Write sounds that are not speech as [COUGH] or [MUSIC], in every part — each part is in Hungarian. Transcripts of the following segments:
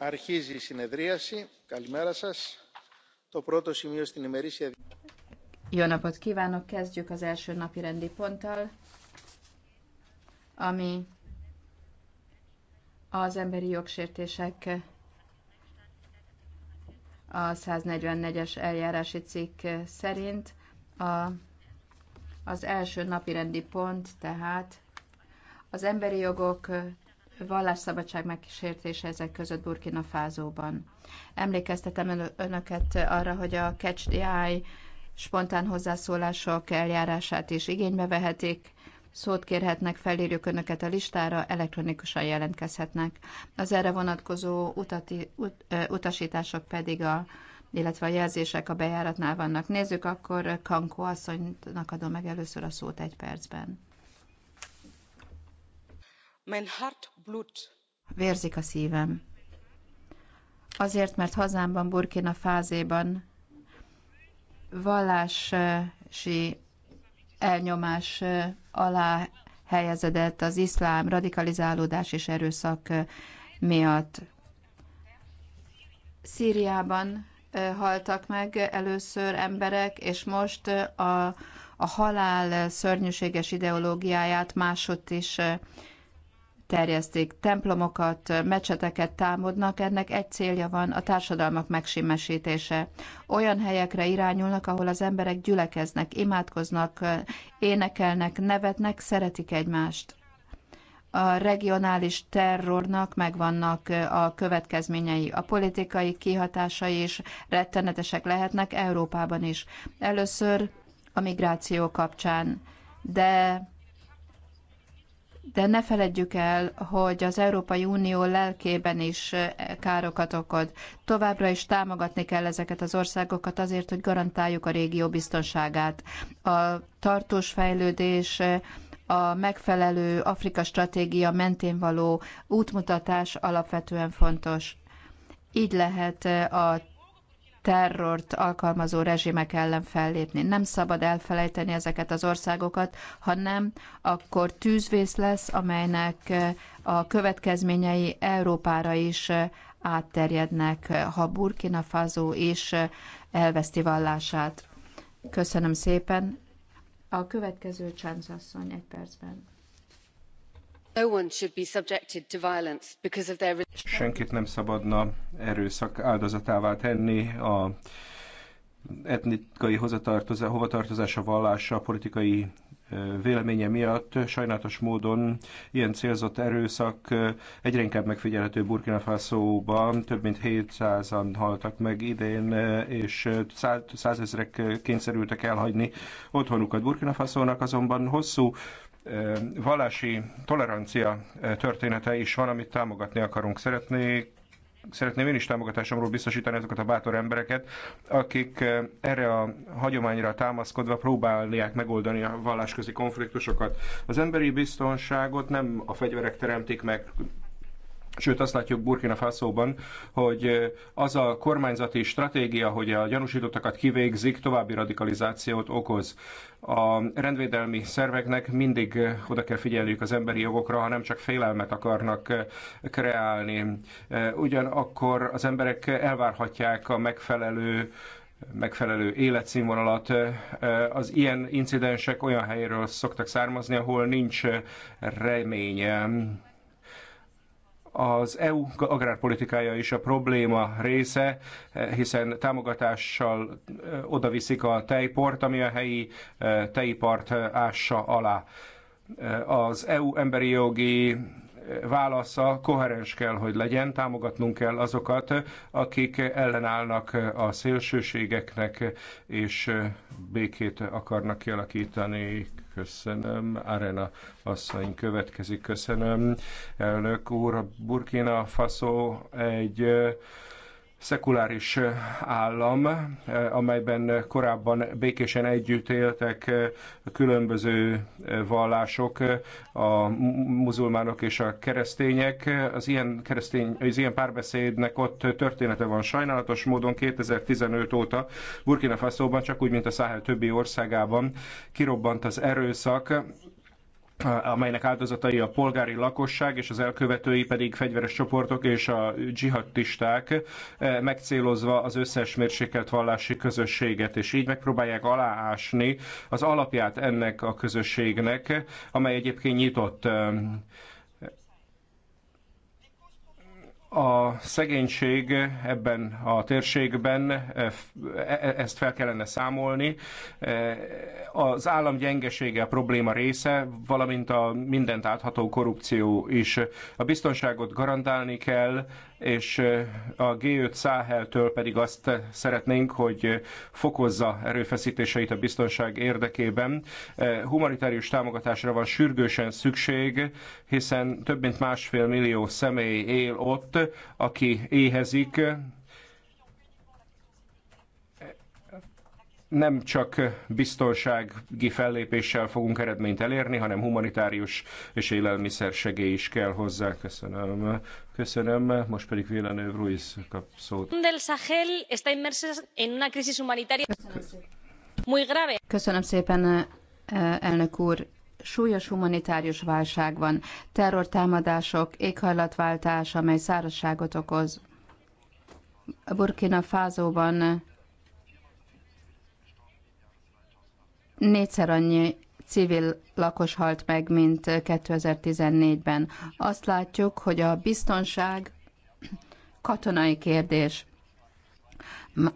Αρχίζει η συνεδρίαση. Καλημέρα σας. Το πρώτο σημείο στην ημερήσια... Jó napot kívánok! Kezdjük az első napi rendi ponttal, ami az emberi jogsértések a 144-es eljárási cikk szerint a, az első napi rendi pont, tehát az emberi jogok vallásszabadság megsértése ezek között Burkina Fázóban. Emlékeztetem önöket arra, hogy a Catch the Eye spontán hozzászólások eljárását is igénybe vehetik, szót kérhetnek, felírjuk önöket a listára, elektronikusan jelentkezhetnek. Az erre vonatkozó utati, ut, utasítások pedig a illetve a jelzések a bejáratnál vannak. Nézzük, akkor Kankó asszonynak adom meg először a szót egy percben. Mein Hart blut. Vérzik a szívem. Azért, mert hazámban, Burkina Fázéban vallási elnyomás alá helyezedett az iszlám radikalizálódás és erőszak miatt. Szíriában haltak meg először emberek, és most a, a halál szörnyűséges ideológiáját máshogy is terjesztik, templomokat, mecseteket támadnak, ennek egy célja van, a társadalmak megsimmesítése. Olyan helyekre irányulnak, ahol az emberek gyülekeznek, imádkoznak, énekelnek, nevetnek, szeretik egymást a regionális terrornak megvannak a következményei. A politikai kihatásai is rettenetesek lehetnek Európában is. Először a migráció kapcsán, de de ne feledjük el, hogy az Európai Unió lelkében is eh, károkat okod. Továbbra is támogatni kell ezeket az országokat azért, hogy garantáljuk a régió biztonságát. A tartós fejlődés eh, a megfelelő Afrika stratégia mentén való útmutatás alapvetően fontos. Így lehet eh, a terrort alkalmazó rezsimek ellen fellépni. Nem szabad elfelejteni ezeket az országokat, ha nem, akkor tűzvész lesz, amelynek eh, a következményei Európára is eh, átterjednek, eh, ha Burkina Faso is elveszti vallását. Köszönöm szépen. A következő Csáncasszony egy percben. Senkit nem szabadna erőszak áldozatává tenni a etnikai hovatartozása, hovatartozása vallása, politikai véleménye miatt sajnálatos módon ilyen célzott erőszak egyre inkább megfigyelhető Burkina Faso-ban. Több mint 700-an haltak meg idén, és százezrek kényszerültek elhagyni otthonukat. Burkina Faso-nak azonban hosszú vallási tolerancia története is van, amit támogatni akarunk. Szeretnék szeretném én is támogatásomról biztosítani azokat a bátor embereket, akik erre a hagyományra támaszkodva próbálják megoldani a vallásközi konfliktusokat. Az emberi biztonságot nem a fegyverek teremtik meg, Sőt, azt látjuk Burkina Faso-ban, hogy az a kormányzati stratégia, hogy a gyanúsítottakat kivégzik, további radikalizációt okoz. A rendvédelmi szerveknek mindig oda kell figyelniük az emberi jogokra, ha nem csak félelmet akarnak kreálni. Ugyanakkor az emberek elvárhatják a megfelelő megfelelő életszínvonalat. Az ilyen incidensek olyan helyről szoktak származni, ahol nincs reménye. Az EU agrárpolitikája is a probléma része, hiszen támogatással odaviszik a tejport, ami a helyi tejipart ássa alá. Az EU emberi jogi válasza koherens kell, hogy legyen, támogatnunk kell azokat, akik ellenállnak a szélsőségeknek, és békét akarnak kialakítani Köszönöm. Arena asszony következik. Köszönöm. Elnök úr, Burkina Faso egy szekuláris eh, állam, eh, amelyben korábban békésen együtt éltek eh, különböző vallások, a muzulmánok és a keresztények. Az ilyen, keresztény, az ilyen párbeszédnek ott története van sajnálatos módon 2015 óta Burkina Faso-ban, csak úgy, mint a Száhel többi országában kirobbant az erőszak, amelynek áldozatai a polgári lakosság, és az elkövetői pedig fegyveres csoportok és a dzsihadisták, e, megcélozva az összes mérsékelt vallási közösséget, és így megpróbálják aláásni az alapját ennek a közösségnek, amely egyébként nyitott e, a szegénység ebben a térségben, e, e, e, ezt fel kellene számolni. Az állam gyengesége a probléma része, valamint a mindent átható korrupció is. A biztonságot garantálni kell, és a G5 Száheltől pedig azt szeretnénk, hogy fokozza erőfeszítéseit a biztonság érdekében. Humanitárius támogatásra van sürgősen szükség, hiszen több mint másfél millió személy él ott, aki éhezik, nem csak biztonsági fellépéssel fogunk eredményt elérni, hanem humanitárius és élelmiszer segély is kell hozzá. Köszönöm. Köszönöm. Most pedig Vélenő Ruiz kap szót. Del Sahel está inmersa en una crisis humanitaria muy grave. Köszönöm szépen, elnök úr. Súlyos humanitárius válság van, terrortámadások, éghajlatváltás, amely szárazságot okoz. Burkina Fázóban Négyszer annyi civil lakos halt meg, mint 2014-ben. Azt látjuk, hogy a biztonság katonai kérdés.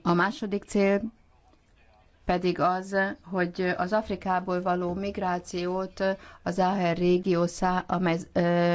A második cél pedig az, hogy az Afrikából való migrációt az Záhel régió, amely,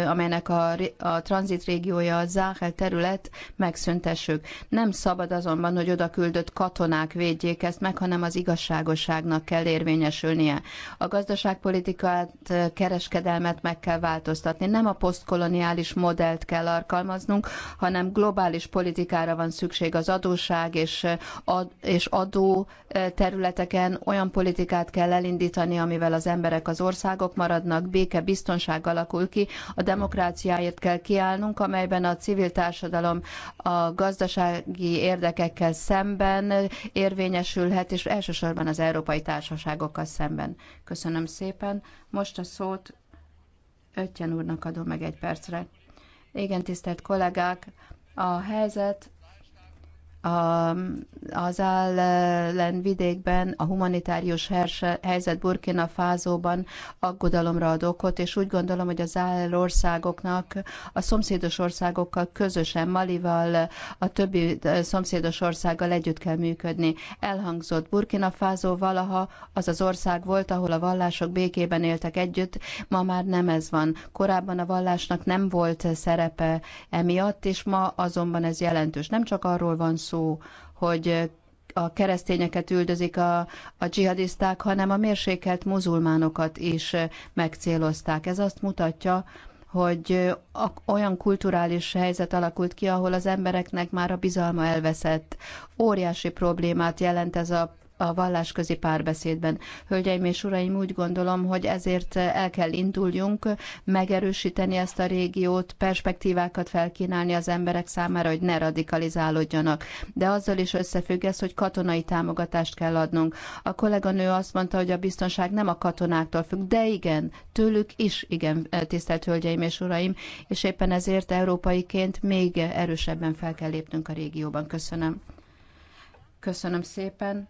amelynek a, a tranzit régiója a Záhel terület, megszüntessük. Nem szabad azonban, hogy oda küldött katonák védjék ezt meg, hanem az igazságosságnak kell érvényesülnie. A gazdaságpolitikát, kereskedelmet meg kell változtatni. Nem a posztkoloniális modellt kell alkalmaznunk, hanem globális politikára van szükség az adóság és, ad, és adó terület területeken olyan politikát kell elindítani, amivel az emberek az országok maradnak, béke, biztonság alakul ki, a demokráciáért kell kiállnunk, amelyben a civil társadalom a gazdasági érdekekkel szemben érvényesülhet, és elsősorban az európai társaságokkal szemben. Köszönöm szépen. Most a szót Öttyen úrnak adom meg egy percre. Igen, tisztelt kollégák, a helyzet a, az ellen vidékben a humanitárius helyzet Burkina Fázóban aggodalomra ad okot, és úgy gondolom, hogy az áll országoknak a szomszédos országokkal közösen, Malival, a többi szomszédos országgal együtt kell működni. Elhangzott Burkina Fázó valaha az az ország volt, ahol a vallások békében éltek együtt, ma már nem ez van. Korábban a vallásnak nem volt szerepe emiatt, és ma azonban ez jelentős. Nem csak arról van szó, szó, hogy a keresztényeket üldözik a, a dzsihadiszták, hanem a mérsékelt muzulmánokat is megcélozták. Ez azt mutatja, hogy olyan kulturális helyzet alakult ki, ahol az embereknek már a bizalma elveszett. Óriási problémát jelent ez a a vallásközi párbeszédben. Hölgyeim és uraim, úgy gondolom, hogy ezért el kell induljunk, megerősíteni ezt a régiót, perspektívákat felkínálni az emberek számára, hogy ne radikalizálódjanak. De azzal is összefügg ez, hogy katonai támogatást kell adnunk. A kolléganő azt mondta, hogy a biztonság nem a katonáktól függ, de igen, tőlük is igen, tisztelt hölgyeim és uraim, és éppen ezért európaiként még erősebben fel kell lépnünk a régióban. Köszönöm. Köszönöm szépen.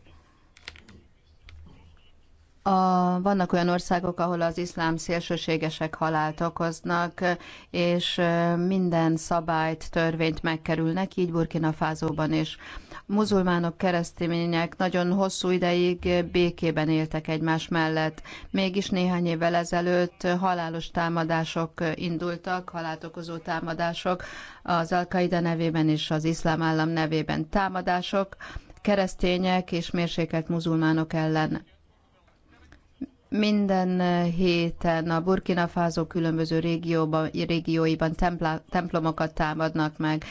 a, vannak olyan országok, ahol az iszlám szélsőségesek halált okoznak, és minden szabályt, törvényt megkerülnek, így Burkina Fázóban is. Muzulmánok, keresztények nagyon hosszú ideig békében éltek egymás mellett. Mégis néhány évvel ezelőtt halálos támadások indultak, halált okozó támadások az Al-Qaida nevében és az iszlám állam nevében támadások, keresztények és mérsékelt muzulmánok ellen minden eh, héten a Burkina Faso különböző régióban, régióiban templá, templomokat támadnak meg,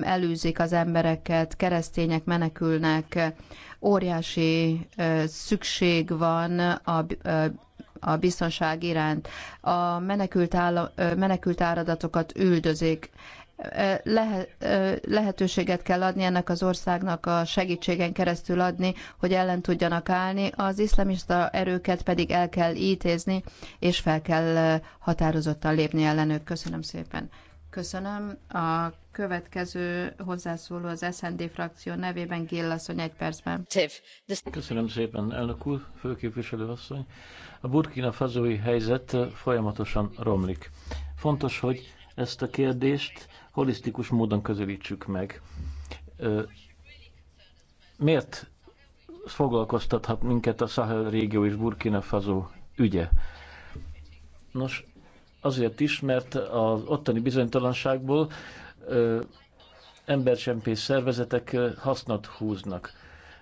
elűzik az embereket, keresztények menekülnek, óriási eh, szükség van a eh, a biztonság iránt. A menekült, áll, menekült áradatokat üldözik lehetőséget kell adni ennek az országnak a segítségen keresztül adni, hogy ellen tudjanak állni, az iszlamista erőket pedig el kell ítézni, és fel kell határozottan lépni ellenük. Köszönöm szépen. Köszönöm. A következő hozzászóló az SND frakció nevében Gill egy percben. Köszönöm szépen, elnök úr, főképviselő asszony. A burkina fazói helyzet folyamatosan romlik. Fontos, hogy ezt a kérdést holisztikus módon közelítsük meg. Miért foglalkoztathat minket a Sahel régió és Burkina Faso ügye? Nos, azért is, mert az ottani bizonytalanságból embercsempés embercsempész szervezetek hasznot húznak.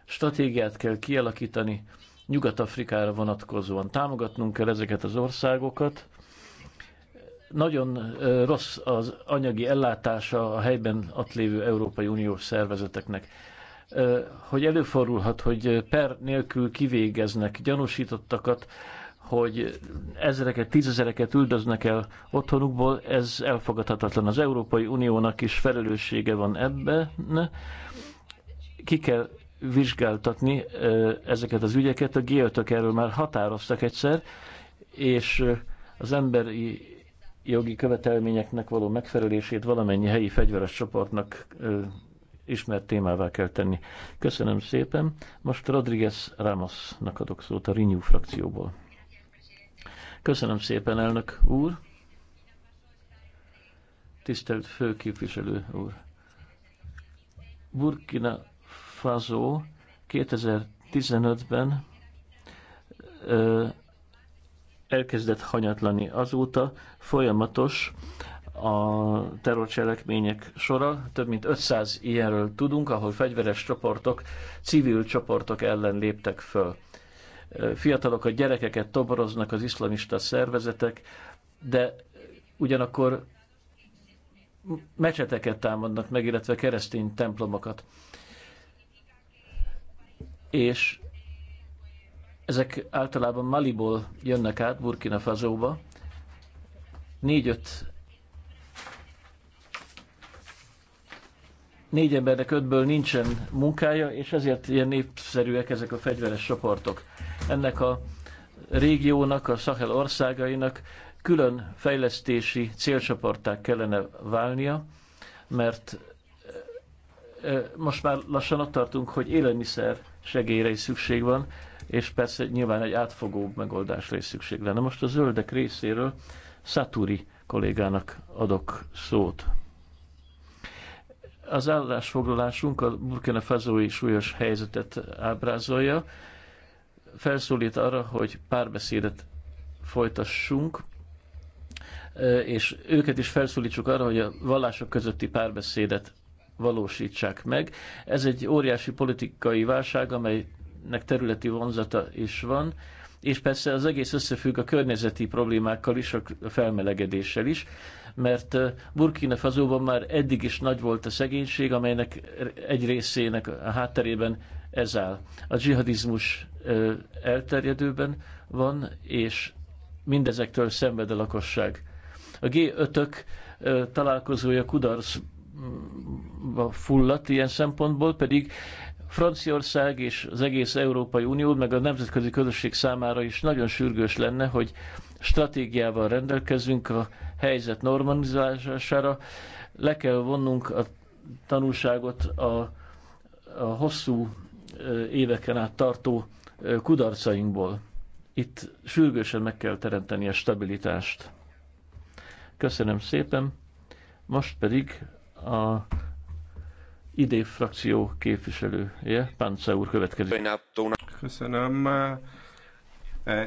Stratégiát kell kialakítani Nyugat-Afrikára vonatkozóan. Támogatnunk kell ezeket az országokat, nagyon rossz az anyagi ellátása a helyben ott lévő Európai Uniós szervezeteknek. Hogy előfordulhat, hogy per nélkül kivégeznek gyanúsítottakat, hogy ezereket, tízezereket üldöznek el otthonukból, ez elfogadhatatlan. Az Európai Uniónak is felelőssége van ebben. Ki kell vizsgáltatni ezeket az ügyeket. A g erről már határoztak egyszer, és az emberi jogi követelményeknek való megfelelését valamennyi helyi fegyveres csoportnak ismert témává kell tenni. Köszönöm szépen. Most Rodriguez Ramosnak adok szót a Renew frakcióból. Köszönöm szépen, elnök úr. Tisztelt főképviselő úr. Burkina Faso 2015-ben elkezdett hanyatlani. Azóta folyamatos a terrorcselekmények sora. Több mint 500 ilyenről tudunk, ahol fegyveres csoportok, civil csoportok ellen léptek föl. a gyerekeket toboroznak az iszlamista szervezetek, de ugyanakkor mecseteket támadnak meg, illetve keresztény templomokat. És ezek általában Maliból jönnek át Burkina Fazóba. Négy-öt négy embernek ötből nincsen munkája, és ezért ilyen népszerűek ezek a fegyveres csoportok. Ennek a régiónak, a Sahel országainak külön fejlesztési célcsoporták kellene válnia, mert eh, eh, most már lassan ott tartunk, hogy élelmiszer segélyre is szükség van, és persze nyilván egy átfogóbb megoldás lesz szükség lenne. Most a zöldek részéről Szaturi kollégának adok szót. Az állásfoglalásunk a burkina fazói súlyos helyzetet ábrázolja, felszólít arra, hogy párbeszédet folytassunk, és őket is felszólítsuk arra, hogy a vallások közötti párbeszédet valósítsák meg. Ez egy óriási politikai válság, amely nek területi vonzata is van, és persze az egész összefügg a környezeti problémákkal is, a felmelegedéssel is, mert Burkina Fazóban már eddig is nagy volt a szegénység, amelynek egy részének a hátterében ez áll. A dzsihadizmus elterjedőben van, és mindezektől szenved a lakosság. A G5-ök találkozója kudarcba fulladt ilyen szempontból, pedig Franciaország és az egész Európai Unió, meg a nemzetközi közösség számára is nagyon sürgős lenne, hogy stratégiával rendelkezünk a helyzet normalizálására. Le kell vonnunk a tanulságot a, a hosszú éveken át tartó kudarcainkból. Itt sürgősen meg kell teremteni a stabilitást. Köszönöm szépen. Most pedig a idé frakció képviselője, Pánce úr következik. Köszönöm.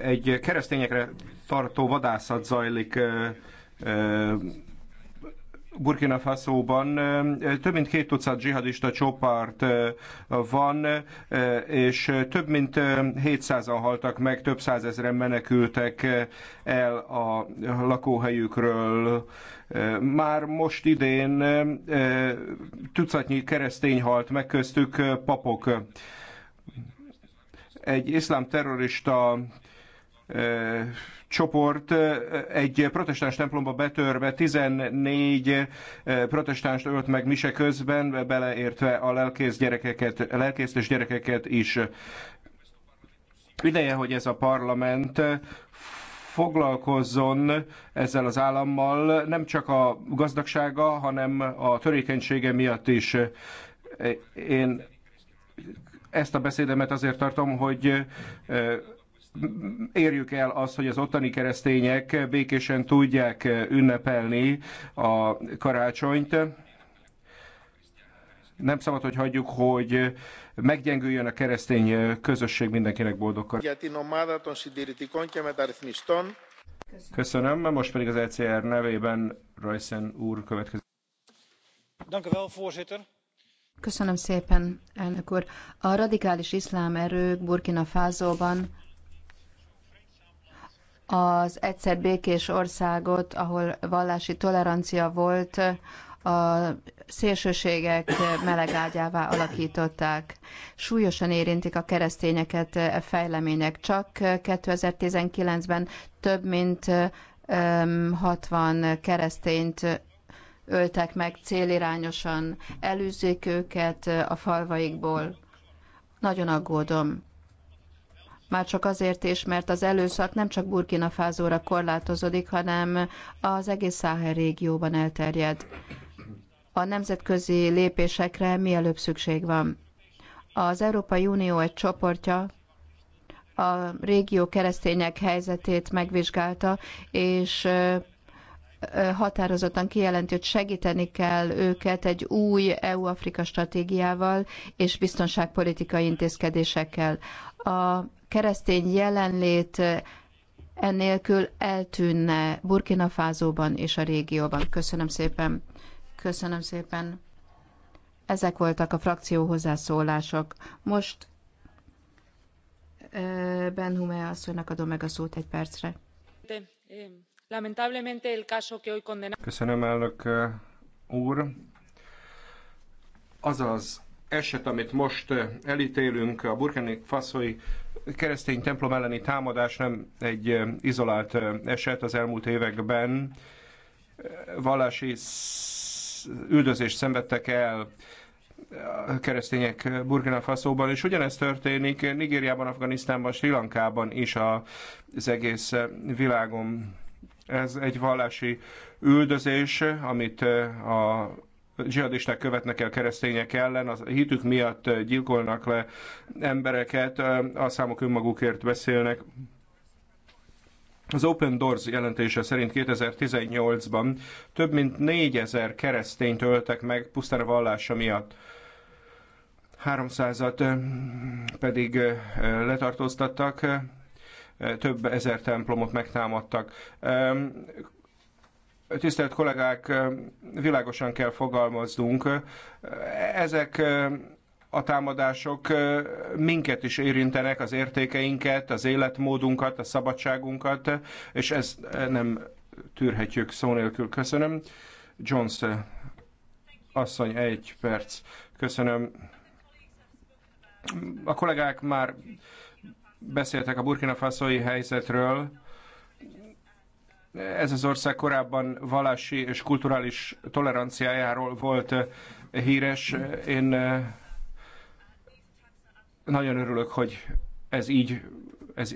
Egy keresztényekre tartó vadászat zajlik Burkina Faso-ban több mint két tucat dzsihadista csoport van, és több mint 700-an haltak meg, több százezren menekültek el a lakóhelyükről. Már most idén tucatnyi keresztény halt meg, köztük papok. Egy iszlám terrorista csoport egy protestáns templomba betörve 14 protestánst ölt meg mise közben, beleértve a lelkész gyerekeket, és gyerekeket is. Ideje, hogy ez a parlament foglalkozzon ezzel az állammal, nem csak a gazdagsága, hanem a törékenysége miatt is. Én ezt a beszédemet azért tartom, hogy érjük el azt, hogy az ottani keresztények békésen tudják ünnepelni a karácsonyt. Nem szabad, hogy hagyjuk, hogy meggyengüljön a keresztény közösség mindenkinek boldog karácsonyt. Köszönöm, most pedig az ECR nevében Rajszen úr következik. Köszönöm szépen, elnök úr. A radikális iszlám erők Burkina Fázóban az egyszer békés országot, ahol vallási tolerancia volt, a szélsőségek melegágyává alakították. Súlyosan érintik a keresztényeket a e fejlemények. Csak 2019-ben több mint 60 keresztényt öltek meg célirányosan, elűzik őket a falvaikból. Nagyon aggódom. Már csak azért is, mert az előszak nem csak Burkina Fázóra korlátozódik, hanem az egész Száhel régióban elterjed. A nemzetközi lépésekre mielőbb szükség van. Az Európai Unió egy csoportja a régió keresztények helyzetét megvizsgálta, és határozottan kijelenti, hogy segíteni kell őket egy új EU-Afrika stratégiával és biztonságpolitikai intézkedésekkel. A keresztény jelenlét ennélkül eltűnne Burkina Fázóban és a régióban. Köszönöm szépen. Köszönöm szépen. Ezek voltak a frakció hozzászólások. Most Ben Hume asszonynak adom meg a szót egy percre. De, én Köszönöm, elnök eh, úr. Az az eset, amit most eh, elítélünk, a burkini faszói keresztény templom elleni támadás nem egy eh, izolált eset az elmúlt években. Vallási üldözést szenvedtek el keresztények Burkina Faszóban, és ugyanezt történik Nigériában, Afganisztánban, Sri Lankában is az egész világon ez egy vallási üldözés, amit eh, a zsihadisták követnek el keresztények ellen, a hitük miatt eh, gyilkolnak le embereket, eh, a számok önmagukért beszélnek. Az Open Doors jelentése szerint 2018-ban több mint 4000 keresztényt öltek meg pusztán a vallása miatt. 300-at pedig letartóztattak, több ezer templomot megtámadtak. Tisztelt kollégák, világosan kell fogalmaznunk. Ezek a támadások minket is érintenek, az értékeinket, az életmódunkat, a szabadságunkat, és ezt nem tűrhetjük szó nélkül. Köszönöm. Jones eh, asszony, egy perc. Köszönöm. A kollégák már Beszéltek a burkina faszói helyzetről. Ez az ország korábban valási és kulturális toleranciájáról volt eh, híres. Én eh, nagyon örülök, hogy ez így, ez,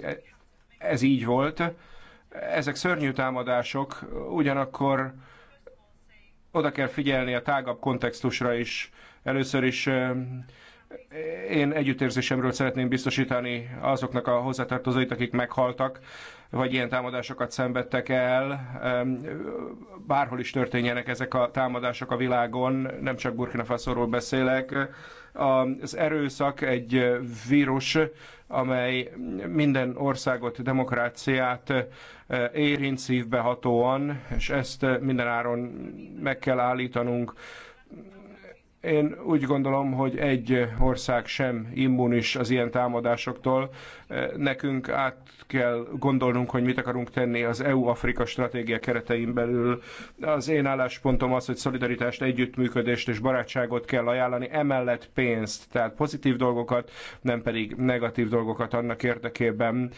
ez így volt. Ezek szörnyű támadások, ugyanakkor oda kell figyelni a tágabb kontextusra is. Először is eh, én együttérzésemről szeretném biztosítani azoknak a hozzátartozóit, akik meghaltak, vagy ilyen támadásokat szenvedtek el. Bárhol is történjenek ezek a támadások a világon, nem csak Burkina Faso-ról beszélek. Az erőszak egy vírus, amely minden országot, demokráciát eh, érint szívbehatóan, és ezt mindenáron meg kell állítanunk. Én úgy gondolom, hogy egy ország sem immunis az ilyen támadásoktól, Nekünk át kell gondolnunk, hogy mit akarunk tenni az EU-Afrika stratégia keretein belül. Az én álláspontom az, hogy szolidaritást, együttműködést és barátságot kell ajánlani, emellett pénzt, tehát pozitív dolgokat, nem pedig negatív dolgokat annak érdekében,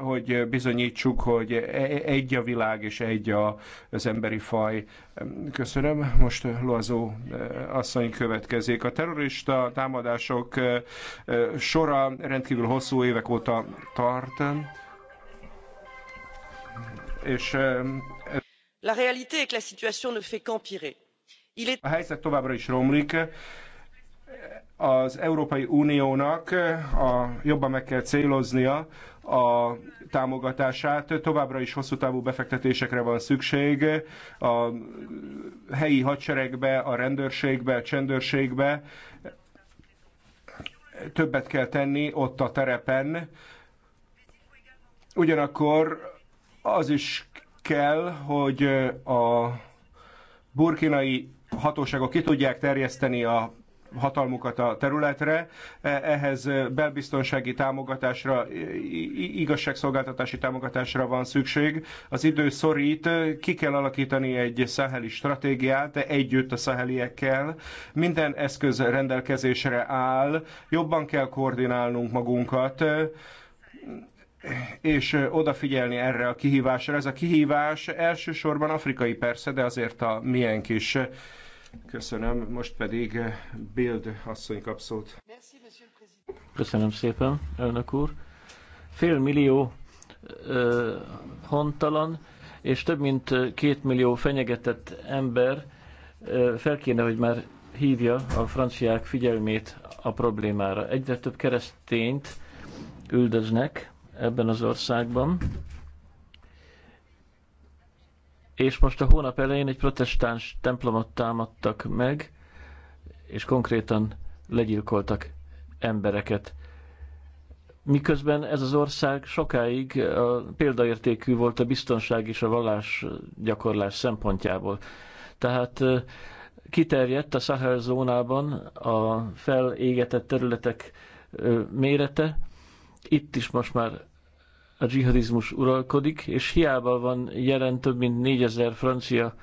hogy bizonyítsuk, hogy e-, e-, egy a világ és egy az emberi faj. Köszönöm. Most Loazó asszony következik. A terrorista támadások sora rendkívül hosszú évek évek óta tart, és La réalité est que la situation ne fait qu'empirer. Il est... A helyzet továbbra is romlik. Az Európai Uniónak a, jobban meg kell céloznia a támogatását. Továbbra is hosszú távú befektetésekre van szükség a helyi hadseregbe, a rendőrségbe, a csendőrségbe, többet kell tenni ott a terepen. Ugyanakkor az is kell, hogy a burkinai hatóságok ki tudják terjeszteni a hatalmukat a területre, e, ehhez belbiztonsági támogatásra, igazságszolgáltatási támogatásra van szükség. Az idő szorít, ki kell alakítani egy szaheli stratégiát, de együtt a szaheliekkel. Minden eszköz rendelkezésre áll, jobban kell koordinálnunk magunkat, és odafigyelni erre a kihívásra. Ez a kihívás elsősorban afrikai persze, de azért a miénk is Köszönöm, most pedig eh, Bild asszony kap szót. Köszönöm szépen, elnök úr. Fél millió ö, eh, hontalan és több mint eh, két millió fenyegetett ember ö, fel kéne, hogy már hívja a franciák figyelmét a problémára. Egyre több keresztényt üldöznek ebben az országban, és most a hónap elején egy protestáns templomot támadtak meg, és konkrétan legyilkoltak embereket. Miközben ez az ország sokáig a példaértékű volt a biztonság és a vallás gyakorlás szempontjából. Tehát kiterjedt a Sahel zónában a felégetett területek mérete. Itt is most már a dzsihadizmus uralkodik, és hiába van jelen több mint 4000 francia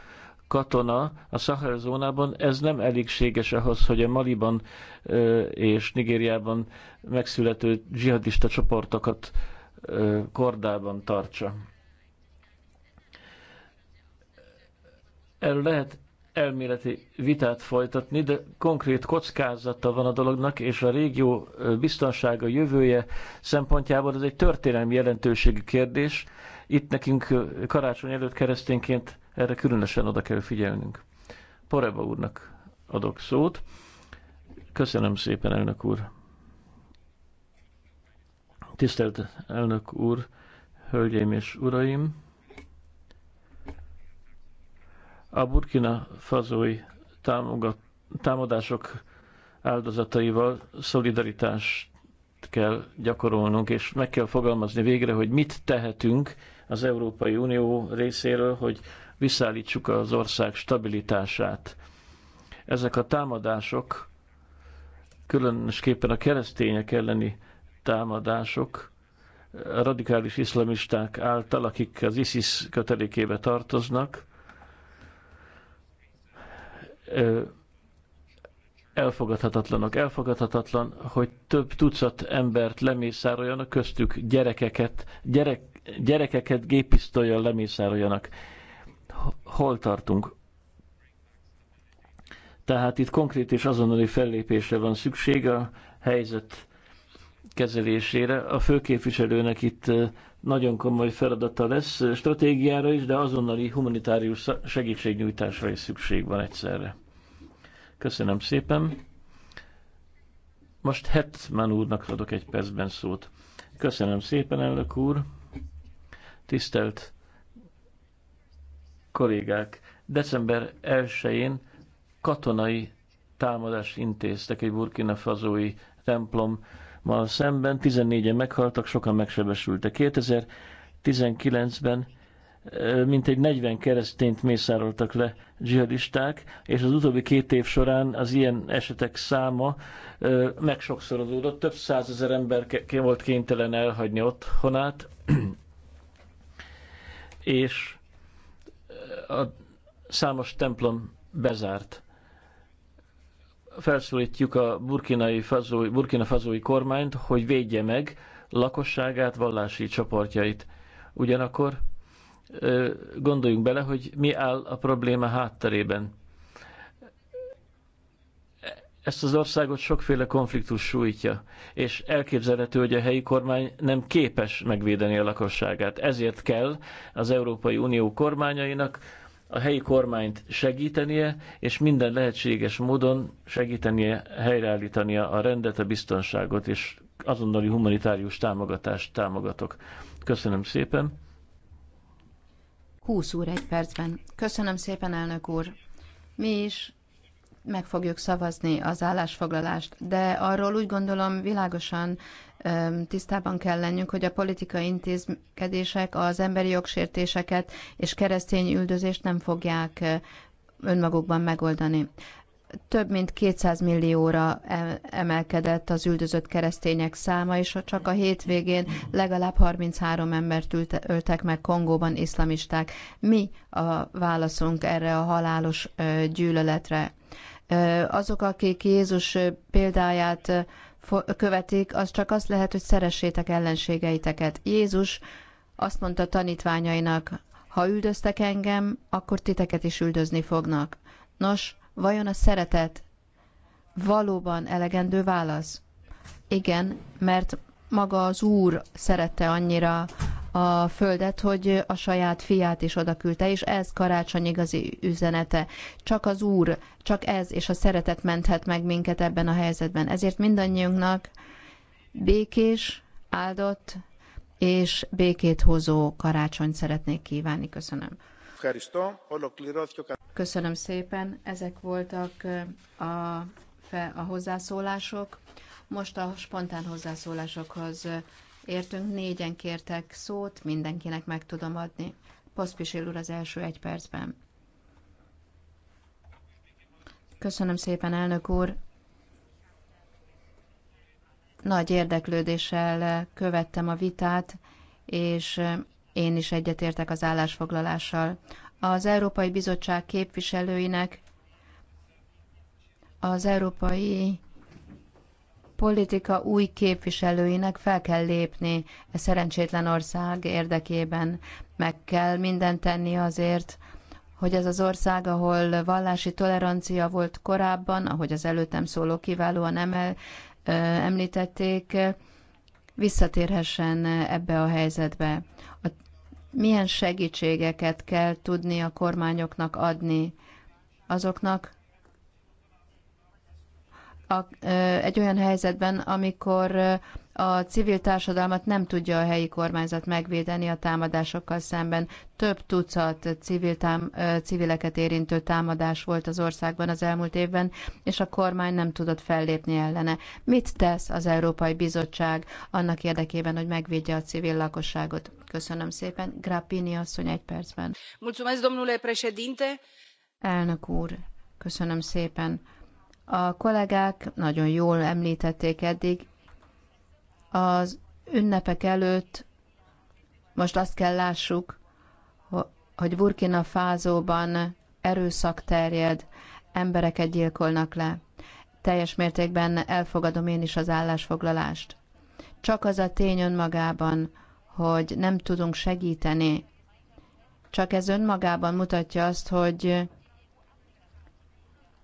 katona a Sahel zónában, ez nem elégséges ahhoz, hogy a Maliban és Nigériában megszülető dzsihadista csoportokat kordában tartsa. Erről lehet elméleti vitát folytatni, de konkrét kockázata van a dolognak, és a régió biztonsága, jövője szempontjából ez egy történelmi jelentőségű kérdés. Itt nekünk karácsony előtt keresztényként erre különösen oda kell figyelnünk. Poreba úrnak adok szót. Köszönöm szépen, elnök úr. Tisztelt elnök úr, hölgyeim és uraim! a burkina fazói támogat, támadások áldozataival szolidaritást kell gyakorolnunk, és meg kell fogalmazni végre, hogy mit tehetünk az Európai Unió részéről, hogy visszaállítsuk az ország stabilitását. Ezek a támadások, különösképpen a keresztények elleni támadások, a radikális iszlamisták által, akik az ISIS kötelékébe tartoznak, elfogadhatatlanok. Elfogadhatatlan, hogy több tucat embert lemészároljanak, köztük gyerekeket, gyerek, gyerekeket gépisztolyjal lemészároljanak. Hol tartunk? Tehát itt konkrét és azonnali fellépésre van szükség a helyzet kezelésére. A főképviselőnek itt nagyon komoly feladata lesz stratégiára is, de azonnali humanitárius segítségnyújtásra is szükség van egyszerre. Köszönöm szépen. Most Hetman úrnak adok egy percben szót. Köszönöm szépen, elnök úr. Tisztelt kollégák, december 1-én katonai támadást intéztek egy burkina fazói templom ma szemben 14-en meghaltak, sokan megsebesültek. 2019-ben mintegy 40 keresztényt mészároltak le dzsihadisták, és az utóbbi két év során az ilyen esetek száma megsokszorozódott. Több százezer ember volt kénytelen elhagyni otthonát, és a számos templom bezárt felszólítjuk a burkinai fazói, burkina fazói kormányt, hogy védje meg lakosságát, vallási csoportjait. Ugyanakkor gondoljunk bele, hogy mi áll a probléma hátterében. Ezt az országot sokféle konfliktus sújtja, és elképzelhető, hogy a helyi kormány nem képes megvédeni a lakosságát. Ezért kell az Európai Unió kormányainak a helyi kormányt segítenie, és minden lehetséges módon segítenie, helyreállítania a rendet, a biztonságot, és azonnali humanitárius támogatást támogatok. Köszönöm szépen. 20 úr egy percben. Köszönöm szépen, elnök úr. Mi is meg fogjuk szavazni az állásfoglalást, de arról úgy gondolom világosan tisztában kell lennünk, hogy a politikai intézkedések az emberi jogsértéseket és keresztény üldözést nem fogják önmagukban megoldani. Több mint 200 millióra e-, emelkedett az üldözött keresztények száma, és csak a hétvégén legalább 33 embert öltek meg Kongóban iszlamisták. Mi a válaszunk erre a halálos gyűlöletre? Azok, akik Jézus példáját követik, az csak azt lehet, hogy szeressétek ellenségeiteket. Jézus azt mondta tanítványainak, ha üldöztek engem, akkor titeket is üldözni fognak. Nos, vajon a szeretet valóban elegendő válasz? Igen, mert maga az Úr szerette annyira a földet, hogy a saját fiát is odaküldte, és ez karácsony igazi üzenete. Csak az Úr, csak ez és a szeretet menthet meg minket ebben a helyzetben. Ezért mindannyiunknak békés, áldott és békét hozó karácsonyt szeretnék kívánni. Köszönöm. Köszönöm szépen, ezek voltak a, a hozzászólások. Most a spontán hozzászólásokhoz értünk, négyen kértek szót, mindenkinek meg tudom adni. Poszpisil úr az első egy percben. Köszönöm szépen, elnök úr. Nagy érdeklődéssel követtem a vitát, és én is egyetértek az állásfoglalással. Az Európai Bizottság képviselőinek az Európai politika új képviselőinek fel kell lépni e szerencsétlen ország érdekében. Meg kell mindent tenni azért, hogy ez az ország, ahol vallási tolerancia volt korábban, ahogy az előttem szóló kiválóan emel, említették, visszatérhessen ebbe a helyzetbe. A, milyen segítségeket kell tudni a kormányoknak adni azoknak, a, egy olyan helyzetben, amikor a civil társadalmat nem tudja a helyi kormányzat megvédeni a támadásokkal szemben. Több tucat civil tám, civileket érintő támadás volt az országban az elmúlt évben, és a kormány nem tudott fellépni ellene. Mit tesz az Európai Bizottság annak érdekében, hogy megvédje a civil lakosságot? Köszönöm szépen. Grappini asszony egy percben. Mulțumesc, domnule președinte. Elnök úr, köszönöm szépen. A kollégák nagyon jól említették eddig, az ünnepek előtt most azt kell lássuk, hogy Burkina Fázóban erőszak terjed, embereket gyilkolnak le. Teljes mértékben elfogadom én is az állásfoglalást. Csak az a tény önmagában, hogy nem tudunk segíteni, csak ez önmagában mutatja azt, hogy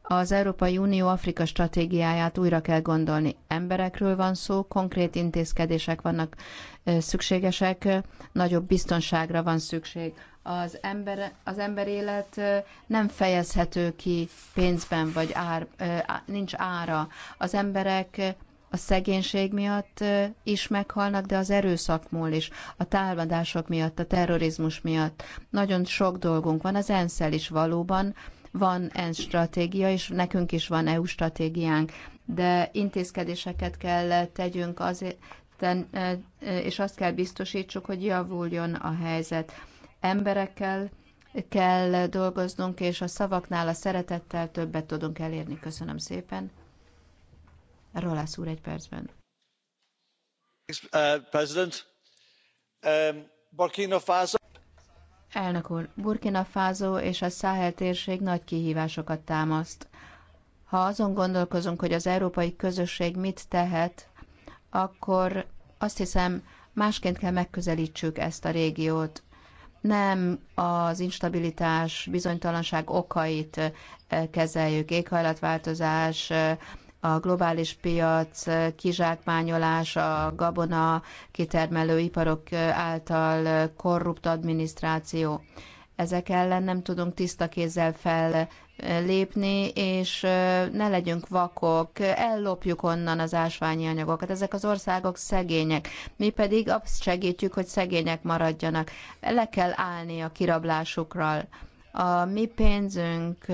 az Európai Unió Afrika stratégiáját újra kell gondolni. Emberekről van szó, konkrét intézkedések vannak szükségesek, nagyobb biztonságra van szükség. Az ember, az ember élet nem fejezhető ki pénzben, vagy ár, nincs ára. Az emberek a szegénység miatt is meghalnak, de az múl is, a támadások miatt, a terrorizmus miatt. Nagyon sok dolgunk van, az ensz is valóban van ENSZ stratégia, és nekünk is van EU stratégiánk, de intézkedéseket kell tegyünk azért, e, e, és azt kell biztosítsuk, hogy javuljon a helyzet. Emberekkel kell dolgoznunk, és a szavaknál a szeretettel többet tudunk elérni. Köszönöm szépen. Rolász úr egy percben. Uh, President, um, Burkina Faso Elnök úr, Burkina Faso és a Száhel térség nagy kihívásokat támaszt. Ha azon gondolkozunk, hogy az európai közösség mit tehet, akkor azt hiszem, másként kell megközelítsük ezt a régiót. Nem az instabilitás, bizonytalanság okait eh, kezeljük, éghajlatváltozás, a globális piac kizsákmányolása, a gabona kitermelő iparok által korrupt adminisztráció. Ezek ellen nem tudunk tiszta kézzel fellépni, és ne legyünk vakok, ellopjuk onnan az ásványi anyagokat. Ezek az országok szegények, mi pedig azt segítjük, hogy szegények maradjanak. Le kell állni a kirablásukral. A mi pénzünk,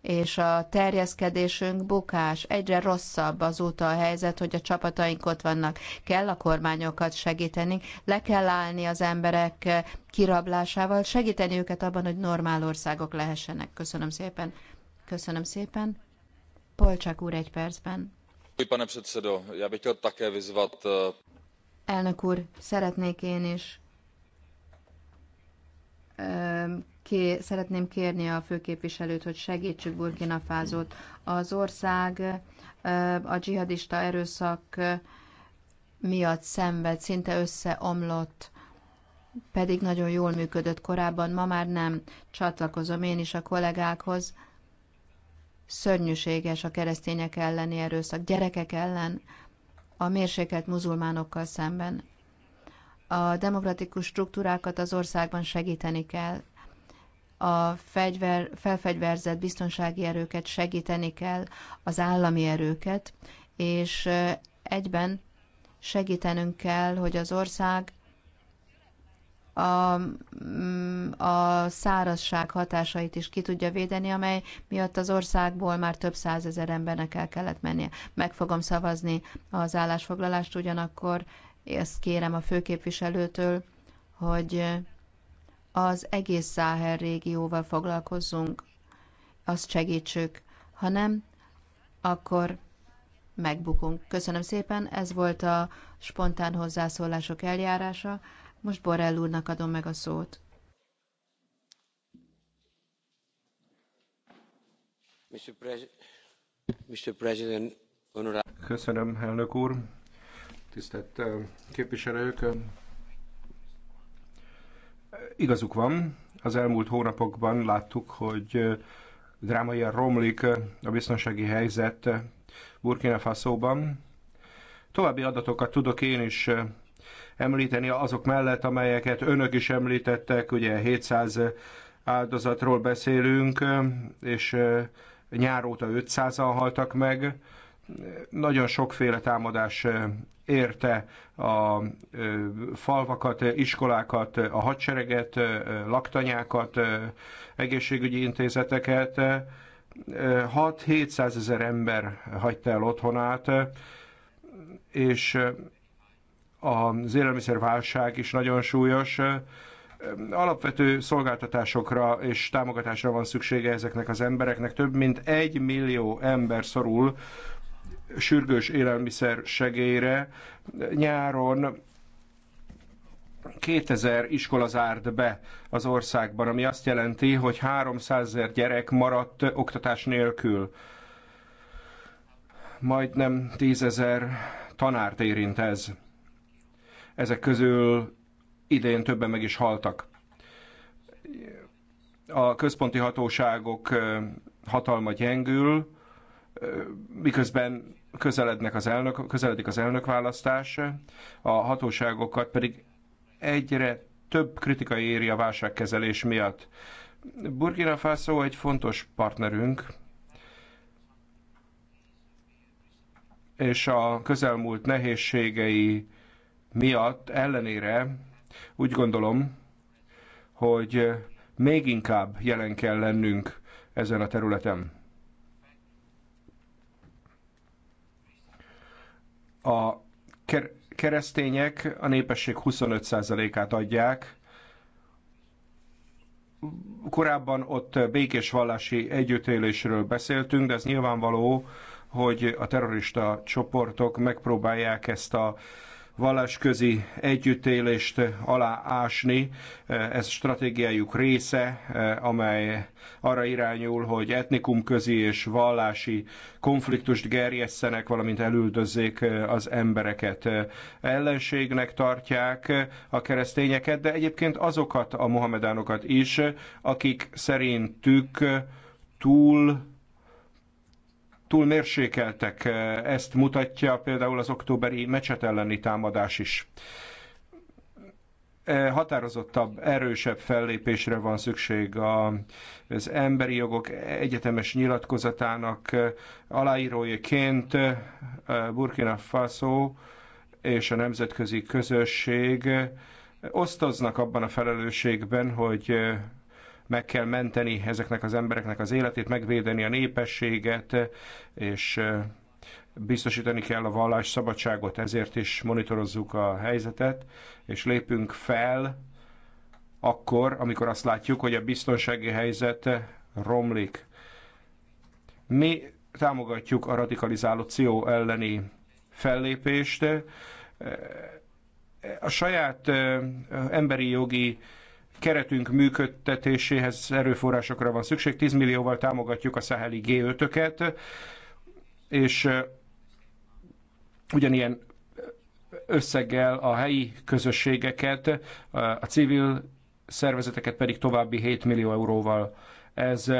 és a terjeszkedésünk bukás. Egyre rosszabb azóta a helyzet, hogy a csapataink ott vannak. Kell a kormányokat segíteni, le kell állni az emberek kirablásával, segíteni őket abban, hogy normál országok lehessenek. Köszönöm szépen. Köszönöm szépen. Polcsák úr egy percben. také eh, Elnök úr, szeretnék én is eh, Ké, szeretném kérni a főképviselőt, hogy segítsük Burkina Fázót. Az ország a dzsihadista erőszak miatt szenved, szinte összeomlott, pedig nagyon jól működött korábban, ma már nem. Csatlakozom én is a kollégákhoz. Szörnyűséges a keresztények elleni erőszak, gyerekek ellen, a mérsékelt muzulmánokkal szemben. A demokratikus struktúrákat az országban segíteni kell a fegyver, felfegyverzett biztonsági erőket segíteni kell, az állami erőket, és egyben segítenünk kell, hogy az ország a, mm, a szárazság hatásait is ki tudja védeni, amely miatt az országból már több százezer embernek el kellett mennie. Meg fogom szavazni az állásfoglalást, ugyanakkor ezt kérem a főképviselőtől, hogy az egész Száhel régióval foglalkozzunk, azt segítsük, hanem akkor megbukunk. Köszönöm szépen, ez volt a spontán hozzászólások eljárása. Most Borrell úrnak adom meg a szót. Mr. President, Köszönöm, elnök úr. Tisztelt eh, képviselők, Igazuk van, az elmúlt hónapokban láttuk, hogy drámaian romlik a biztonsági helyzet Burkina Faso-ban. További adatokat tudok én is említeni azok mellett, amelyeket önök is említettek, ugye 700 áldozatról beszélünk, és nyár óta 500-an haltak meg. Nagyon sokféle támadás érte a falvakat, iskolákat, a hadsereget, laktanyákat, egészségügyi intézeteket. 6-700 ezer ember hagyta el otthonát, és az élelmiszerválság is nagyon súlyos. Alapvető szolgáltatásokra és támogatásra van szüksége ezeknek az embereknek. Több mint egy millió ember szorul sürgős élelmiszer segélyre. Nyáron 2000 iskola zárt be az országban, ami azt jelenti, hogy 300 ezer gyerek maradt oktatás nélkül. Majdnem 10 ezer tanárt érint ez. Ezek közül idén többen meg is haltak. A központi hatóságok hatalma gyengül, miközben közelednek az elnök, közeledik az elnökválasztás, a hatóságokat pedig egyre több kritika éri a válságkezelés miatt. Burkina Faso egy fontos partnerünk, és a közelmúlt nehézségei miatt ellenére úgy gondolom, hogy még inkább jelen kell lennünk ezen a területen. A keresztények a népesség 25%-át adják, korábban ott békés vallási együttélésről beszéltünk, de ez nyilvánvaló, hogy a terrorista csoportok megpróbálják ezt a vallásközi együttélést aláásni. Ez stratégiájuk része, amely arra irányul, hogy etnikumközi és vallási konfliktust gerjesszenek, valamint elüldözzék az embereket. Ellenségnek tartják a keresztényeket, de egyébként azokat a mohamedánokat is, akik szerintük túl túl mérsékeltek. E, ezt mutatja például az októberi mecset elleni támadás is. E, határozottabb, erősebb fellépésre van szükség az emberi jogok egyetemes nyilatkozatának e, aláírójaként Burkina Faso és a nemzetközi közösség osztoznak abban a felelősségben, hogy meg kell menteni ezeknek az embereknek az életét, megvédeni a népességet, és biztosítani kell a vallás szabadságot, ezért is monitorozzuk a helyzetet, és lépünk fel akkor, amikor azt látjuk, hogy a biztonsági helyzet romlik. Mi támogatjuk a radikalizáció elleni fellépést, a saját emberi jogi keretünk működtetéséhez erőforrásokra van szükség. 10 millióval támogatjuk a szaheli G5-öket, és ugyanilyen összeggel a helyi közösségeket, a civil szervezeteket pedig további 7 millió euróval. Ez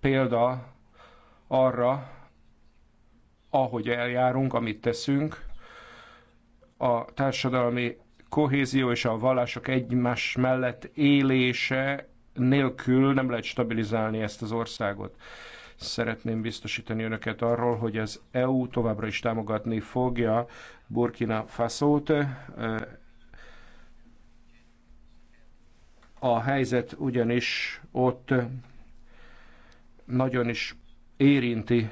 példa arra, ahogy eljárunk, amit teszünk, a társadalmi kohézió és a vallások egymás mellett élése nélkül nem lehet stabilizálni ezt az országot. Szeretném biztosítani önöket arról, hogy az EU továbbra is támogatni fogja Burkina Faso-t. A helyzet ugyanis ott nagyon is érinti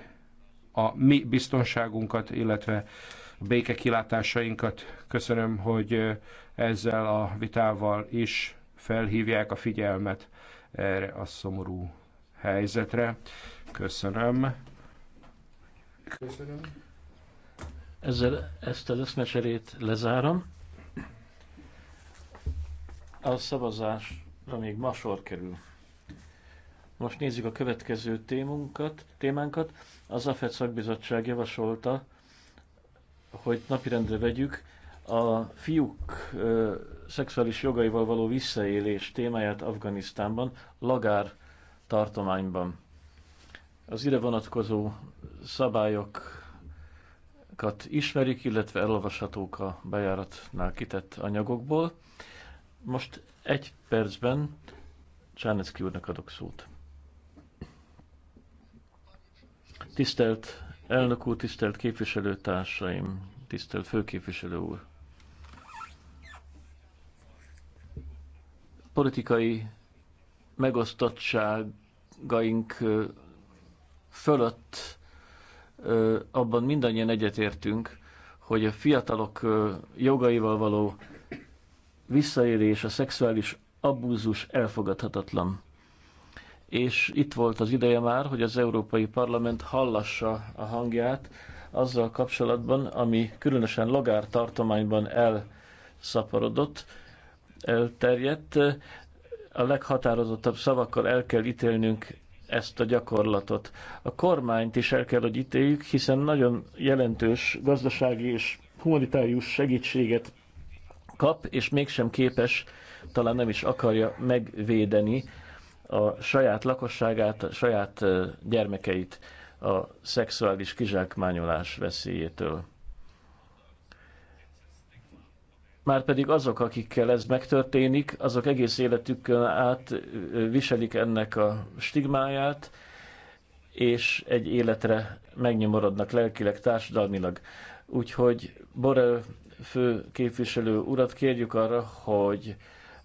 a mi biztonságunkat, illetve békekilátásainkat. Köszönöm, hogy ezzel a vitával is felhívják a figyelmet erre a szomorú helyzetre. Köszönöm. Köszönöm. Ezzel ezt az eszmecserét lezárom. A szavazásra még ma sor kerül. Most nézzük a következő témunkat, témánkat. Az AFED szakbizottság javasolta, hogy napirendre vegyük a fiúk ö, szexuális jogaival való visszaélés témáját Afganisztánban, Lagár tartományban. Az ide vonatkozó szabályokat ismerik, illetve elolvashatók a bejáratnál kitett anyagokból. Most egy percben Csánecki úrnak adok szót. Tisztelt Elnök úr, tisztelt képviselőtársaim, tisztelt főképviselő úr! Politikai megosztottságaink fölött abban mindannyian egyetértünk, hogy a fiatalok jogaival való visszaélés, a szexuális abúzus elfogadhatatlan és itt volt az ideje már, hogy az Európai Parlament hallassa a hangját azzal kapcsolatban, ami különösen Logár tartományban elszaporodott, elterjedt. A leghatározottabb szavakkal el kell ítélnünk ezt a gyakorlatot. A kormányt is el kell, hogy ítéljük, hiszen nagyon jelentős gazdasági és humanitárius segítséget kap, és mégsem képes, talán nem is akarja megvédeni a saját lakosságát, a saját gyermekeit a szexuális kizsákmányolás veszélyétől. Márpedig azok, akikkel ez megtörténik, azok egész életükön át viselik ennek a stigmáját, és egy életre megnyomorodnak lelkileg, társadalmilag. Úgyhogy Borel fő képviselő urat kérjük arra, hogy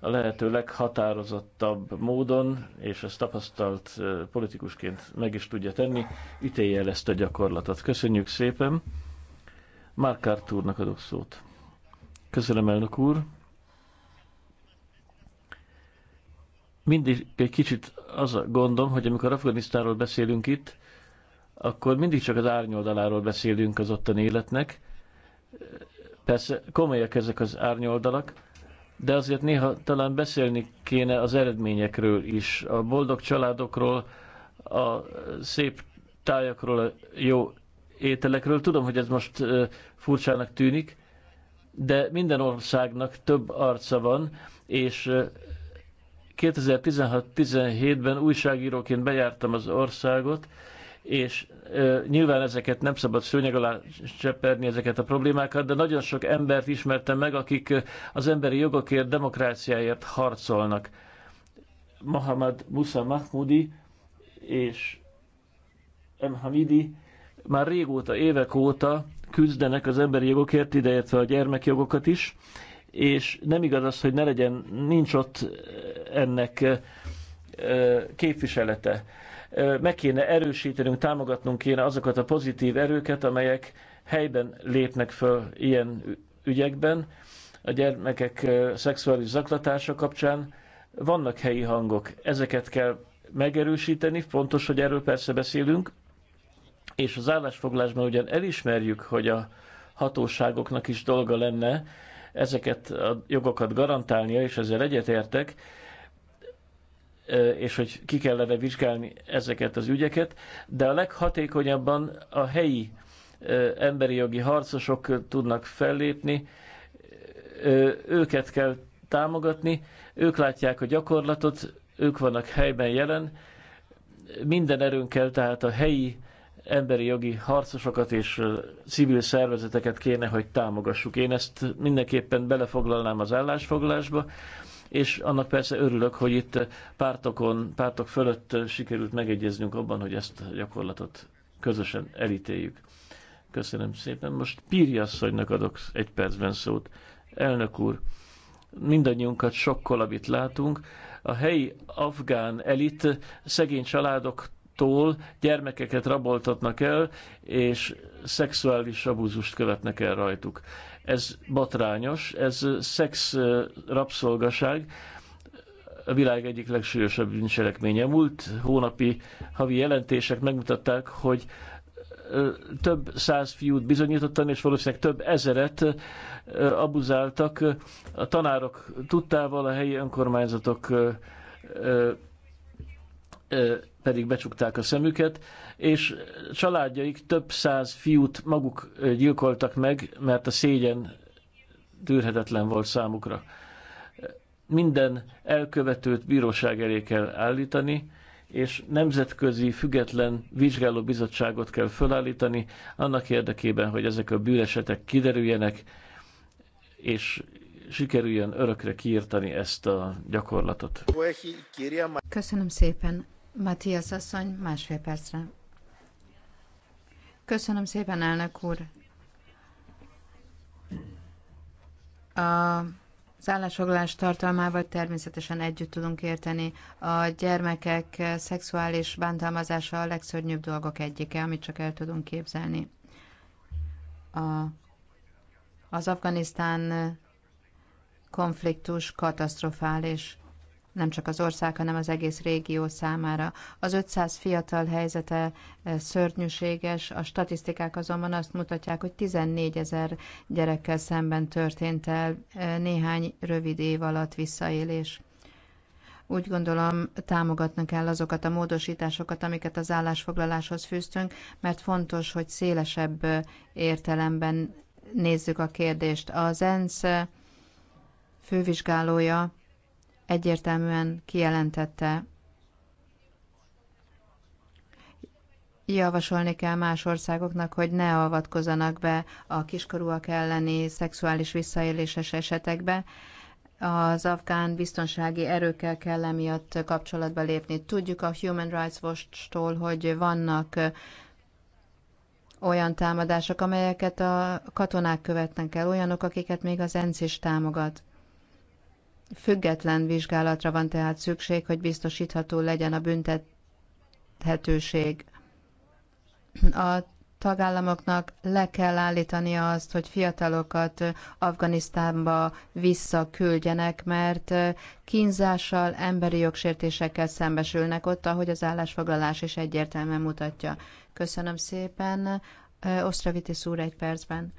a lehető leghatározottabb módon, és ezt tapasztalt politikusként meg is tudja tenni, ítélje el ezt a gyakorlatot. Köszönjük szépen. Mark Arthurnak adok szót. Köszönöm, elnök úr. Mindig egy kicsit az a gondom, hogy amikor Afganisztánról beszélünk itt, akkor mindig csak az árnyoldaláról beszélünk az ottani életnek. Persze komolyak ezek az árnyoldalak, de azért néha talán beszélni kéne az eredményekről is, a boldog családokról, a szép tájakról, a jó ételekről. Tudom, hogy ez most furcsának tűnik, de minden országnak több arca van, és 2016-17-ben újságíróként bejártam az országot, és Nyilván ezeket nem szabad szőnyeg alá cseperni, ezeket a problémákat, de nagyon sok embert ismertem meg, akik az emberi jogokért, demokráciáért harcolnak. Mohamed Musa Mahmoudi és M. Hamidi már régóta, évek óta küzdenek az emberi jogokért, ideértve a gyermekjogokat is, és nem igaz az, hogy ne legyen, nincs ott ennek képviselete meg kéne erősítenünk, támogatnunk kéne azokat a pozitív erőket, amelyek helyben lépnek föl ilyen ügyekben, a gyermekek szexuális zaklatása kapcsán. Vannak helyi hangok, ezeket kell megerősíteni, fontos, hogy erről persze beszélünk, és az állásfoglásban ugyan elismerjük, hogy a hatóságoknak is dolga lenne ezeket a jogokat garantálnia, és ezzel egyetértek, és hogy ki kellene vizsgálni ezeket az ügyeket, de a leghatékonyabban a helyi emberi jogi harcosok tudnak fellépni, őket kell támogatni, ők látják a gyakorlatot, ők vannak helyben jelen, minden erőnkkel tehát a helyi emberi jogi harcosokat és civil szervezeteket kéne, hogy támogassuk. Én ezt mindenképpen belefoglalnám az állásfoglalásba, és annak persze örülök, hogy itt pártokon, pártok fölött sikerült megegyeznünk abban, hogy ezt a gyakorlatot közösen elítéljük. Köszönöm szépen. Most Píri asszonynak adok egy percben szót. Elnök úr, mindannyiunkat sokkal, amit látunk. A helyi afgán elit szegény családoktól gyermekeket raboltatnak el, és szexuális abúzust követnek el rajtuk. Ez botrányos, ez szex rabszolgaság, a világ egyik legsúlyosabb bűncselekménye. Múlt hónapi havi jelentések megmutatták, hogy több száz fiút bizonyítottan, és valószínűleg több ezeret abuzáltak. A tanárok tudtával, a helyi önkormányzatok pedig becsukták a szemüket, és családjaik több száz fiút maguk gyilkoltak meg, mert a szégyen tűrhetetlen volt számukra. Minden elkövetőt bíróság elé kell állítani, és nemzetközi független bizottságot kell felállítani, annak érdekében, hogy ezek a bűnesetek kiderüljenek, és sikerüljön örökre kiirtani ezt a gyakorlatot. Köszönöm szépen. Matthias asszony, másfél percre. Köszönöm szépen, elnök úr. A az állásfoglalás tartalmával természetesen együtt tudunk érteni. A gyermekek szexuális bántalmazása a legszörnyűbb dolgok egyike, amit csak el tudunk képzelni. A, az Afganisztán konfliktus katasztrofális nem csak az ország, hanem az egész régió számára. Az 500 fiatal helyzete eh, szörnyűséges, a statisztikák azonban azt mutatják, hogy 14 ezer gyerekkel szemben történt el eh, néhány rövid év alatt visszaélés úgy gondolom támogatni kell azokat a módosításokat, amiket az állásfoglaláshoz fűztünk, mert fontos, hogy szélesebb eh, értelemben nézzük a kérdést. Az ENSZ fővizsgálója egyértelműen kijelentette, javasolni kell más országoknak, hogy ne avatkozanak be a kiskorúak elleni szexuális visszaéléses esetekbe, az afgán biztonsági erőkkel kell emiatt kapcsolatba lépni. Tudjuk a Human Rights Watch-tól, hogy vannak olyan támadások, amelyeket a katonák követnek el, olyanok, akiket még az ENSZ is támogat. Független vizsgálatra van tehát szükség, hogy biztosítható legyen a büntethetőség. A tagállamoknak le kell állítani azt, hogy fiatalokat Afganisztánba visszaküldjenek, mert kínzással, emberi jogsértésekkel szembesülnek ott, ahogy az állásfoglalás is egyértelműen mutatja. Köszönöm szépen. Osztravitis úr egy percben.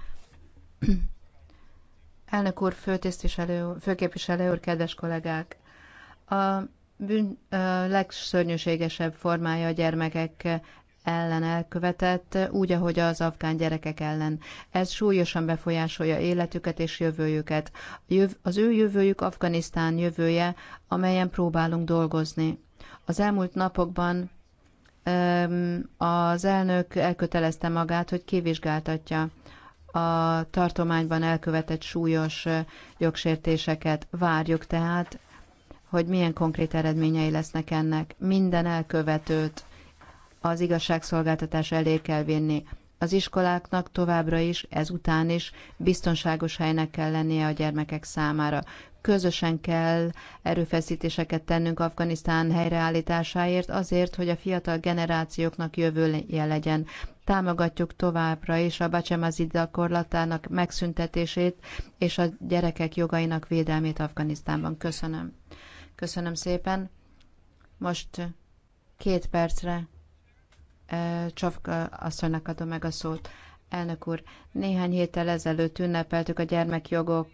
Elnök úr, főtisztviselő, főképviselő úr, kedves kollégák! A bűn a legszörnyűségesebb formája a gyermekek ellen elkövetett, úgy, ahogy az afgán gyerekek ellen. Ez súlyosan befolyásolja életüket és jövőjüket. Az ő jövőjük Afganisztán jövője, amelyen próbálunk dolgozni. Az elmúlt napokban az elnök elkötelezte magát, hogy kivizsgáltatja a tartományban elkövetett súlyos jogsértéseket. Várjuk tehát, hogy milyen konkrét eredményei lesznek ennek. Minden elkövetőt az igazságszolgáltatás elé kell vinni. Az iskoláknak továbbra is, ezután is biztonságos helynek kell lennie a gyermekek számára. Közösen kell erőfeszítéseket tennünk Afganisztán helyreállításáért, azért, hogy a fiatal generációknak jövője legyen. Támogatjuk továbbra is a Bacsemazi gyakorlatának megszüntetését és a gyerekek jogainak védelmét Afganisztánban. Köszönöm. Köszönöm szépen. Most két percre Csavka asszonynak adom meg a szót. Elnök úr, néhány héttel ezelőtt ünnepeltük a gyermekjogok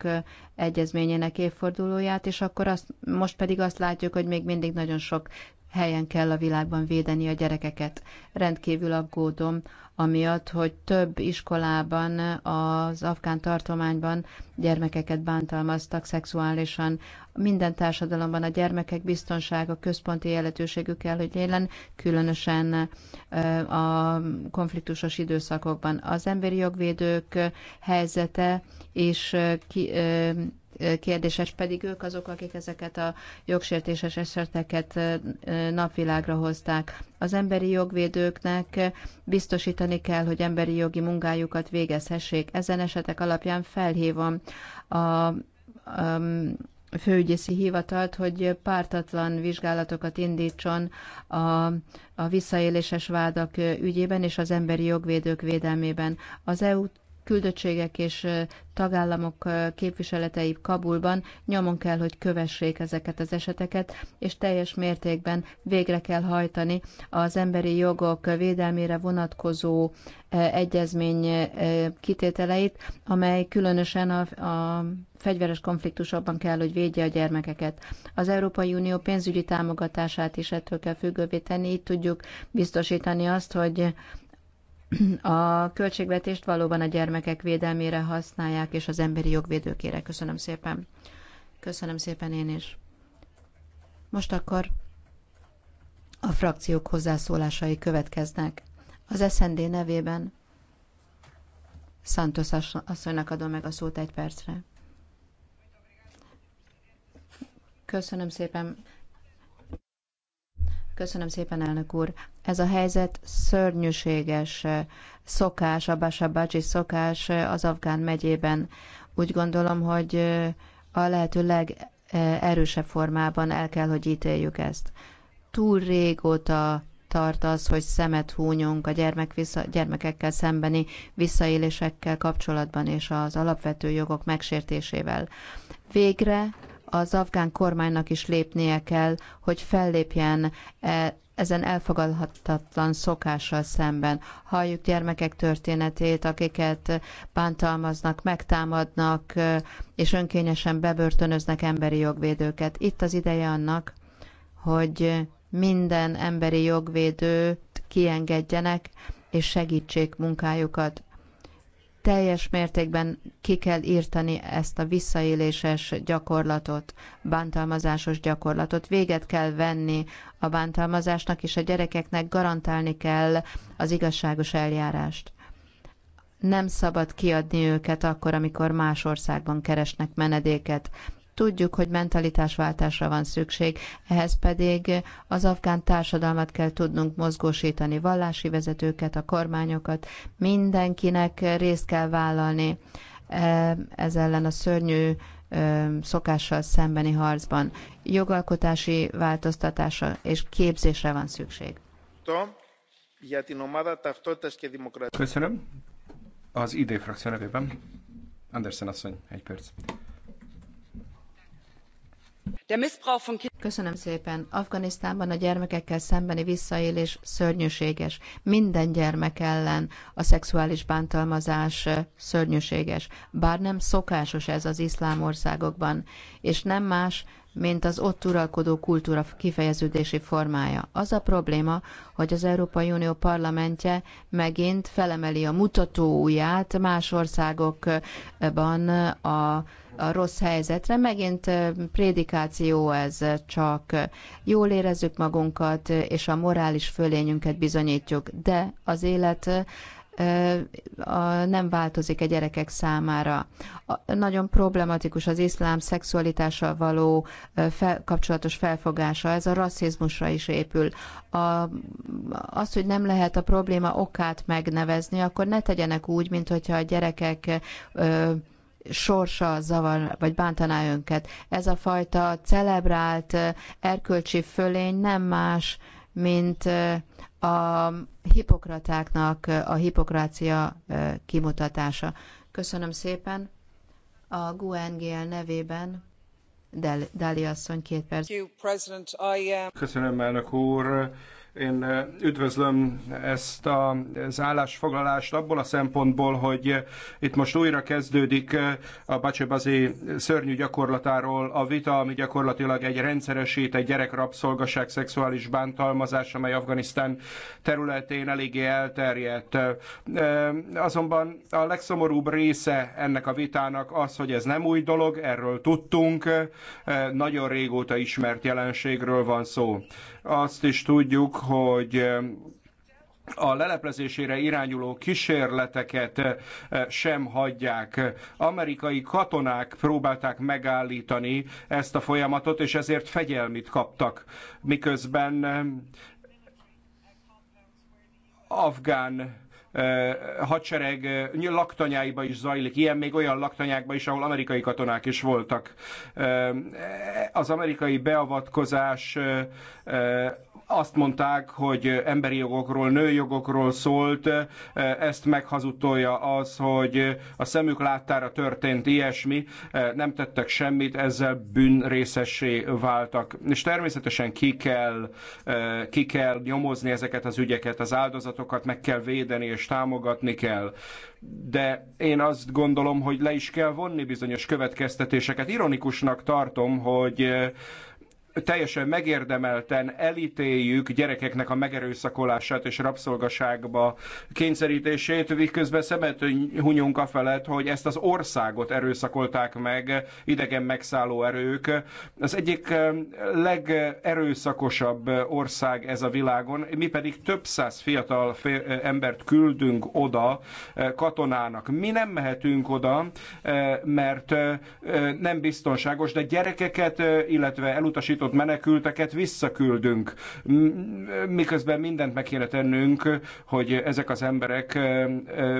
egyezményének évfordulóját, és akkor azt, most pedig azt látjuk, hogy még mindig nagyon sok helyen kell a világban védeni a gyerekeket. Rendkívül aggódom amiatt, hogy több iskolában az afgán tartományban gyermekeket bántalmaztak szexuálisan. Minden társadalomban a gyermekek biztonsága központi jelentőségű kell, hogy élen, különösen a konfliktusos időszakokban. Az emberi jogvédők helyzete és ki, kérdéses, pedig ők azok, akik ezeket a jogsértéses eseteket napvilágra hozták. Az emberi jogvédőknek biztosítani kell, hogy emberi jogi munkájukat végezhessék. Ezen esetek alapján felhívom a, a főügyészi hivatalt, hogy pártatlan vizsgálatokat indítson a, a visszaéléses vádak ügyében és az emberi jogvédők védelmében. Az EU küldöttségek és tagállamok képviseletei Kabulban nyomon kell, hogy kövessék ezeket az eseteket, és teljes mértékben végre kell hajtani az emberi jogok védelmére vonatkozó egyezmény kitételeit, amely különösen a, a fegyveres konfliktusokban kell, hogy védje a gyermekeket. Az Európai Unió pénzügyi támogatását is ettől kell függővé tenni, így tudjuk biztosítani azt, hogy a költségvetést valóban a gyermekek védelmére használják, és az emberi jogvédőkére. Köszönöm szépen. Köszönöm szépen én is. Most akkor a frakciók hozzászólásai következnek. Az SND nevében Santos asszonynak adom meg a szót egy percre. Köszönöm szépen. Köszönöm szépen, elnök úr. Ez a helyzet szörnyűséges eh, szokás, a Basabácsi szokás eh, az afgán megyében. Úgy gondolom, hogy eh, a lehető legerősebb formában el kell, hogy ítéljük ezt. Túl régóta tart az, hogy szemet húnyunk a gyermek vissza, gyermekekkel szembeni visszaélésekkel kapcsolatban és az alapvető jogok megsértésével. Végre az afgán kormánynak is lépnie kell, hogy fellépjen e, ezen elfogadhatatlan szokással szemben. Halljuk gyermekek történetét, akiket bántalmaznak, megtámadnak, e, és önkényesen bebörtönöznek emberi jogvédőket. Itt az ideje annak, hogy minden emberi jogvédőt kiengedjenek, és segítsék munkájukat teljes mértékben ki kell írtani ezt a visszaéléses gyakorlatot, bántalmazásos gyakorlatot. Véget kell venni a bántalmazásnak, és a gyerekeknek garantálni kell az igazságos eljárást. Nem szabad kiadni őket akkor, amikor más országban keresnek menedéket. Tudjuk, hogy mentalitásváltásra van szükség, ehhez pedig az afgán társadalmat kell tudnunk mozgósítani, vallási vezetőket, a kormányokat, mindenkinek részt kell vállalni e, ez ellen a szörnyű e, szokással szembeni harcban. Jogalkotási változtatása és képzésre van szükség. Köszönöm. Az ID frakció nevében. Andersen asszony, egy perc. Köszönöm szépen. Afganisztánban a gyermekekkel szembeni visszaélés szörnyűséges. Minden gyermek ellen a szexuális bántalmazás szörnyűséges. Bár nem szokásos ez az iszlám országokban, és nem más, mint az ott uralkodó kultúra kifejeződési formája. Az a probléma, hogy az Európai Unió parlamentje megint felemeli a mutatóujját más országokban a a rossz helyzetre. Megint prédikáció ez csak. Jól érezzük magunkat, és a morális fölényünket bizonyítjuk, de az élet nem változik a gyerekek számára. Nagyon problematikus az iszlám szexualitással való fel, kapcsolatos felfogása, ez a rasszizmusra is épül. A, az, hogy nem lehet a probléma okát megnevezni, akkor ne tegyenek úgy, mint hogyha a gyerekek ö, sorsa zavar, vagy bántaná önket. Ez a fajta celebrált erkölcsi fölény nem más, mint a hipokratáknak a hipokrácia kimutatása. Köszönöm szépen. A GUNGL nevében Dali asszony két perc. Um, Köszönöm, elnök úr én üdvözlöm ezt az állásfoglalást abból a szempontból, hogy itt most újra kezdődik a bacsebazi szörnyű gyakorlatáról a vita, ami gyakorlatilag egy rendszeresít, egy gyerekrabszolgaság szexuális bántalmazás, amely Afganisztán területén eléggé elterjedt. Azonban a legszomorúbb része ennek a vitának az, hogy ez nem új dolog, erről tudtunk, nagyon régóta ismert jelenségről van szó. Azt is tudjuk, hogy eh, a leleplezésére irányuló kísérleteket eh, sem hagyják. Amerikai katonák próbálták megállítani ezt a folyamatot, és ezért fegyelmit kaptak, miközben eh, afgán hadsereg laktanyáiba is zajlik, ilyen még olyan laktanyákba is, ahol amerikai katonák is voltak. Az amerikai beavatkozás azt mondták, hogy emberi jogokról, nőjogokról szólt, ezt meghazudtolja az, hogy a szemük láttára történt ilyesmi, nem tettek semmit, ezzel bűnrészessé váltak. És természetesen ki kell, ki kell nyomozni ezeket az ügyeket, az áldozatokat meg kell védeni, és támogatni kell. De én azt gondolom, hogy le is kell vonni bizonyos következtetéseket. Ironikusnak tartom, hogy eh, teljesen megérdemelten elítéljük gyerekeknek a megerőszakolását és rabszolgaságba kényszerítését, miközben szemet hunyunk afelett, hogy ezt az országot erőszakolták meg idegen megszálló erők. Az egyik eh, legerőszakosabb eh, ország ez a világon, mi pedig több száz fiatal eh, embert küldünk oda katonának. Mi nem mehetünk oda, mert nem biztonságos, de gyerekeket, illetve elutasított megtartott menekülteket visszaküldünk. Miközben mindent meg kéne tennünk, hogy ezek az emberek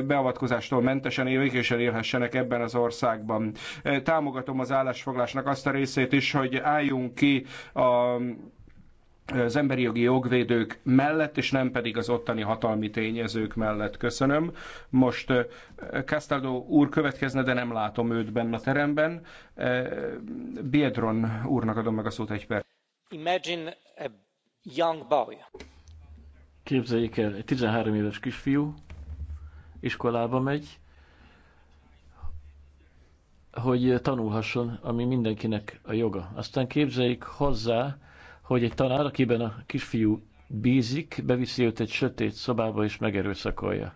beavatkozástól mentesen évkésen élhessenek ebben az országban. Támogatom az állásfoglásnak azt a részét is, hogy álljunk ki a az emberi jogi jogvédők mellett, és nem pedig az ottani hatalmi tényezők mellett. Köszönöm. Most eh, Castaldo úr következne, de nem látom őt benne a teremben. Eh, Biedron úrnak adom meg a szót egy perc. Imagine a young boy. Képzeljék el, egy 13 éves kisfiú iskolába megy, hogy tanulhasson, ami mindenkinek a joga. Aztán képzeljék hozzá, hogy egy tanár, akiben a kisfiú bízik, beviszi őt egy sötét szobába és megerőszakolja.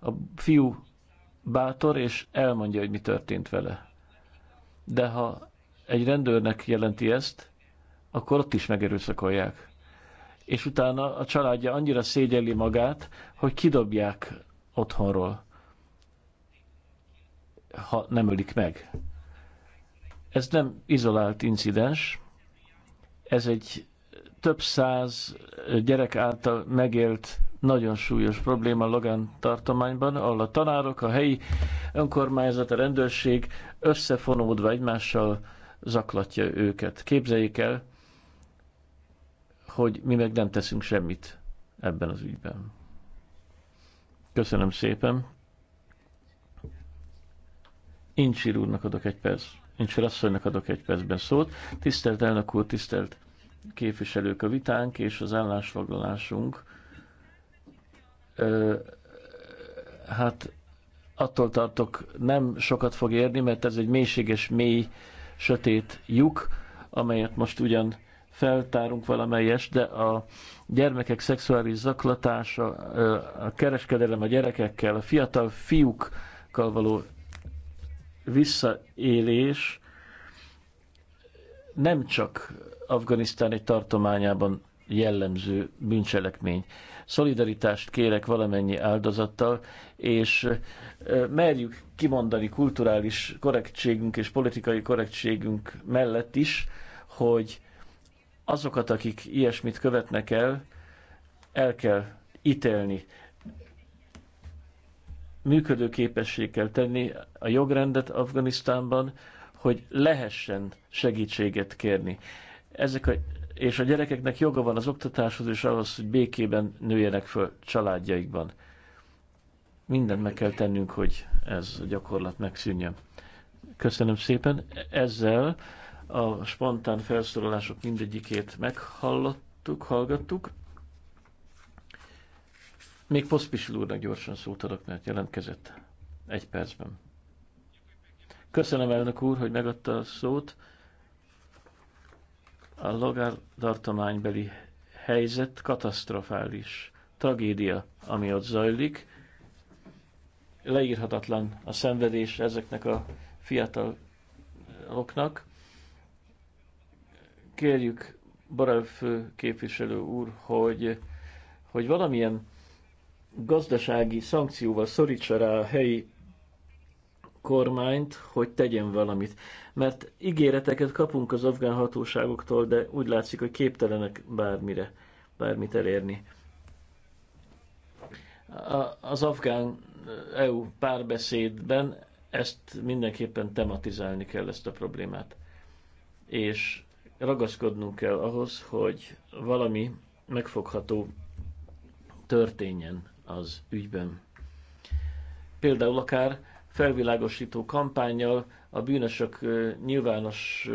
A fiú bátor és elmondja, hogy mi történt vele. De ha egy rendőrnek jelenti ezt, akkor ott is megerőszakolják. És utána a családja annyira szégyeli magát, hogy kidobják otthonról, ha nem ölik meg. Ez nem izolált incidens, ez egy több száz gyerek által megélt nagyon súlyos probléma logan tartományban, ahol a tanárok, a helyi önkormányzat, a rendőrség összefonódva egymással zaklatja őket. Képzeljék el, hogy mi meg nem teszünk semmit ebben az ügyben. Köszönöm szépen. Incsir úrnak adok egy perc. Én asszonynak adok egy percben szót. Tisztelt elnök úr, tisztelt képviselők, a vitánk és az állásfoglalásunk ö, hát attól tartok nem sokat fog érni, mert ez egy mélységes, mély, sötét lyuk, amelyet most ugyan feltárunk valamelyes, de a gyermekek szexuális zaklatása, a kereskedelem a gyerekekkel, a fiatal fiúkkal való visszaélés nem csak afganisztáni tartományában jellemző bűncselekmény. Szolidaritást kérek valamennyi áldozattal, és merjük kimondani kulturális korrektségünk és politikai korrektségünk mellett is, hogy azokat, akik ilyesmit követnek el, el kell ítélni működőképessé kell tenni a jogrendet Afganisztánban, hogy lehessen segítséget kérni. Ezek a, és a gyerekeknek joga van az oktatáshoz és ahhoz, hogy békében nőjenek föl családjaikban. Mindent meg kell tennünk, hogy ez a gyakorlat megszűnjön. Köszönöm szépen. Ezzel a spontán felszólalások mindegyikét meghallottuk, hallgattuk. Még Poszpisil úrnak gyorsan szót adok, mert jelentkezett egy percben. Köszönöm elnök úr, hogy megadta a szót. A Logár tartománybeli helyzet katasztrofális. Tragédia, ami ott zajlik. Leírhatatlan a szenvedés ezeknek a fiataloknak. Kérjük Borelfő képviselő úr, hogy, hogy valamilyen gazdasági szankcióval szorítsa rá a helyi kormányt, hogy tegyen valamit. Mert ígéreteket kapunk az afgán hatóságoktól, de úgy látszik, hogy képtelenek bármire, bármit elérni. A, az afgán eh, EU párbeszédben ezt mindenképpen tematizálni kell, ezt a problémát. És ragaszkodnunk kell ahhoz, hogy valami megfogható történjen az ügyben. Például akár felvilágosító kampányjal a bűnösök nyilvános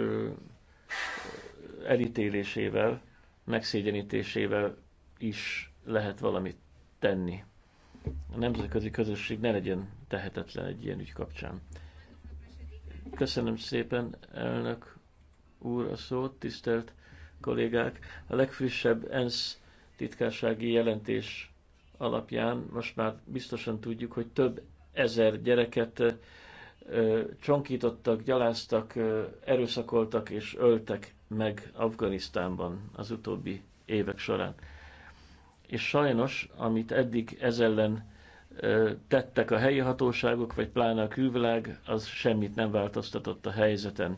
elítélésével, megszégyenítésével is lehet valamit tenni. A nemzetközi közösség ne legyen tehetetlen egy ilyen ügy kapcsán. Köszönöm szépen, elnök úr, a szót, tisztelt kollégák! A legfrissebb ENSZ titkársági jelentés alapján most már biztosan tudjuk, hogy több ezer gyereket csonkítottak, gyaláztak, erőszakoltak és öltek meg Afganisztánban az utóbbi évek során. És sajnos, amit eddig ez ellen tettek a helyi hatóságok, vagy pláne a külvilág, az semmit nem változtatott a helyzeten.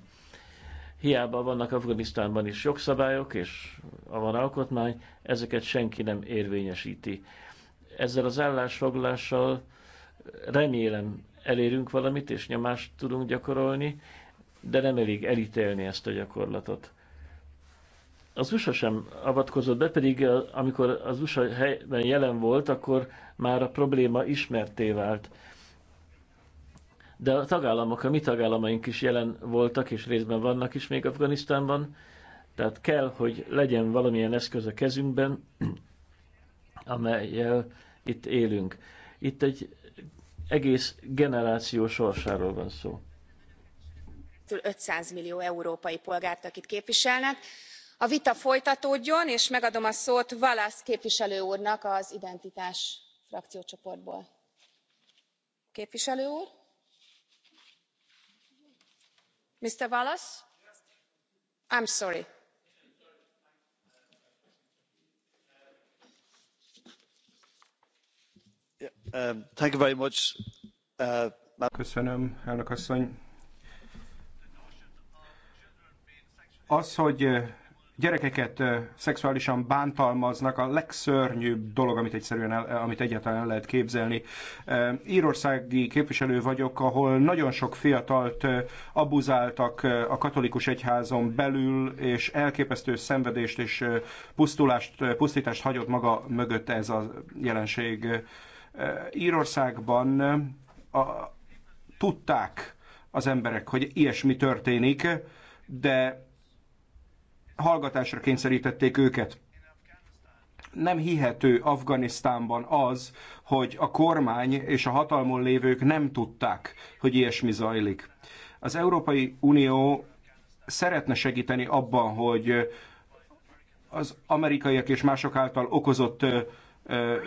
Hiába vannak Afganisztánban is jogszabályok, és van alkotmány, ezeket senki nem érvényesíti ezzel az állásfoglalással remélem elérünk valamit, és nyomást tudunk gyakorolni, de nem elég elítélni ezt a gyakorlatot. Az USA sem avatkozott be, pedig eh, amikor az USA helyben jelen volt, akkor már a probléma ismerté vált. De a tagállamok, a mi tagállamaink is jelen voltak, és részben vannak is még Afganisztánban, tehát kell, hogy legyen valamilyen eszköz a kezünkben, [CLEARS THROAT] amelyel uh, itt élünk. Itt egy egész generáció sorsáról van szó. 500 millió európai polgárt, akit képviselnek. A vita folytatódjon, és megadom a szót Valasz képviselő úrnak az Identitás frakciócsoportból. Képviselő úr? Mr. Valasz? I'm sorry. Um, uh, Köszönöm, elnök asszony. Az, hogy uh, gyerekeket uh, szexuálisan bántalmaznak, a legszörnyűbb dolog, amit, egyszerűen el, amit egyáltalán el lehet képzelni. Írországi képviselő vagyok, ahol nagyon sok fiatalt abuzáltak a katolikus egyházon belül, és elképesztő szenvedést és pusztulást, pusztítást hagyott maga mögött ez a jelenség. Eh, Írországban eh, a, tudták az emberek, hogy ilyesmi történik, de hallgatásra kényszerítették őket. Nem hihető Afganisztánban az, hogy a kormány és a hatalmon lévők nem tudták, hogy ilyesmi zajlik. Az Európai Unió szeretne segíteni abban, hogy az amerikaiak és mások által okozott eh,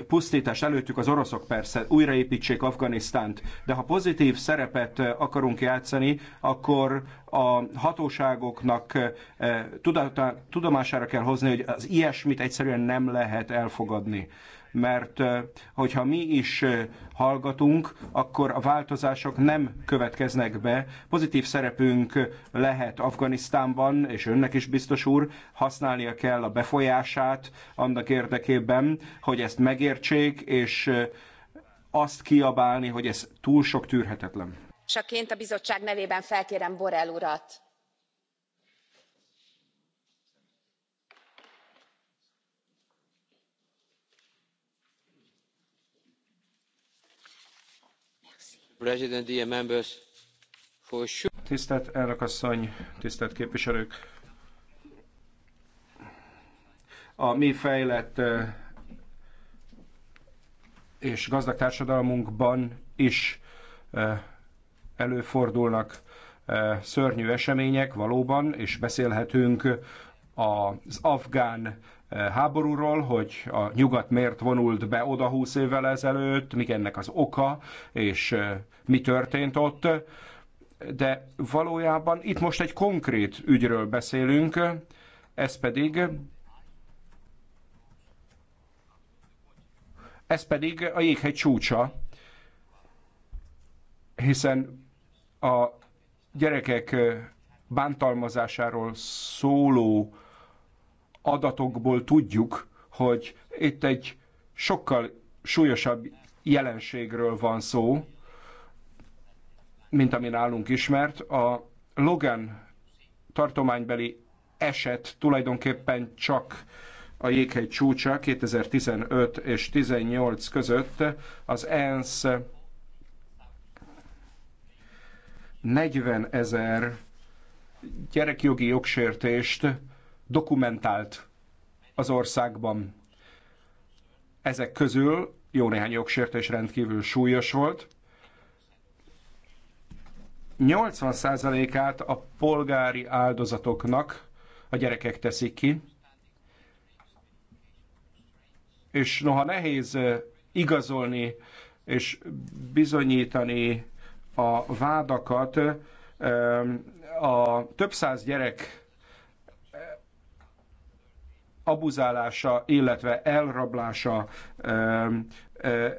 pusztítás előttük az oroszok persze, újraépítsék Afganisztánt, de ha pozitív szerepet akarunk játszani, akkor a hatóságoknak tudomására kell hozni, hogy az ilyesmit egyszerűen nem lehet elfogadni mert hogyha mi is hallgatunk, akkor a változások nem következnek be. Pozitív szerepünk lehet Afganisztánban, és önnek is biztos úr, használnia kell a befolyását annak érdekében, hogy ezt megértsék, és azt kiabálni, hogy ez túl sok tűrhetetlen. Saként a bizottság nevében felkérem Borrell urat. Tisztelt elnök asszony, tisztelt képviselők! A mi fejlett és gazdag társadalmunkban is előfordulnak szörnyű események valóban, és beszélhetünk az afgán háborúról, hogy a nyugat miért vonult be oda 20 évvel ezelőtt, mik ennek az oka, és mi történt ott. De valójában itt most egy konkrét ügyről beszélünk, ez pedig ez pedig a jéghegy csúcsa, hiszen a gyerekek bántalmazásáról szóló adatokból tudjuk, hogy itt egy sokkal súlyosabb jelenségről van szó, mint ami nálunk ismert. A Logan tartománybeli eset tulajdonképpen csak a jéghegy csúcsa 2015 és 18 között az ENSZ 40 ezer gyerekjogi jogsértést dokumentált az országban. Ezek közül jó néhány jogsértés rendkívül súlyos volt. 80%-át a polgári áldozatoknak a gyerekek teszik ki, és noha nehéz eh, igazolni és bizonyítani a vádakat, eh, a több száz gyerek abuzálása, illetve elrablása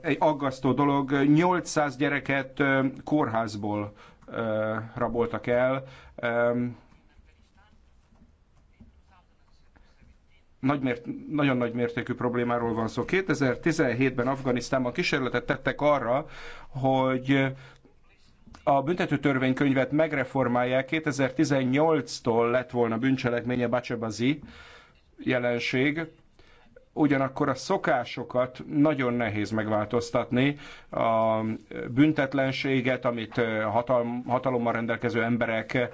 egy aggasztó dolog. 800 gyereket kórházból raboltak el. nagy mért, nagyon nagy mértékű problémáról van szó. 2017-ben Afganisztánban kísérletet tettek arra, hogy a büntetőtörvénykönyvet megreformálják. 2018-tól lett volna bűncselekménye Bacsebazi, jelenség, ugyanakkor a szokásokat nagyon nehéz megváltoztatni. A büntetlenséget, amit hatalom, hatalommal rendelkező emberek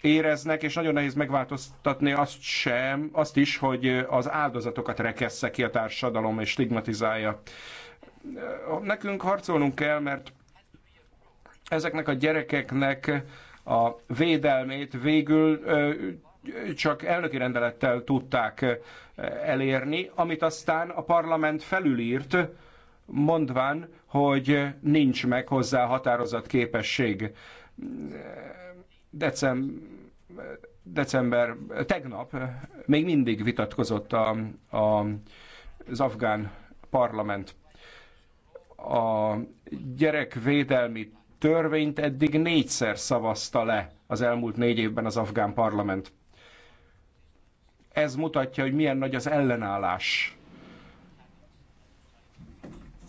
éreznek, és nagyon nehéz megváltoztatni azt sem, azt is, hogy az áldozatokat rekessze ki a társadalom és stigmatizálja. Nekünk harcolnunk kell, mert ezeknek a gyerekeknek a védelmét végül csak elnöki rendelettel tudták eh, elérni, amit aztán a parlament felülírt, mondván, hogy nincs meg hozzá határozat képesség. Decem, december, tegnap még mindig vitatkozott a, a, az afgán parlament. A gyerekvédelmi törvényt eddig négyszer szavazta le az elmúlt négy évben az afgán parlament. Ez mutatja, hogy milyen nagy az ellenállás.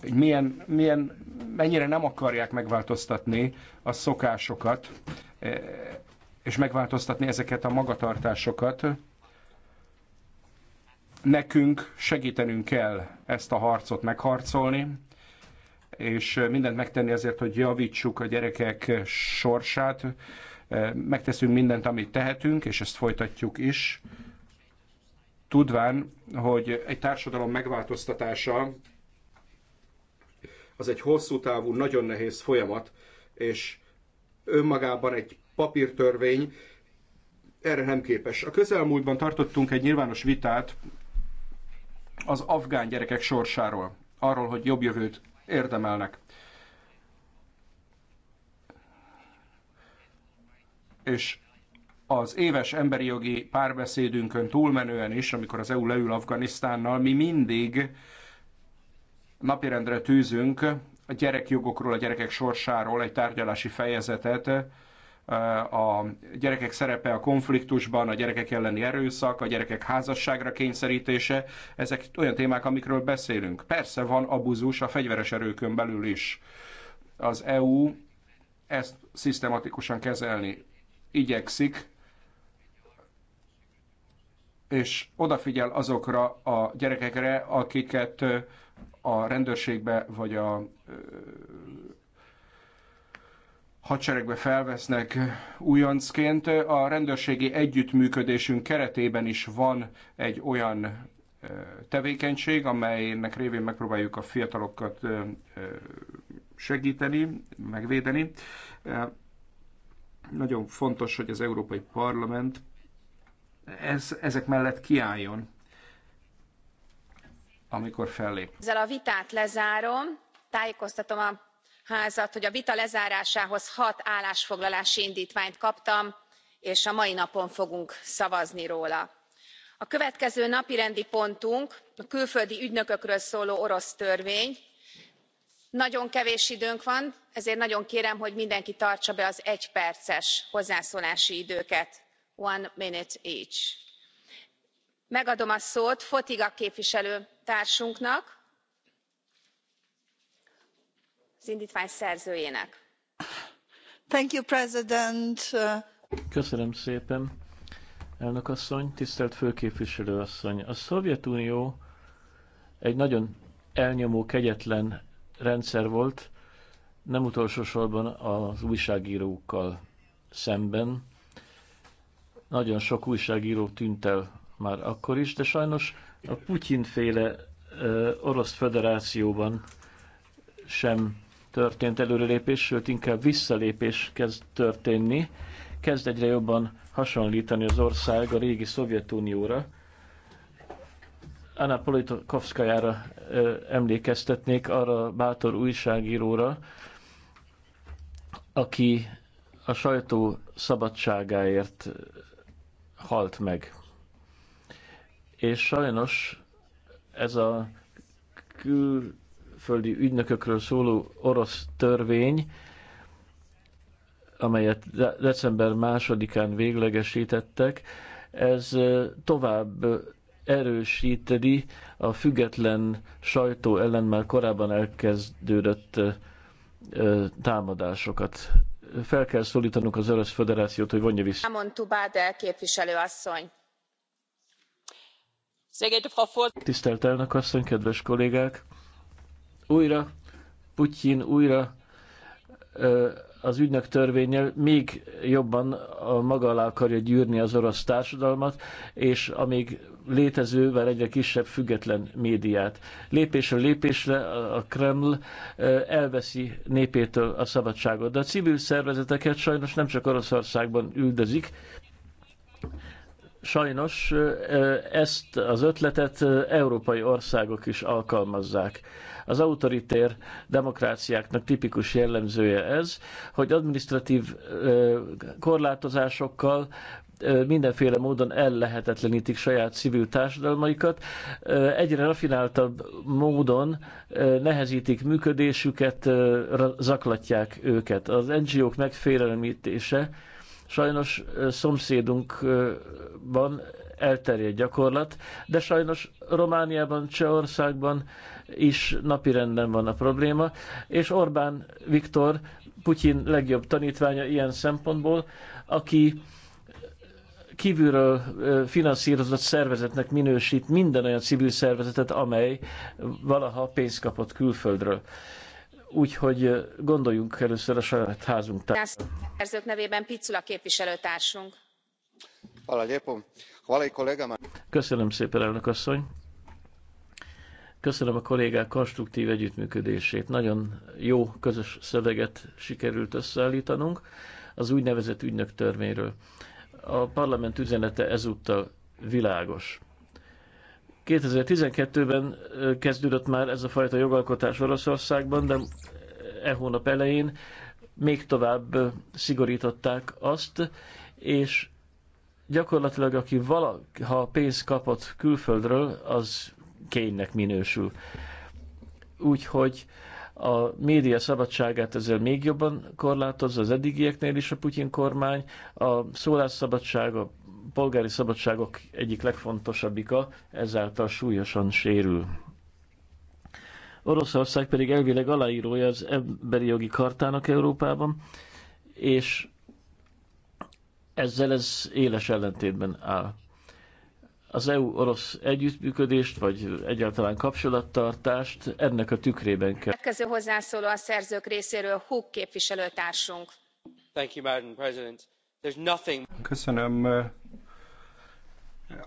Hogy milyen, milyen, mennyire nem akarják megváltoztatni a szokásokat, e, és megváltoztatni ezeket a magatartásokat. Nekünk segítenünk kell ezt a harcot megharcolni, és mindent megtenni azért, hogy javítsuk a gyerekek sorsát. E, megteszünk mindent, amit tehetünk, és ezt folytatjuk is tudván, hogy egy társadalom megváltoztatása az egy hosszú távú, nagyon nehéz folyamat, és önmagában egy papírtörvény erre nem képes. A közelmúltban tartottunk egy nyilvános vitát az afgán gyerekek sorsáról, arról, hogy jobb jövőt érdemelnek. És az éves emberi jogi párbeszédünkön túlmenően is, amikor az EU leül Afganisztánnal, mi mindig napirendre tűzünk a gyerekjogokról, a gyerekek sorsáról egy tárgyalási fejezetet, eh, a gyerekek szerepe a konfliktusban, a gyerekek elleni erőszak, a gyerekek házasságra kényszerítése, ezek olyan témák, amikről beszélünk. Persze van abuzus a fegyveres erőkön belül is. Az EU ezt szisztematikusan kezelni igyekszik, és odafigyel azokra a gyerekekre, akiket a rendőrségbe vagy a hadseregbe felvesznek újoncként. A rendőrségi együttműködésünk keretében is van egy olyan tevékenység, amelynek révén megpróbáljuk a fiatalokat segíteni, megvédeni. Nagyon fontos, hogy az Európai Parlament ez, ezek mellett kiálljon, amikor fellép. Ezzel a vitát lezárom. Tájékoztatom a házat, hogy a vita lezárásához hat állásfoglalási indítványt kaptam, és a mai napon fogunk szavazni róla a következő napirendi pontunk a külföldi ügynökökről szóló orosz törvény. nagyon kevés időnk van ezért nagyon kérem hogy mindenki tartsa be az egyperces hozzászólási időket megadom a szót fotyga képviselőtársunknak az indtvány szerzőjének. köszönöm szépen elnök asszony tisztelt főképviselő asszony! a szovjetunió egy nagyon elnyomó kegyetlen rendszer volt nem utolsó sorban az újságrókkal szemben nagyon sok újságíró tűnt el már akkor is, de sajnos a Putyin-féle Orosz Föderációban sem történt előrelépés, sőt inkább visszalépés kezd történni. Kezd egyre jobban hasonlítani az ország a régi Szovjetunióra. Anna Politkovskajára emlékeztetnék arra a bátor újságíróra, aki a sajtó szabadságáért halt meg. És sajnos ez a külföldi ügynökökről szóló orosz törvény, amelyet december másodikán véglegesítettek, ez tovább erősíteni a független sajtó ellen már korábban elkezdődött támadásokat fel kell szólítanunk az orosz föderációt, hogy vonja vissza. képviselő asszony. Tisztelt elnök asszony, kedves kollégák! Újra Putyin újra az ügynök törvényel még jobban a maga alá akarja gyűrni az orosz társadalmat, és amíg létezővel egyre kisebb független médiát. Lépésről lépésre a Kreml elveszi népétől a szabadságot, de a civil szervezeteket sajnos nem csak Oroszországban üldözik, Sajnos ezt az ötletet európai országok is alkalmazzák. Az autoritér demokráciáknak tipikus jellemzője ez, hogy administratív korlátozásokkal mindenféle módon ellehetetlenítik saját civil társadalmaikat, egyre rafináltabb módon nehezítik működésüket, zaklatják őket. Az NGO-k megfélemlítése Sajnos szomszédunkban elterjedt gyakorlat, de sajnos Romániában, Csehországban is napirenden van a probléma, és Orbán Viktor, Putyin legjobb tanítványa ilyen szempontból, aki kívülről finanszírozott szervezetnek minősít minden olyan civil szervezetet, amely valaha pénzt kapott külföldről. Úgyhogy gondoljunk először a saját házunk tájára. Szerzők nevében Picula képviselőtársunk. Köszönöm szépen, elnök asszony. Köszönöm a kollégák konstruktív együttműködését. Nagyon jó közös szöveget sikerült összeállítanunk az úgynevezett ügynök törvényről. A parlament üzenete ezúttal világos. 2012-ben kezdődött már ez a fajta jogalkotás Oroszországban, de e hónap elején még tovább szigorították azt, és gyakorlatilag aki ha pénzt kapott külföldről, az kénynek minősül. Úgyhogy a média szabadságát ezzel még jobban korlátozza az eddigieknél is a Putyin kormány, a szólásszabadság, a polgári szabadságok egyik legfontosabbika ezáltal súlyosan sérül. Oroszország pedig elvileg aláírója az emberi jogi kartának Európában, és ezzel ez éles ellentétben áll. Az EU-orosz együttműködést, vagy egyáltalán kapcsolattartást ennek a tükrében kell. Következő hozzászóló a szerzők részéről Huk képviselőtársunk. Thank you, Madam President Köszönöm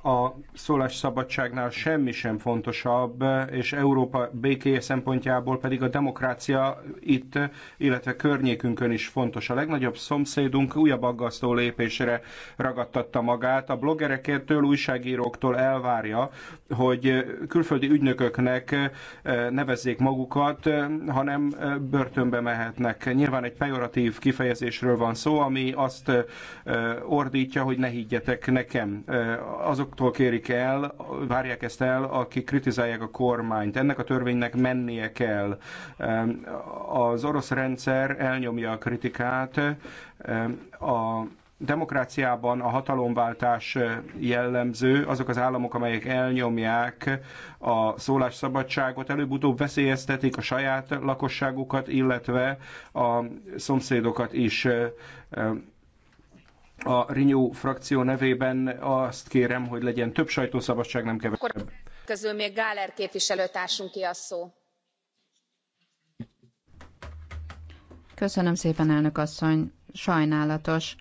a szólásszabadságnál semmi sem fontosabb, és Európa békéje szempontjából pedig a demokrácia itt, illetve környékünkön is fontos. A legnagyobb szomszédunk újabb aggasztó lépésre ragadtatta magát. A bloggerekértől, újságíróktól elvárja, hogy külföldi ügynököknek eh, nevezzék magukat, hanem eh, börtönbe mehetnek. Nyilván egy pejoratív kifejezésről van szó, ami azt eh, ordítja, hogy ne higgyetek nekem. A azoktól kérik el, várják ezt el, akik kritizálják a kormányt. Ennek a törvénynek mennie kell. Az orosz rendszer elnyomja a kritikát. A demokráciában a hatalomváltás jellemző, azok az államok, amelyek elnyomják a szólásszabadságot, előbb-utóbb veszélyeztetik a saját lakosságukat, illetve a szomszédokat is a Renew frakció nevében azt kérem, hogy legyen több sajtószabadság, nem kevesebb. Közül még Gáler képviselőtársunk ki a szó. Köszönöm szépen, elnök asszony. Sajnálatos,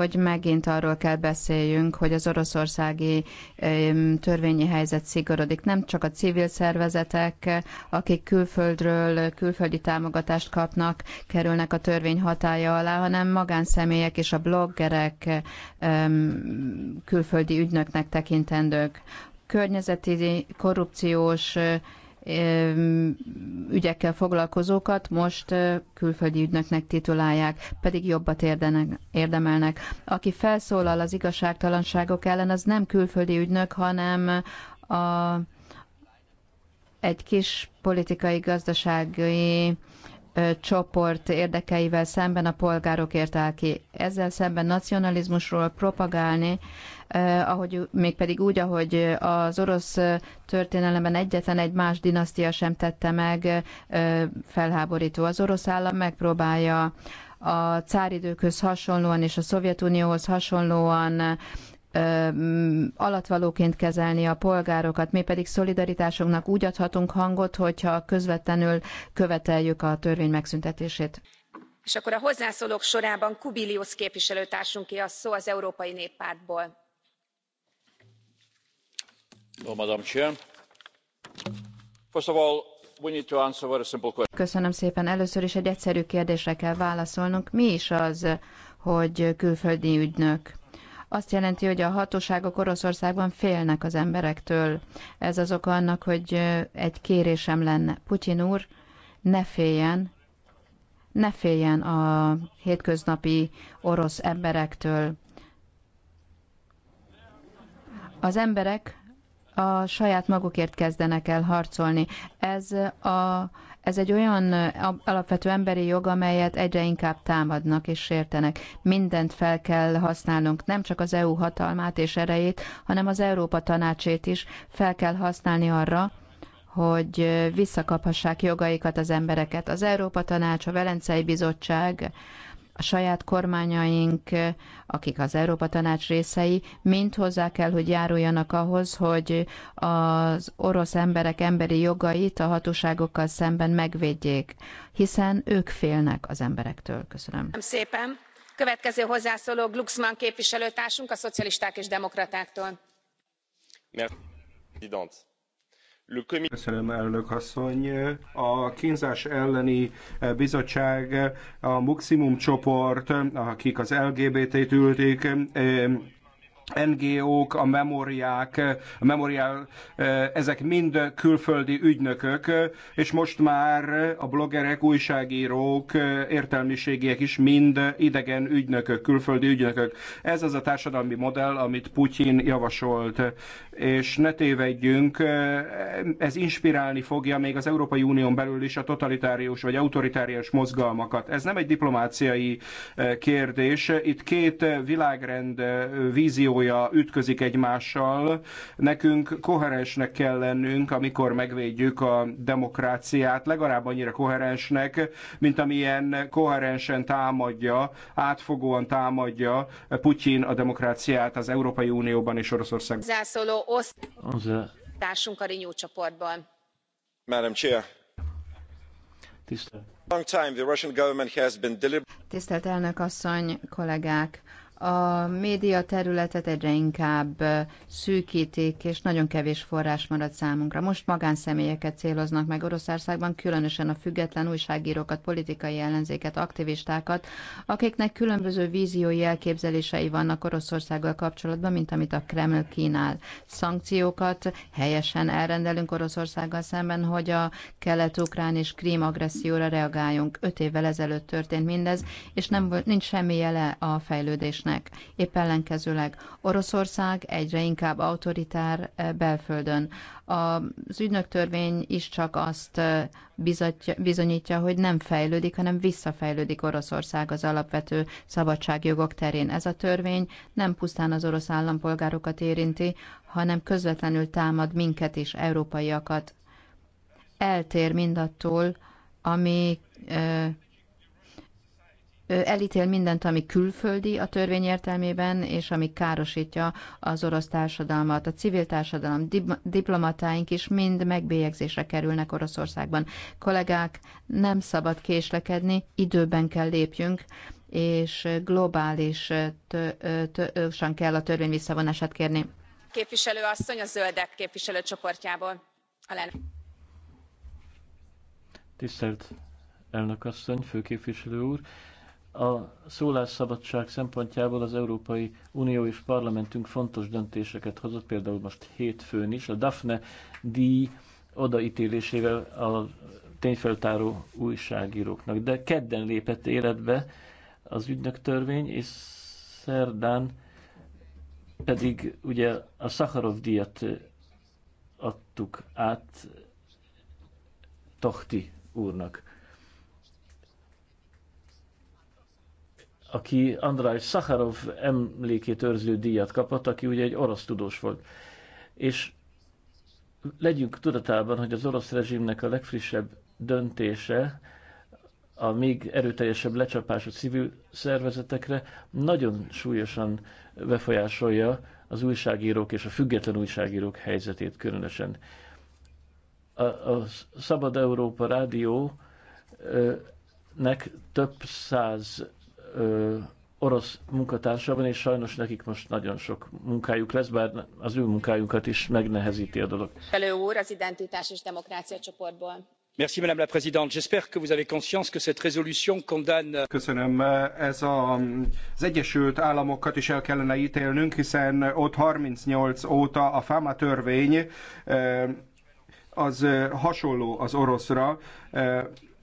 hogy megint arról kell beszéljünk, hogy az oroszországi törvényi helyzet szigorodik. Nem csak a civil szervezetek, akik külföldről külföldi támogatást kapnak, kerülnek a törvény hatája alá, hanem magánszemélyek és a bloggerek külföldi ügynöknek tekintendők környezeti korrupciós ügyekkel foglalkozókat most külföldi ügynöknek titulálják, pedig jobbat érdenek, érdemelnek. Aki felszólal az igazságtalanságok ellen, az nem külföldi ügynök, hanem a, egy kis politikai, gazdasági csoport érdekeivel szemben a polgárokért áll ki. Ezzel szemben nacionalizmusról propagálni, ahogy, mégpedig úgy, ahogy az orosz történelemben egyetlen egy más dinasztia sem tette meg felháborító. Az orosz állam megpróbálja a cáridőkhöz hasonlóan és a Szovjetunióhoz hasonlóan alatvalóként kezelni a polgárokat. Mi pedig szolidaritásunknak úgy adhatunk hangot, hogyha közvetlenül követeljük a törvény megszüntetését. És akkor a hozzászólók sorában Kubilius képviselőtársunké a szó az Európai Néppártból. No, Madam Chair. First of all, Köszönöm szépen. Először is egy egyszerű kérdésre kell válaszolnunk. Mi is az, hogy külföldi ügynök? azt jelenti, hogy a hatóságok Oroszországban félnek az emberektől. Ez az oka annak, hogy egy kérésem lenne. Putyin úr, ne féljen, ne féljen a hétköznapi orosz emberektől. Az emberek a saját magukért kezdenek el harcolni. Ez a ez egy olyan alapvető emberi jog, amelyet egyre inkább támadnak és sértenek. Mindent fel kell használnunk, nem csak az EU hatalmát és erejét, hanem az Európa tanácsét is fel kell használni arra, hogy visszakaphassák jogaikat az embereket. Az Európa Tanács, a Velencei Bizottság, a saját kormányaink, akik az Európa Tanács részei, mind hozzá kell, hogy járuljanak ahhoz, hogy az orosz emberek emberi jogait a hatóságokkal szemben megvédjék, hiszen ők félnek az emberektől. Köszönöm. Köszönöm szépen. Következő hozzászóló Glucksmann képviselőtársunk a szocialisták és demokratáktól. Merci. Köszönöm, elnök asszony. A kínzás elleni bizottság, a Maximum csoport, akik az LGBT-t ülték, NGO-k, a memóriák, a memoriál, ezek mind külföldi ügynökök, és most már a bloggerek, újságírók, értelmiségiek is mind idegen ügynökök, külföldi ügynökök. Ez az a társadalmi modell, amit Putyin javasolt. És ne tévedjünk, ez inspirálni fogja még az Európai Unión belül is a totalitárius vagy autoritárius mozgalmakat. Ez nem egy diplomáciai kérdés, itt két világrend vízió víziója ütközik egymással. Nekünk koherensnek kell lennünk, amikor megvédjük a demokráciát, legalább annyira koherensnek, mint amilyen koherensen támadja, átfogóan támadja Putyin a demokráciát az Európai Unióban és Oroszországban. Zászoló osztálytársunk e- a Rinyó csoportban. Madam Chair. Tisztelt. Tisztelt elnök asszony, kollégák! a média területet egyre inkább szűkítik, és nagyon kevés forrás marad számunkra. Most magánszemélyeket céloznak meg Oroszországban, különösen a független újságírókat, politikai ellenzéket, aktivistákat, akiknek különböző víziói elképzelései vannak Oroszországgal kapcsolatban, mint amit a Kreml kínál. Szankciókat helyesen elrendelünk Oroszországgal szemben, hogy a kelet-ukrán és krím agresszióra reagáljunk. Öt évvel ezelőtt történt mindez, és nem, nincs semmi jele a fejlődésnek lesznek. Épp ellenkezőleg Oroszország egyre inkább autoritár eh, belföldön. Az törvény is csak azt eh, bizonyítja, hogy nem fejlődik, hanem visszafejlődik Oroszország az alapvető szabadságjogok terén. Ez a törvény nem pusztán az orosz állampolgárokat érinti, hanem közvetlenül támad minket is, európaiakat. Eltér mindattól, ami eh, elítél mindent, ami külföldi a törvény értelmében, és ami károsítja az orosz társadalmat. A civil társadalom, diplomatáink is mind megbélyegzésre kerülnek Oroszországban. Kollégák, nem szabad késlekedni, időben kell lépjünk, és globális tősan kell a törvény visszavonását kérni. Képviselő asszony a zöldek csoportjából. Alen. Tisztelt elnök asszony, főképviselő úr! A szólásszabadság szempontjából az Európai Unió és parlamentünk fontos döntéseket hozott, például most hétfőn is. A Daphne díj odaítélésével a tényfeltáró újságíróknak. De kedden lépett életbe az ügynök törvény, és szerdán pedig ugye a Szaharov díjat adtuk át Tohti úrnak. aki Andrei Szakharov emlékét őrző díjat kapott, aki ugye egy orosz tudós volt. És legyünk tudatában, hogy az orosz rezsimnek a legfrissebb döntése, a még erőteljesebb lecsapás a civil szervezetekre nagyon súlyosan befolyásolja az újságírók és a független újságírók helyzetét különösen. A, a Szabad Európa Rádiónek több száz ö, orosz munkatársa van, és sajnos nekik most nagyon sok munkájuk lesz, bár az ő munkájukat is megnehezíti a dolog. Elő úr az Identitás és Demokrácia csoportból. Merci, Madame la Présidente. J'espère que vous avez conscience que cette résolution condamne... Köszönöm. Ez a, az Egyesült Államokat is el kellene ítélnünk, hiszen ott 38 óta a FAMA törvény az hasonló az oroszra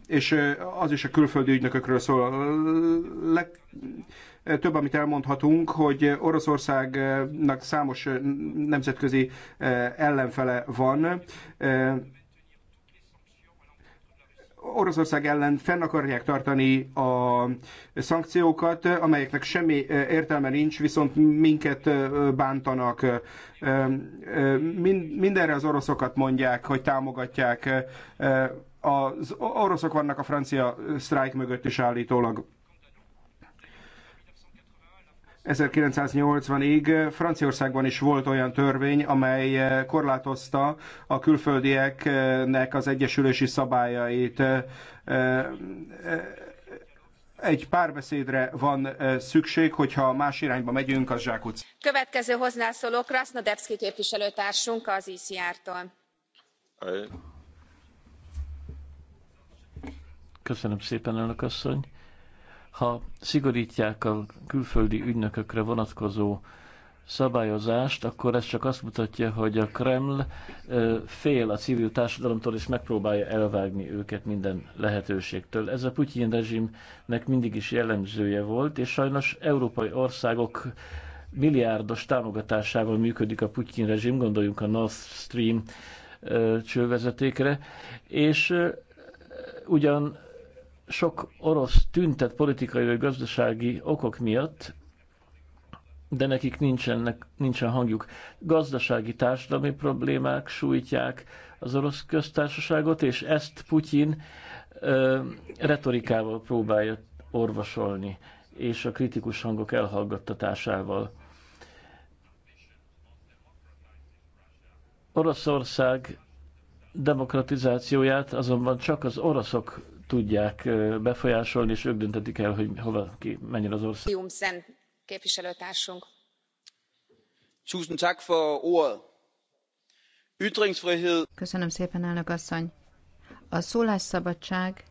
és az is a külföldi ügynökökről szól. Leg, több, amit elmondhatunk, hogy Oroszországnak számos nemzetközi ellenfele van. Oroszország ellen fenn akarják tartani a szankciókat, amelyeknek semmi értelme nincs, viszont minket bántanak. Mindenre az oroszokat mondják, hogy támogatják az oroszok vannak a francia sztrájk mögött is állítólag. 1980-ig Franciaországban is volt olyan törvény, amely korlátozta a külföldieknek az egyesülési szabályait. Egy párbeszédre van szükség, hogyha más irányba megyünk, az zsákutc. Következő hozzászóló Krasznodebszki képviselőtársunk az ICR-tól Köszönöm szépen, elnök asszony. Ha szigorítják a külföldi ügynökökre vonatkozó szabályozást, akkor ez csak azt mutatja, hogy a Kreml fél a civil társadalomtól, és megpróbálja elvágni őket minden lehetőségtől. Ez a Putyin rezsimnek mindig is jellemzője volt, és sajnos európai országok milliárdos támogatásával működik a Putyin rezsim, gondoljunk a North Stream csővezetékre, és ugyan sok orosz tüntet politikai vagy gazdasági okok miatt, de nekik nincsenek, nincsen hangjuk. Gazdasági társadalmi problémák sújtják az orosz köztársaságot, és ezt Putyin ö, retorikával próbálja orvosolni, és a kritikus hangok elhallgattatásával. Oroszország demokratizációját azonban csak az oroszok tudják befolyásolni, és ők döntetik el, hogy hova ki menjen az ország. Jumszen képviselőtársunk. Köszönöm szépen, elnök asszony. A szólásszabadság,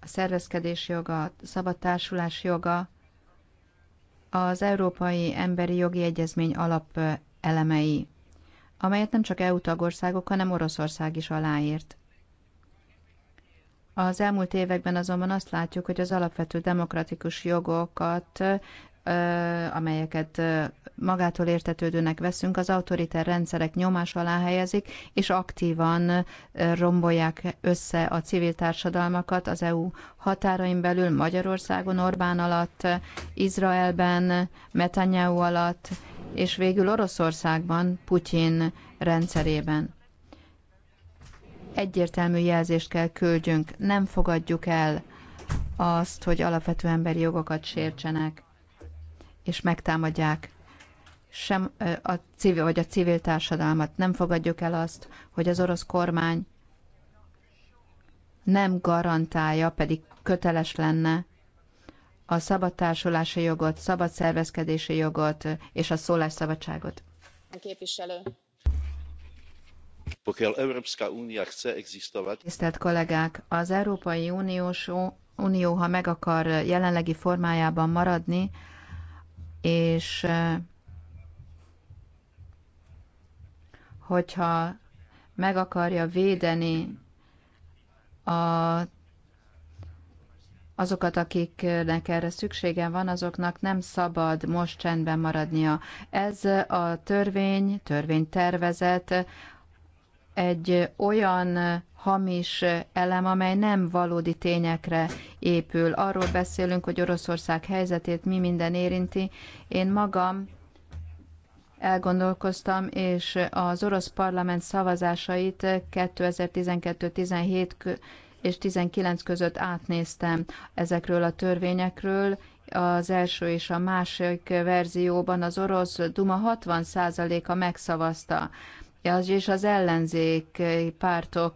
a szervezkedés joga, a szabad társulás joga az Európai Emberi Jogi Egyezmény alap elemei, amelyet nem csak EU tagországok, hanem Oroszország is aláírt. Az elmúlt években azonban azt látjuk, hogy az alapvető demokratikus jogokat amelyeket magától értetődőnek veszünk, az autoriter rendszerek nyomás alá helyezik, és aktívan rombolják össze a civil társadalmakat az EU határain belül, Magyarországon, Orbán alatt, Izraelben, Netanyahu alatt, és végül Oroszországban, Putyin rendszerében egyértelmű jelzést kell küldjünk. Nem fogadjuk el azt, hogy alapvető emberi jogokat sértsenek és megtámadják sem a civil, vagy a civil társadalmat. Nem fogadjuk el azt, hogy az orosz kormány nem garantálja, pedig köteles lenne a szabad társulási jogot, szabad szervezkedési jogot és a szólásszabadságot. Képviselő Tisztelt kollégák, az Európai Uniós, Unió, ha meg akar jelenlegi formájában maradni, és hogyha meg akarja védeni a, azokat, akiknek erre szüksége van, azoknak nem szabad most csendben maradnia. Ez a törvény, törvénytervezet egy olyan hamis elem, amely nem valódi tényekre épül. Arról beszélünk, hogy Oroszország helyzetét mi minden érinti. Én magam elgondolkoztam, és az orosz parlament szavazásait 2012-17 és 19 között átnéztem ezekről a törvényekről, az első és a másik verzióban az orosz Duma 60%-a megszavazta pártja, és az ellenzék pártok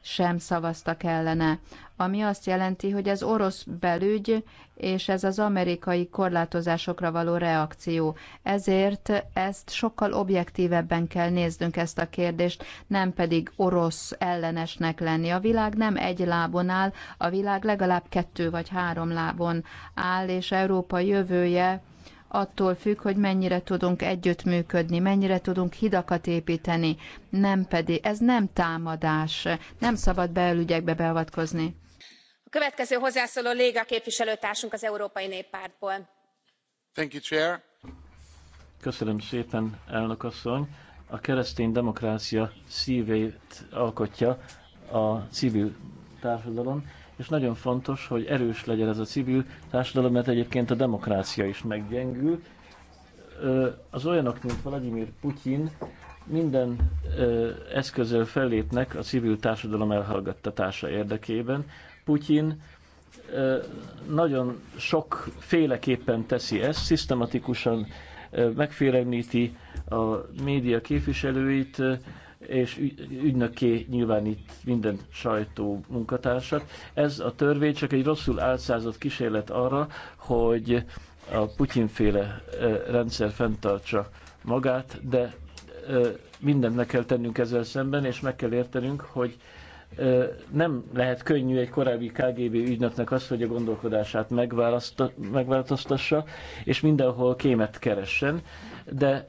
sem szavaztak ellene, ami azt jelenti, hogy ez orosz belügy, és ez az amerikai korlátozásokra való reakció. Ezért ezt sokkal objektívebben kell néznünk ezt a kérdést, nem pedig orosz ellenesnek lenni. A világ nem egy lábon áll, a világ legalább kettő vagy három lábon áll, és Európa jövője attól függ, hogy mennyire tudunk együttműködni, mennyire tudunk hidakat építeni, nem pedig, ez nem támadás, nem szabad belügyekbe beavatkozni. A következő hozzászóló Léga képviselőtársunk az Európai Néppártból. Thank you, Chair. Köszönöm szépen, elnök asszony. A keresztény demokrácia szívét alkotja a civil társadalom és nagyon fontos, hogy erős legyen ez a civil társadalom, mert egyébként a demokrácia is meggyengül. Az olyanok, mint Vladimir Putyin, minden eszközzel fellépnek a civil társadalom elhallgattatása érdekében. Putyin nagyon sok féleképpen teszi ezt, szisztematikusan megfélemlíti a média képviselőit, és ügynökké nyilvánít minden sajtó munkatársat. Ez a törvény csak egy rosszul álszázott kísérlet arra, hogy a Putyin-féle rendszer fenntartsa magát, de mindent meg kell tennünk ezzel szemben, és meg kell értenünk, hogy nem lehet könnyű egy korábbi KGB ügynöknek azt, hogy a gondolkodását megváltoztassa, és mindenhol kémet keressen, de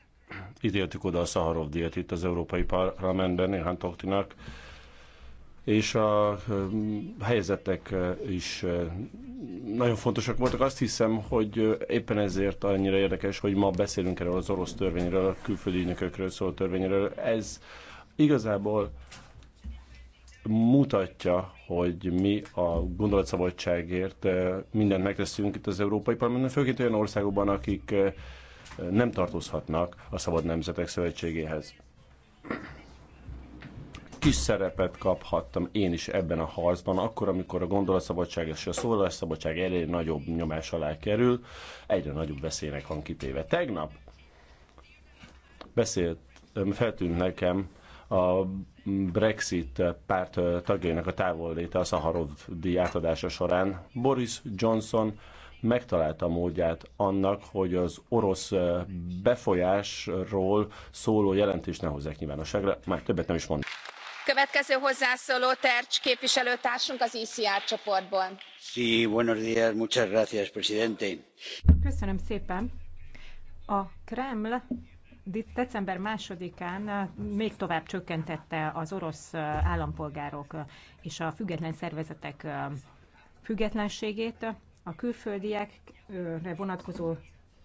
ítéltük oda a Szaharov díjat itt az Európai Parlamentben néhány Toktinak, és a helyzetek is nagyon fontosak voltak. Azt hiszem, hogy éppen ezért annyira érdekes, hogy ma beszélünk erről az orosz törvényről, a külföldi ügynökökről szóló törvényről. Ez igazából mutatja, hogy mi a gondolatszabadságért mindent megteszünk itt az Európai Parlamentben, főként olyan országokban, akik nem tartozhatnak a Szabad Nemzetek Szövetségéhez. Kis szerepet kaphattam én is ebben a harcban, akkor, amikor a gondolatszabadság és a szólásszabadság elé nagyobb nyomás alá kerül, egyre nagyobb veszélynek van kitéve. Tegnap beszélt, feltűnt nekem a Brexit párt tagjainak a távolléte a Szaharov díj átadása során. Boris Johnson megtalálta módját annak, hogy az orosz befolyásról szóló jelentést ne hozzák nyilvánosságra. Már többet nem is mond. Következő hozzászóló Tercs képviselőtársunk az ICR csoportból. Sí, buenos días, muchas gracias, presidente. Köszönöm szépen. A Kreml december másodikán még tovább csökkentette az orosz állampolgárok és a független szervezetek függetlenségét, a külföldiekre vonatkozó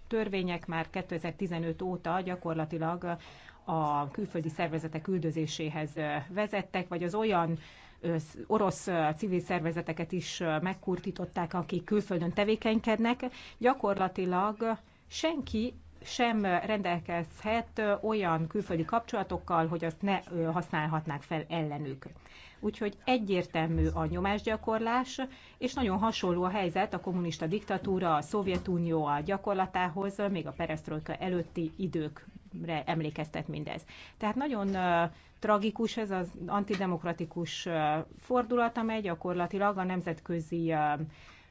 törvények már 2015 óta gyakorlatilag a külföldi szervezetek üldözéséhez vezettek, vagy az olyan orosz civil szervezeteket is megkurtították, akik külföldön tevékenykednek. Gyakorlatilag senki sem rendelkezhet olyan külföldi kapcsolatokkal, hogy azt ne használhatnák fel ellenük. Úgyhogy egyértelmű a nyomásgyakorlás, és nagyon hasonló a helyzet a kommunista diktatúra, a Szovjetunió a gyakorlatához, még a Perestroika előtti időkre emlékeztet mindez. Tehát nagyon tragikus ez az antidemokratikus fordulat, amely gyakorlatilag a nemzetközi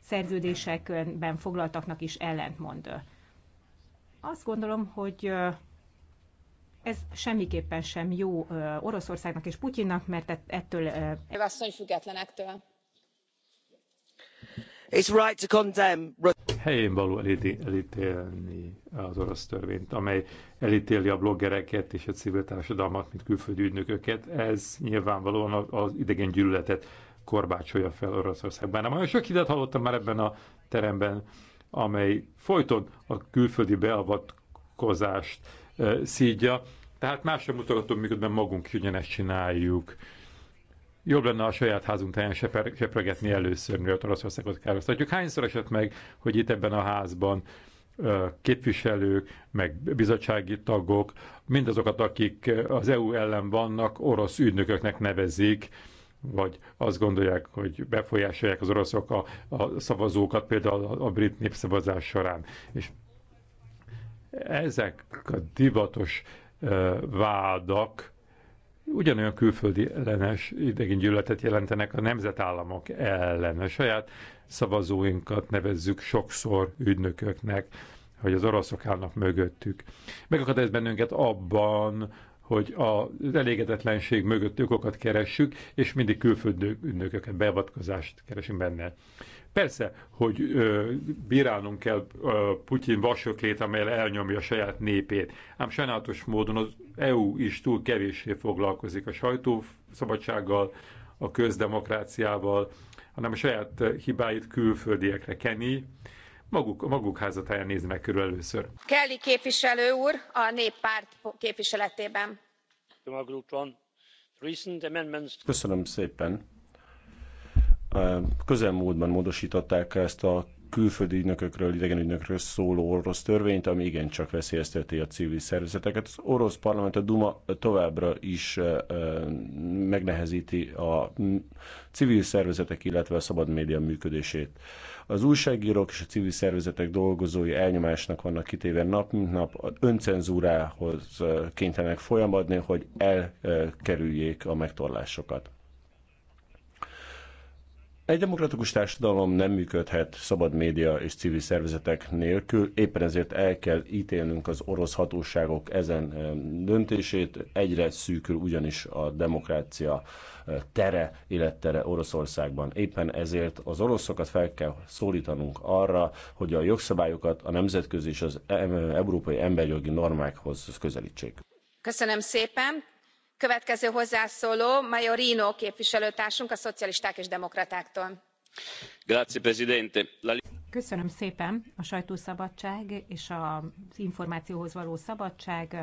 szerződésekben foglaltaknak is ellentmond. Azt gondolom, hogy ez semmiképpen sem jó Oroszországnak és Putyinnak, mert ettől... Vasszony függetlenektől. It's right to condemn... Helyén való elítélni az orosz törvényt, amely elítéli a bloggereket és a civil társadalmat, mint külföldi ügynököket. Ez nyilvánvalóan az idegen gyűlöletet korbácsolja fel Oroszországban. Nem olyan sok hidet hallottam már ebben a teremben amely folyton a külföldi beavatkozást eh, szídja. Tehát más sem mutogatunk, miközben magunk jönjen ezt csináljuk. Jobb lenne a saját házunk táján sepregetni először, mielőtt Oroszországot károsztatjuk. Hányszor esett meg, hogy itt ebben a házban eh, képviselők, meg bizottsági tagok, mindazokat, akik eh, az EU ellen vannak, orosz ügynököknek nevezik, vagy azt gondolják, hogy befolyásolják az oroszok a, a szavazókat, például a, a brit népszavazás során. És ezek a divatos ö, vádak ugyanolyan külföldi ellenes gyűlöletet jelentenek a nemzetállamok ellen. A saját szavazóinkat nevezzük sokszor ügynököknek, hogy az oroszok állnak mögöttük. Megakadályoz bennünket abban, hogy az elégedetlenség mögött okokat keressük, és mindig külföldi ünnököket, beavatkozást keresünk benne. Persze, hogy ö, bírálnunk kell ö, Putyin vasöklét, amelyel elnyomja a saját népét. Ám sajnálatos módon az EU is túl kevéssé foglalkozik a sajtószabadsággal, a közdemokráciával, hanem a saját hibáit külföldiekre keni, maguk, maguk házatáján nézni meg körül először. Kelly képviselő úr a néppárt képviseletében. Köszönöm szépen. Közelmúltban módosították ezt a külföldi ügynökökről, idegen ügynökről szóló orosz törvényt, ami igencsak veszélyezteti a civil szervezeteket. Az orosz parlament, a Duma továbbra is megnehezíti a civil szervezetek, illetve a szabad média működését. Az újságírók és a civil szervezetek dolgozói elnyomásnak vannak kitéve nap, mint nap öncenzúrához kénytelenek folyamadni, hogy elkerüljék a megtorlásokat. Egy demokratikus társadalom nem működhet szabad média és civil szervezetek nélkül, éppen ezért el kell ítélnünk az orosz hatóságok ezen eh, döntését, egyre szűkül ugyanis a demokrácia eh, tere, élettere Oroszországban. Éppen ezért az oroszokat fel kell szólítanunk arra, hogy a jogszabályokat a nemzetközi és az európai emberjogi normákhoz közelítsék. Köszönöm szépen! köszönöm szépen a sajtószabadság és az információhoz való szabadság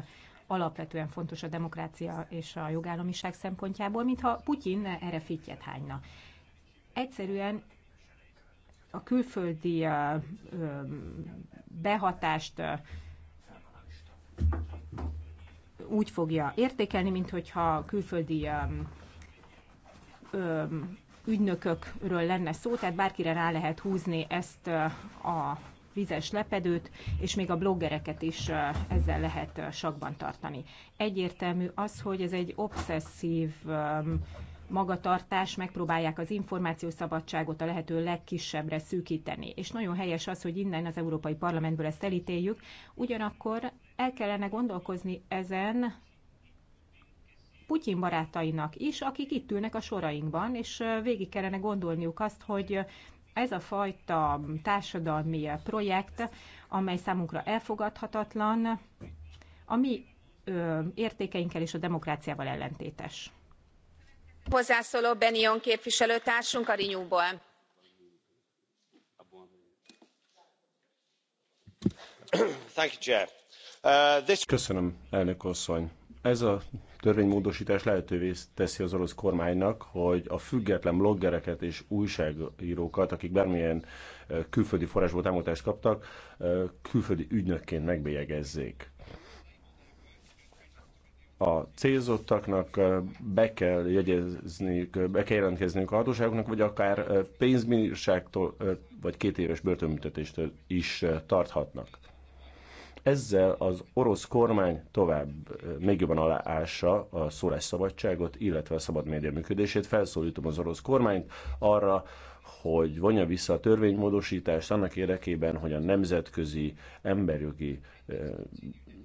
alapvetően fontos a demokrácia és a jogállamiság szempontjából mintha putyin erre fittyet hányna. egyszerűen a külföldi behatást úgy fogja értékelni, mint hogyha külföldi um, um, ügynökökről lenne szó, tehát bárkire rá lehet húzni ezt uh, a vizes lepedőt, és még a bloggereket is uh, ezzel lehet uh, sakban tartani. Egyértelmű az, hogy ez egy obszesszív um, magatartás, megpróbálják az információszabadságot a lehető legkisebbre szűkíteni. És nagyon helyes az, hogy innen az Európai Parlamentből ezt elítéljük, ugyanakkor el kellene gondolkozni ezen Putyin barátainak is, akik itt ülnek a sorainkban, és végig kellene gondolniuk azt, hogy ez a fajta társadalmi projekt, amely számunkra elfogadhatatlan, a mi értékeinkkel és a demokráciával ellentétes. Hozzászóló Benion képviselőtársunk a Rinyúból. Thank you, Chair Uh, Köszönöm, elnök asszony. Ez a törvénymódosítás lehetővé teszi az orosz kormánynak, hogy a független bloggereket és újságírókat, akik bármilyen uh, külföldi forrásból támogatást kaptak, uh, külföldi ügynökként megbélyegezzék. A célzottaknak be kell jegyezniük, be kell jelentkezniük a hatóságoknak, vagy akár pénzbírságtól, vagy két éves börtönbüntetéstől is tarthatnak ezzel az orosz kormány tovább még jobban aláássa a szólásszabadságot, illetve a szabad média működését. Felszólítom az orosz kormányt arra, hogy vonja vissza a törvénymódosítást annak érdekében, hogy a nemzetközi emberjogi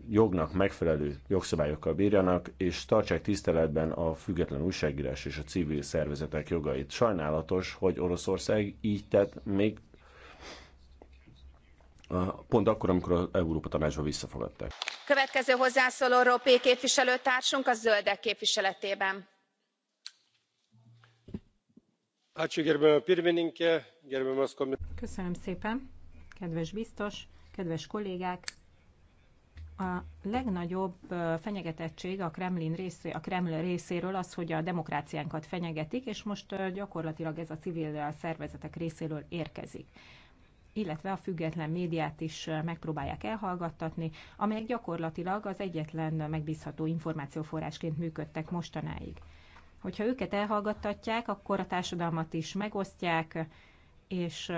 jognak megfelelő jogszabályokkal bírjanak, és tartsák tiszteletben a független újságírás és a civil szervezetek jogait. Sajnálatos, hogy Oroszország így tett még pont akkor, amikor az Európa Tanácsba visszafogadták. Következő hozzászóló Ropé képviselőtársunk a zöldek képviseletében. Köszönöm szépen, kedves biztos, kedves kollégák! A legnagyobb fenyegetettség a Kremlin részé, a Kreml részéről az, hogy a demokráciánkat fenyegetik, és most gyakorlatilag ez a civil szervezetek részéről érkezik illetve a független médiát is megpróbálják elhallgattatni, amelyek gyakorlatilag az egyetlen megbízható információforrásként működtek mostanáig. Hogyha őket elhallgattatják, akkor a társadalmat is megosztják, és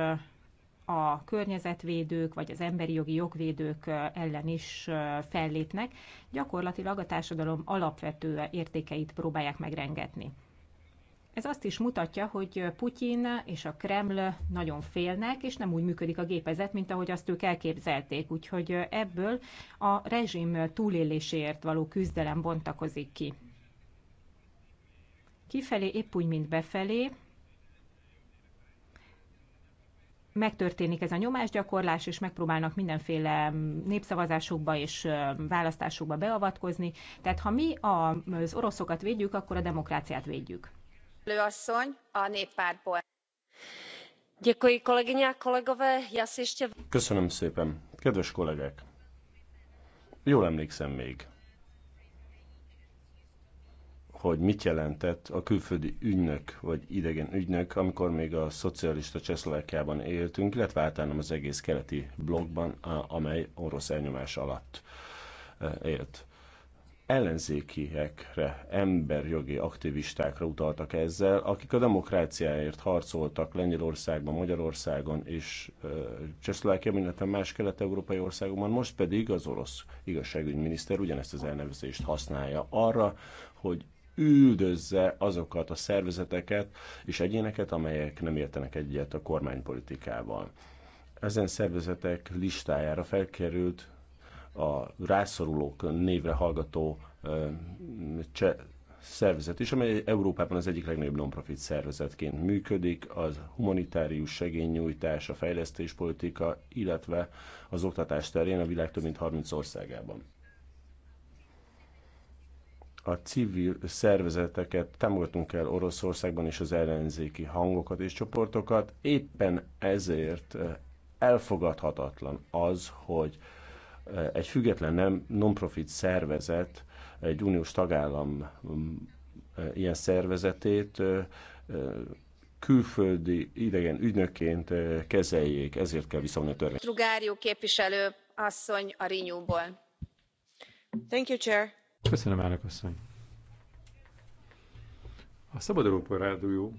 a környezetvédők vagy az emberi jogi jogvédők ellen is fellépnek, gyakorlatilag a társadalom alapvető értékeit próbálják megrengetni. Ez azt is mutatja, hogy Putyin és a Kreml nagyon félnek, és nem úgy működik a gépezet, mint ahogy azt ők elképzelték. Úgyhogy ebből a rezsim túléléséért való küzdelem bontakozik ki. Kifelé épp úgy, mint befelé, megtörténik ez a nyomásgyakorlás, és megpróbálnak mindenféle népszavazásokba és választásokba beavatkozni. Tehát ha mi az oroszokat védjük, akkor a demokráciát védjük. Köszönöm szépen. Kedves kollégák! Jól emlékszem még, hogy mit jelentett a külföldi ügynök vagy idegen ügynök, amikor még a szocialista Csehszlovákiában éltünk, illetve általában az egész keleti blokkban, amely orosz elnyomás alatt eh, élt ellenzékiekre, emberjogi aktivistákra utaltak ezzel, akik a demokráciáért harcoltak Lengyelországban, Magyarországon és Csehszlovákia, illetve más kelet-európai országokban, most pedig az orosz igazságügyminiszter ugyanezt az elnevezést használja arra, hogy üldözze azokat a szervezeteket és egyéneket, amelyek nem értenek egyet a kormánypolitikával. Ezen szervezetek listájára felkerült a rászorulók névre hallgató cseh szervezet is, amely Európában az egyik legnagyobb non-profit szervezetként működik, az humanitárius segélynyújtás, a fejlesztéspolitika, illetve az oktatás terén a világ több mint 30 országában. A civil szervezeteket támogatunk kell Oroszországban és az ellenzéki hangokat és csoportokat, éppen ezért elfogadhatatlan az, hogy egy független nem, non-profit szervezet, egy uniós tagállam mm, ilyen szervezetét külföldi idegen ügynökként kezeljék, ezért kell viszonylag törvény. Trugárió képviselő asszony a Rinyúból. Thank you, Chair. Köszönöm, elnök asszony. A Szabad Európa Rádió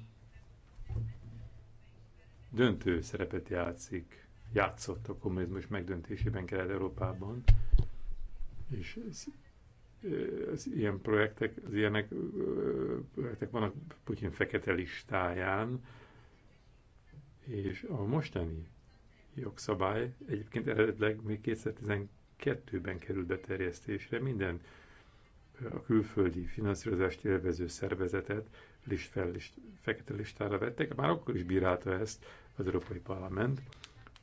döntő szerepet játszik játszott a kommunizmus megdöntésében Kelet-Európában. És ez, ez, ilyen projektek, az ilyenek projektek vannak Putyin fekete listáján, és a mostani jogszabály egyébként eredetileg még 2012-ben került beterjesztésre, minden a külföldi finanszírozást élvező szervezetet list fel, list, fekete listára vettek, már akkor is bírálta ezt az Európai Parlament,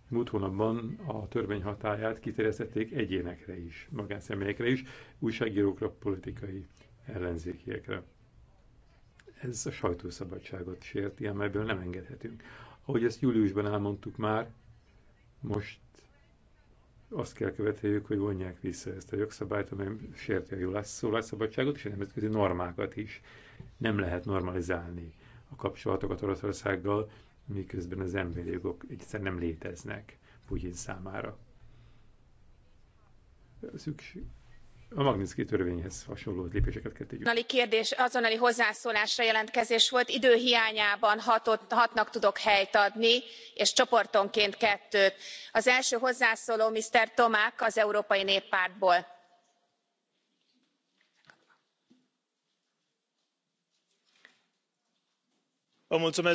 Múlt hónapban a törvény hatáját kiterjesztették egyénekre is, magánszemélyekre is, újságírókra, politikai ellenzékiekre. Ez a sajtószabadságot sérti, amelyből nem engedhetünk. Ahogy ezt júliusban elmondtuk már, most azt kell követeljük, hogy vonják vissza ezt a jogszabályt, amely sérti a jólásszólásszabadságot és a nemzetközi normákat is. Nem lehet normalizálni a kapcsolatokat Oroszországgal, miközben az emberi jogok egyszerűen nem léteznek Putyin számára. Szükség, a Magnitsky törvényhez hasonló lépéseket kell tegyük. Azonnali kérdés, azonnali hozzászólásra jelentkezés volt. Idő hiányában hatot, hatnak tudok helyt adni, és csoportonként kettőt. Az első hozzászóló Mr. Tomák az Európai Néppártból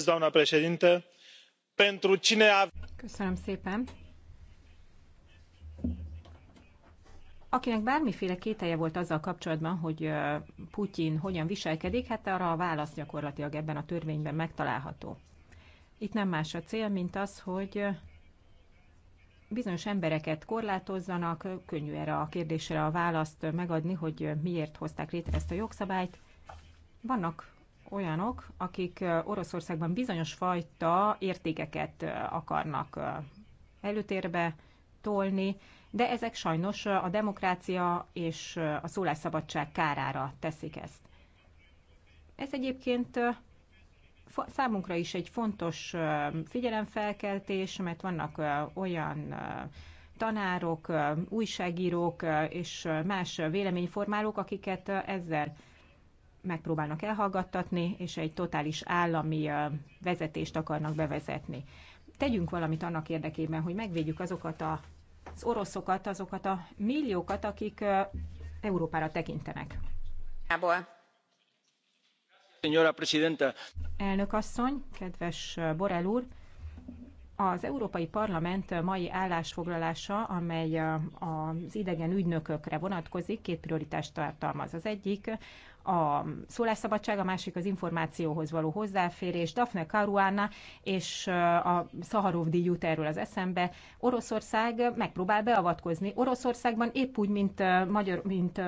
doamnă președintă pentru cine. köszönöm Akinek bármiféle kételje volt azzal kapcsolatban, hogy Putyin hogyan viselkedik, hát arra a válasz gyakorlatilag ebben a törvényben megtalálható. Itt nem más a cél, mint az, hogy bizonyos embereket korlátozzanak, könnyű erre a kérdésre a választ megadni, hogy miért hozták létre ezt a jogszabályt. Vannak olyanok, akik Oroszországban bizonyos fajta értékeket akarnak előtérbe tolni, de ezek sajnos a demokrácia és a szólásszabadság kárára teszik ezt. Ez egyébként számunkra is egy fontos figyelemfelkeltés, mert vannak olyan tanárok, újságírók és más véleményformálók, akiket ezzel megpróbálnak elhallgattatni, és egy totális állami vezetést akarnak bevezetni. Tegyünk valamit annak érdekében, hogy megvédjük azokat a, az oroszokat, azokat a milliókat, akik Európára tekintenek. Ából. Elnök asszony, kedves Borel úr, az Európai Parlament mai állásfoglalása, amely az idegen ügynökökre vonatkozik, két prioritást tartalmaz. Az egyik a szólásszabadság, a másik az információhoz való hozzáférés. Daphne Caruana és a Szaharov díj jut erről az eszembe. Oroszország megpróbál beavatkozni. Oroszországban épp úgy, mint, Magyar, mint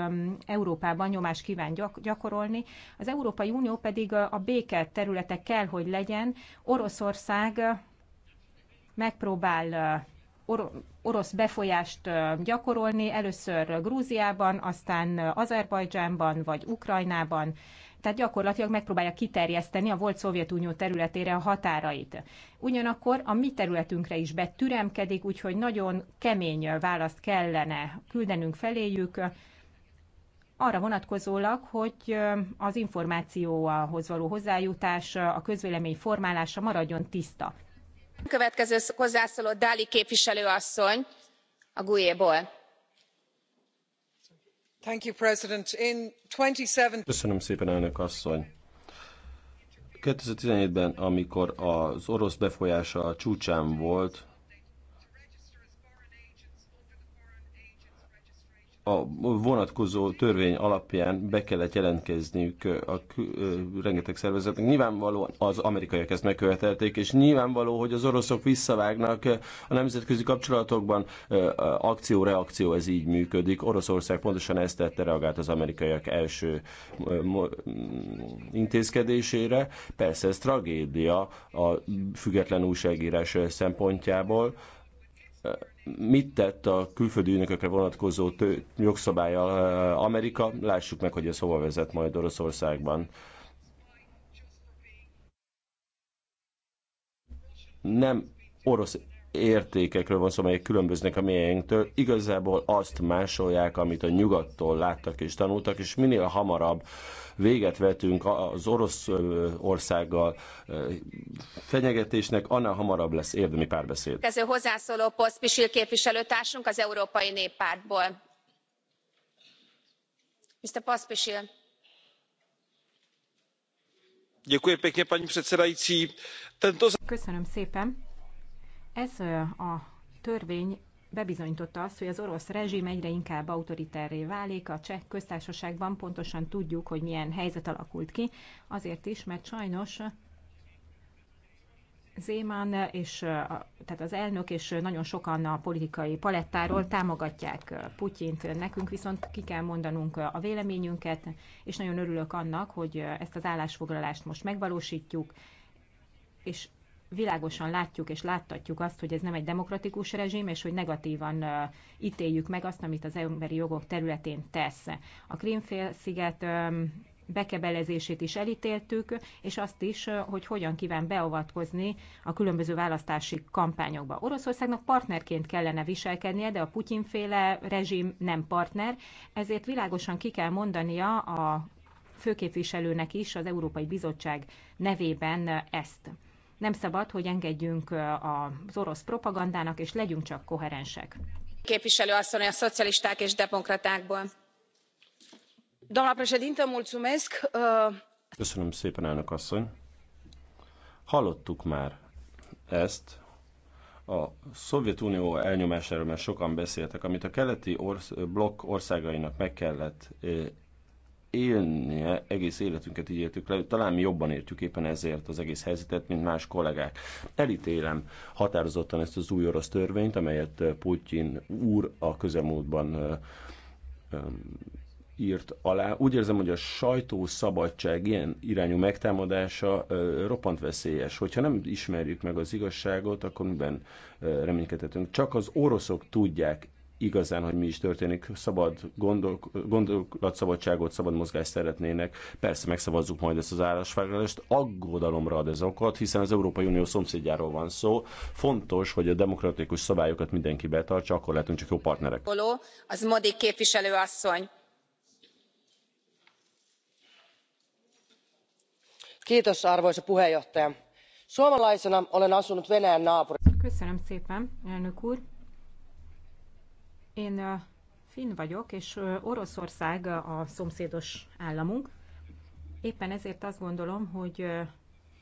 Európában nyomás kíván gyakorolni. Az Európai Unió pedig a béke területe kell, hogy legyen. Oroszország megpróbál orosz befolyást gyakorolni, először Grúziában, aztán Azerbajdzsánban vagy Ukrajnában, tehát gyakorlatilag megpróbálja kiterjeszteni a volt Szovjetunió területére a határait. Ugyanakkor a mi területünkre is betüremkedik, úgyhogy nagyon kemény választ kellene küldenünk feléjük, arra vonatkozólag, hogy az információhoz való hozzájutás, a közvélemény formálása maradjon tiszta következő képviselő asszony a köszönöm szépen elnök asszony! two thousand and seventeen ben amikor az orosz befolyása a csúcsán volt a vonatkozó törvény alapján be kellett jelentkezniük a rengeteg szervezetnek. Nyilvánvalóan az amerikaiak ezt megkövetelték, és nyilvánvaló, hogy az oroszok visszavágnak a nemzetközi kapcsolatokban. Akció-reakció, ez így működik. Oroszország pontosan ezt tette, reagált az amerikaiak első intézkedésére. Persze ez tragédia a független újságírás szempontjából mit tett a külföldi ügynökökre vonatkozó tő, jogszabálya eh, Amerika, lássuk meg, hogy ez hova vezet majd Oroszországban. Nem orosz értékekről van szó, amelyek különböznek a miénktől, igazából azt másolják, amit a nyugattól láttak és tanultak, és minél hamarabb uh, véget vetünk az orosz országgal fenyegetésnek, annál hamarabb lesz érdemi párbeszéd. Kezdő hozzászóló Poszpisil képviselőtársunk az Európai Néppártból. Mr. Poszpisil. paní předsedající tento. köszönöm szépen ez a törvény bebizonyította azt, hogy az orosz rezsim egyre inkább autoritárré válik. A cseh köztársaságban pontosan tudjuk, hogy milyen helyzet alakult ki, azért is, mert sajnos Zéman és tehát az elnök és nagyon sokan a politikai palettáról támogatják Putyint. Nekünk viszont ki kell mondanunk a véleményünket, és nagyon örülök annak, hogy ezt az állásfoglalást most megvalósítjuk, és világosan látjuk és láttatjuk azt, hogy ez nem egy demokratikus rezsim, és hogy negatívan ítéljük meg azt, amit az emberi jogok területén tesz. A Krímfélsziget bekebelezését is elítéltük, és azt is, hogy hogyan kíván beavatkozni a különböző választási kampányokba. Oroszországnak partnerként kellene viselkednie, de a Putyinféle rezsim nem partner, ezért világosan ki kell mondania a főképviselőnek is az Európai Bizottság nevében ezt. Nem szabad, hogy engedjünk az orosz propagandának, és legyünk csak koherensek. Képviselő asszony a szocialisták és demokratákból. Köszönöm szépen, elnök asszony. Hallottuk már ezt, a Szovjetunió elnyomásáról már sokan beszéltek, amit a keleti orsz- blokk országainak meg kellett élnie, egész életünket így éltük le, talán mi jobban értjük éppen ezért az egész helyzetet, mint más kollégák. Elítélem határozottan ezt az új orosz törvényt, amelyet Putyin úr a közelmúltban írt alá. Úgy érzem, hogy a sajtószabadság ilyen irányú megtámadása roppant veszélyes. Hogyha nem ismerjük meg az igazságot, akkor miben reménykedhetünk? Csak az oroszok tudják igazán, hogy mi is történik. Szabad gondolatszabadságot, szabad mozgást szeretnének. Persze megszavazzuk majd ezt az állásfoglalást. Aggodalomra ad ez okot, hiszen az Európai Unió szomszédjáról van szó. Fontos, hogy a demokratikus szabályokat mindenki betartsa, akkor lehetünk csak jó partnerek. Az Modik képviselő asszony. arvoisa puhemies suomalaisena olen asunut venäjän naapurissa. Én finn vagyok, és Oroszország a szomszédos államunk. Éppen ezért azt gondolom, hogy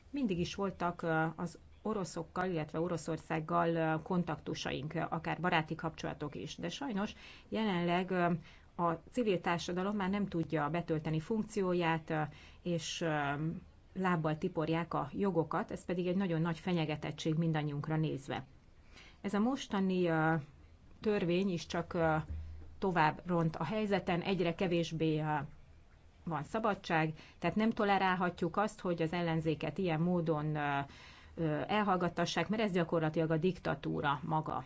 mindig is voltak az oroszokkal, illetve Oroszországgal kontaktusaink, akár baráti kapcsolatok is. De sajnos jelenleg a civil társadalom már nem tudja betölteni funkcióját, és lábbal tiporják a jogokat, ez pedig egy nagyon nagy fenyegetettség mindannyiunkra nézve. Ez a mostani törvény is csak tovább ront a helyzeten, egyre kevésbé van szabadság, tehát nem tolerálhatjuk azt, hogy az ellenzéket ilyen módon elhallgattassák, mert ez gyakorlatilag a diktatúra maga.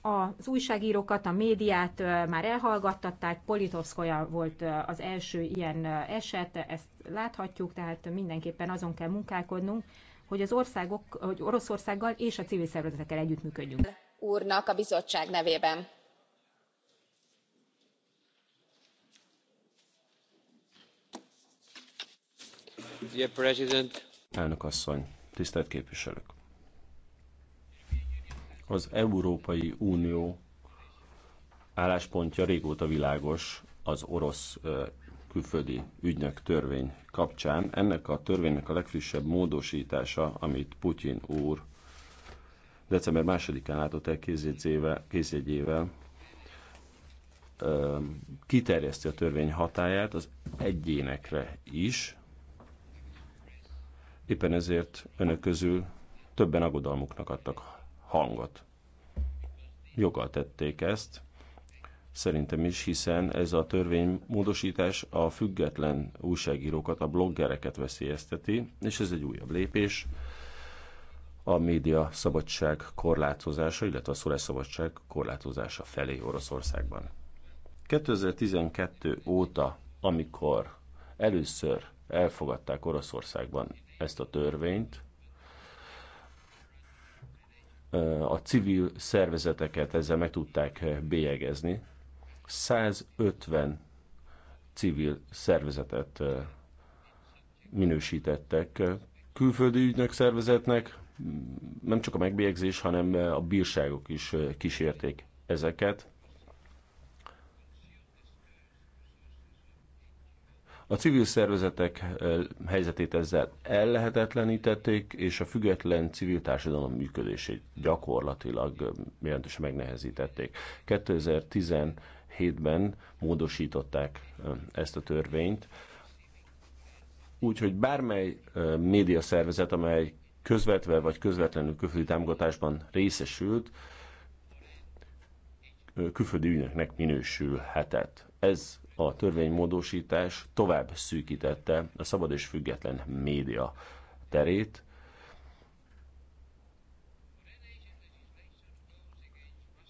Az újságírókat, a médiát már elhallgattatták, Politovszkoja volt az első ilyen eset, ezt láthatjuk, tehát mindenképpen azon kell munkálkodnunk, hogy az országok, hogy Oroszországgal és a civil szervezetekkel együttműködjünk. Úrnak a bizottság nevében. President. Elnök asszony, tisztelt képviselők! Az Európai Unió álláspontja régóta világos az orosz külföldi ügynök törvény kapcsán. Ennek a törvénynek a legfrissebb módosítása, amit Putyin úr december 2-án látott el kézjegyével, kiterjeszti a törvény hatáját az egyénekre is. Éppen ezért önök közül többen aggodalmuknak adtak hangot. Joggal tették ezt, Szerintem is, hiszen ez a törvénymódosítás a független újságírókat, a bloggereket veszélyezteti, és ez egy újabb lépés a média szabadság korlátozása, illetve a szólásszabadság korlátozása felé Oroszországban. 2012 óta, amikor először elfogadták Oroszországban ezt a törvényt, a civil szervezeteket ezzel meg tudták bélyegezni, 150 civil szervezetet minősítettek külföldi ügynök szervezetnek, nem csak a megbélyegzés, hanem a bírságok is kísérték ezeket. A civil szervezetek helyzetét ezzel ellehetetlenítették, és a független civil társadalom működését gyakorlatilag jelentősen megnehezítették. 2010 2007-ben módosították ezt a törvényt. Úgyhogy bármely médiaszervezet, amely közvetve vagy közvetlenül külföldi támogatásban részesült, külföldi ügynöknek minősülhetett. Ez a törvénymódosítás tovább szűkítette a szabad és független média terét.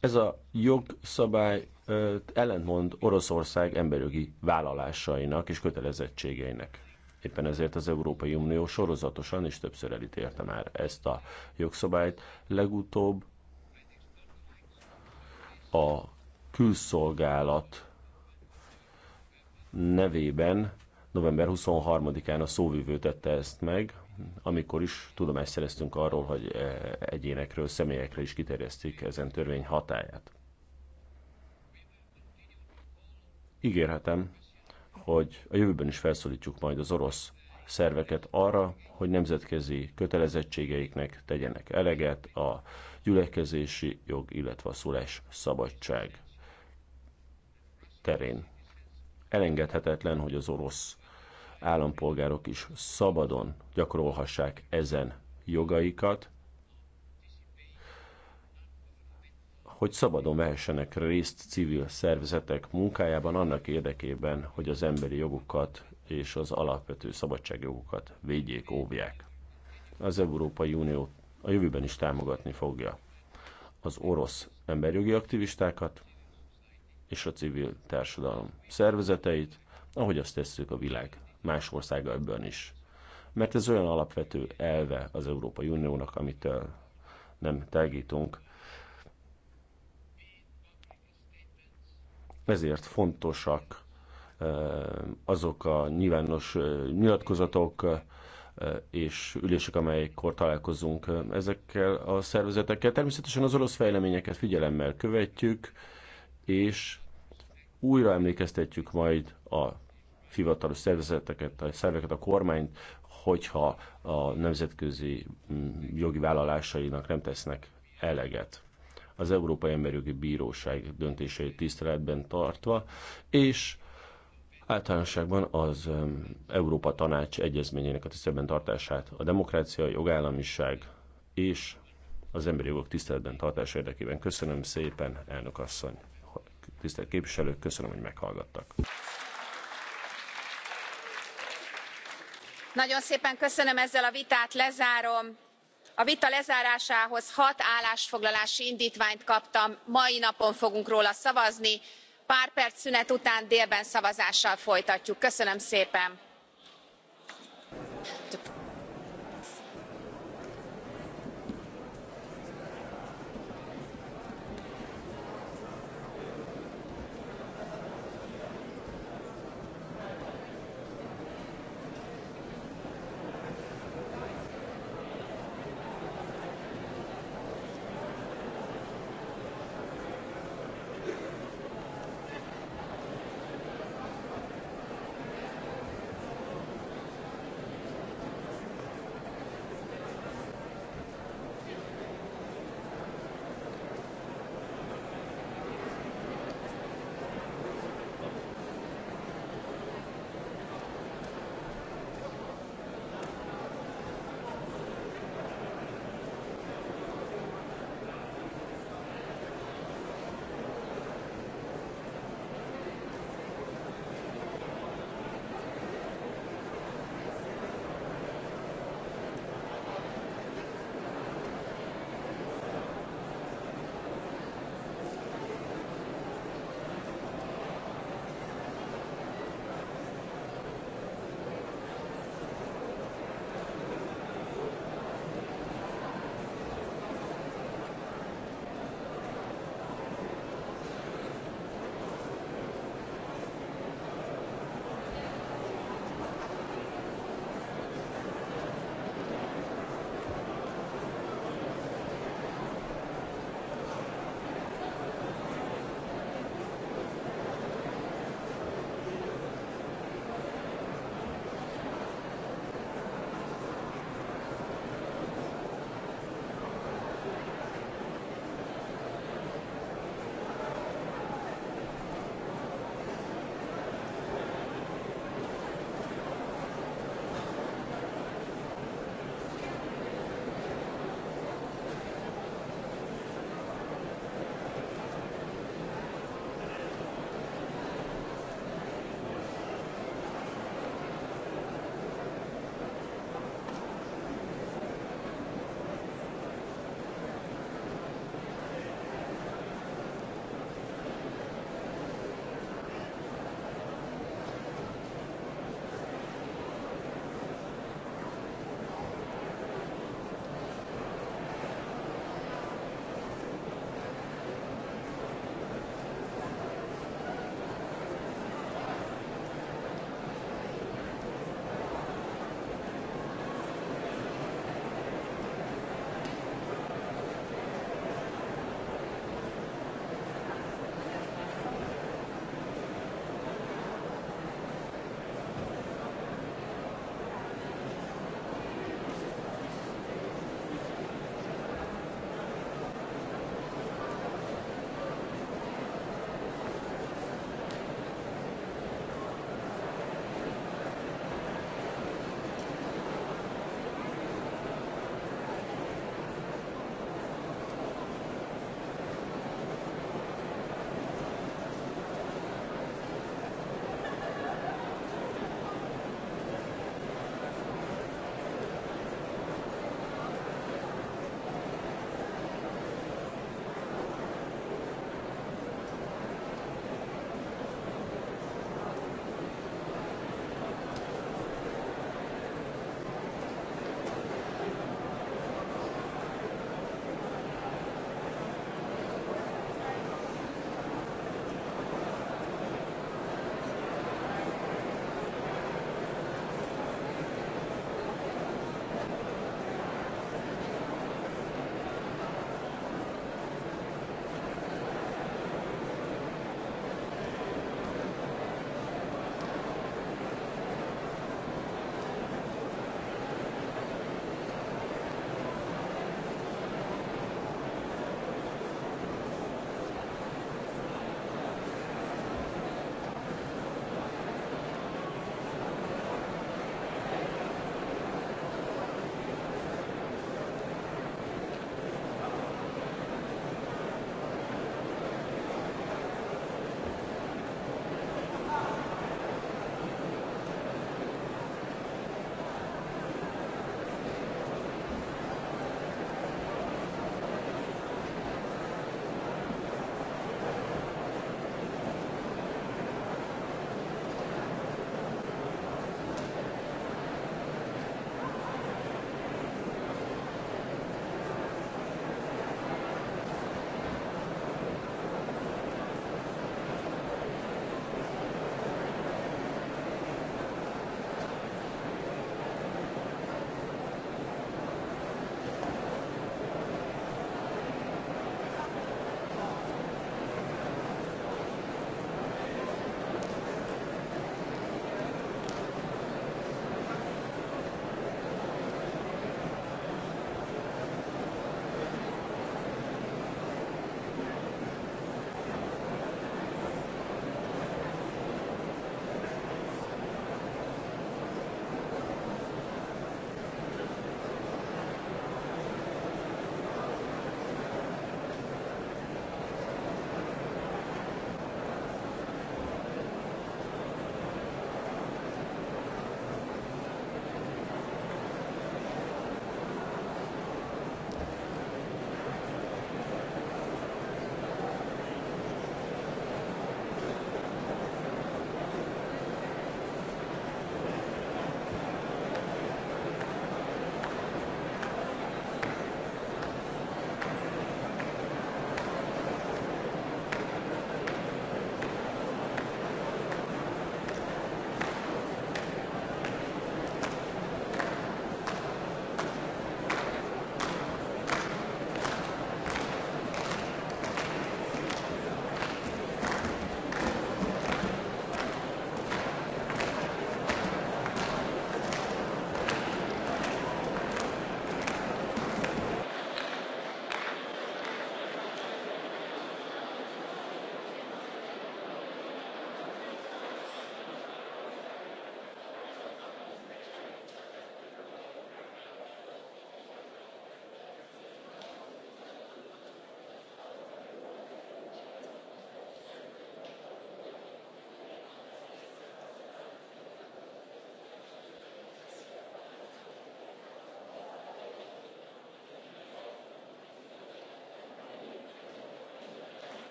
Ez a jogszabály ellentmond Oroszország emberjogi vállalásainak és kötelezettségeinek. Éppen ezért az Európai Unió sorozatosan és többször elítélte már ezt a jogszabályt. Legutóbb a külszolgálat nevében november 23-án a szóvivő tette ezt meg, amikor is tudomást szereztünk arról, hogy e, egyénekről, személyekre is kiterjesztik ezen törvény hatáját. Ígérhetem, hogy a jövőben is felszólítjuk majd az orosz szerveket arra, hogy nemzetközi kötelezettségeiknek tegyenek eleget a gyülekezési jog, illetve a szólás szabadság terén. Elengedhetetlen, hogy az orosz állampolgárok is szabadon gyakorolhassák ezen jogaikat, hogy szabadon vehessenek részt civil szervezetek munkájában annak érdekében, hogy az emberi jogokat és az alapvető szabadságjogokat védjék, óvják. Az Európai Unió a jövőben is támogatni fogja az orosz emberjogi aktivistákat és a civil társadalom szervezeteit, ahogy azt tesszük a világ más ebben is. Mert ez olyan alapvető elve az Európai Uniónak, amitől nem tágítunk, Ezért fontosak azok a nyilvános nyilatkozatok és ülések, amelyekkor találkozunk ezekkel a szervezetekkel. Természetesen az orosz fejleményeket figyelemmel követjük, és újra emlékeztetjük majd a hivatalos szervezeteket, a szerveket, a kormányt, hogyha a nemzetközi jogi vállalásainak nem tesznek eleget az Európai Emberjogi Bíróság döntéseit tiszteletben tartva, és általánosságban az Európa Tanács egyezményének a tiszteletben tartását, a demokrácia, a jogállamiság és az emberi jogok tiszteletben tartása érdekében. Köszönöm szépen, elnök asszony, tisztelt képviselők, köszönöm, hogy meghallgattak. Nagyon szépen köszönöm, ezzel a vitát lezárom a vita lezárásához hat állásfoglalási indtványt kaptam mai napon fogunk róla szavazni pár perc szünet után délben szavazással folytatjuk. köszönöm szépen!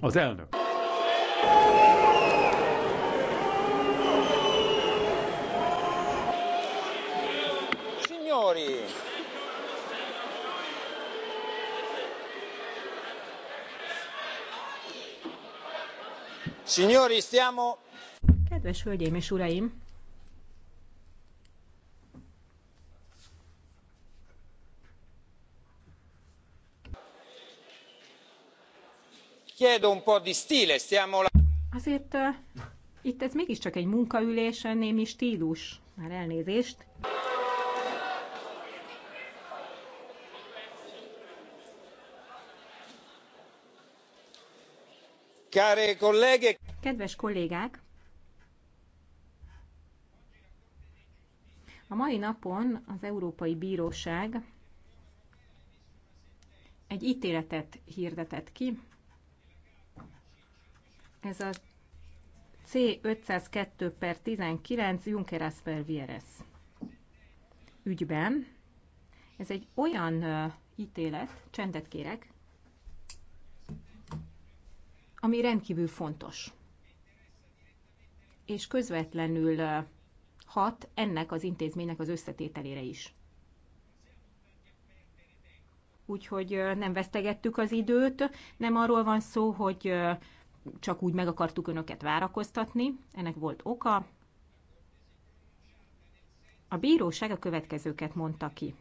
Az elnök. Signori! Signori, stiamo... Kedves hölgyeim és uraim! Azért itt ez mégiscsak egy munkaülés, némi stílus. Már elnézést. Kedves kollégák! A mai napon az Európai Bíróság egy ítéletet hirdetett ki, ez a C502 per 19 Junkeras per Vieres ügyben. Ez egy olyan uh, ítélet, csendet kérek, ami rendkívül fontos, és közvetlenül uh, hat ennek az intézménynek az összetételére is. Úgyhogy uh, nem vesztegettük az időt, nem arról van szó, hogy uh, csak úgy meg akartuk önöket várakoztatni, ennek volt oka. A bíróság a következőket mondta ki.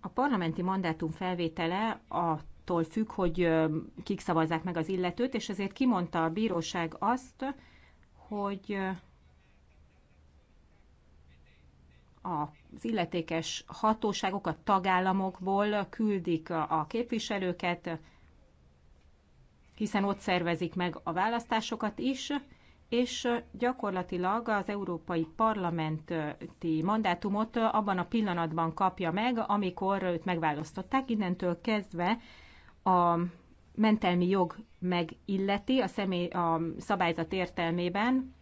A parlamenti mandátum felvétele attól függ, hogy kik szavazzák meg az illetőt, és ezért kimondta a bíróság azt, hogy az illetékes hatóságok a tagállamokból küldik a képviselőket, hiszen ott szervezik meg a választásokat is, és gyakorlatilag az Európai Parlamenti mandátumot abban a pillanatban kapja meg, amikor őt megválasztották. Innentől kezdve a mentelmi jog megilleti a, személy, a szabályzat értelmében,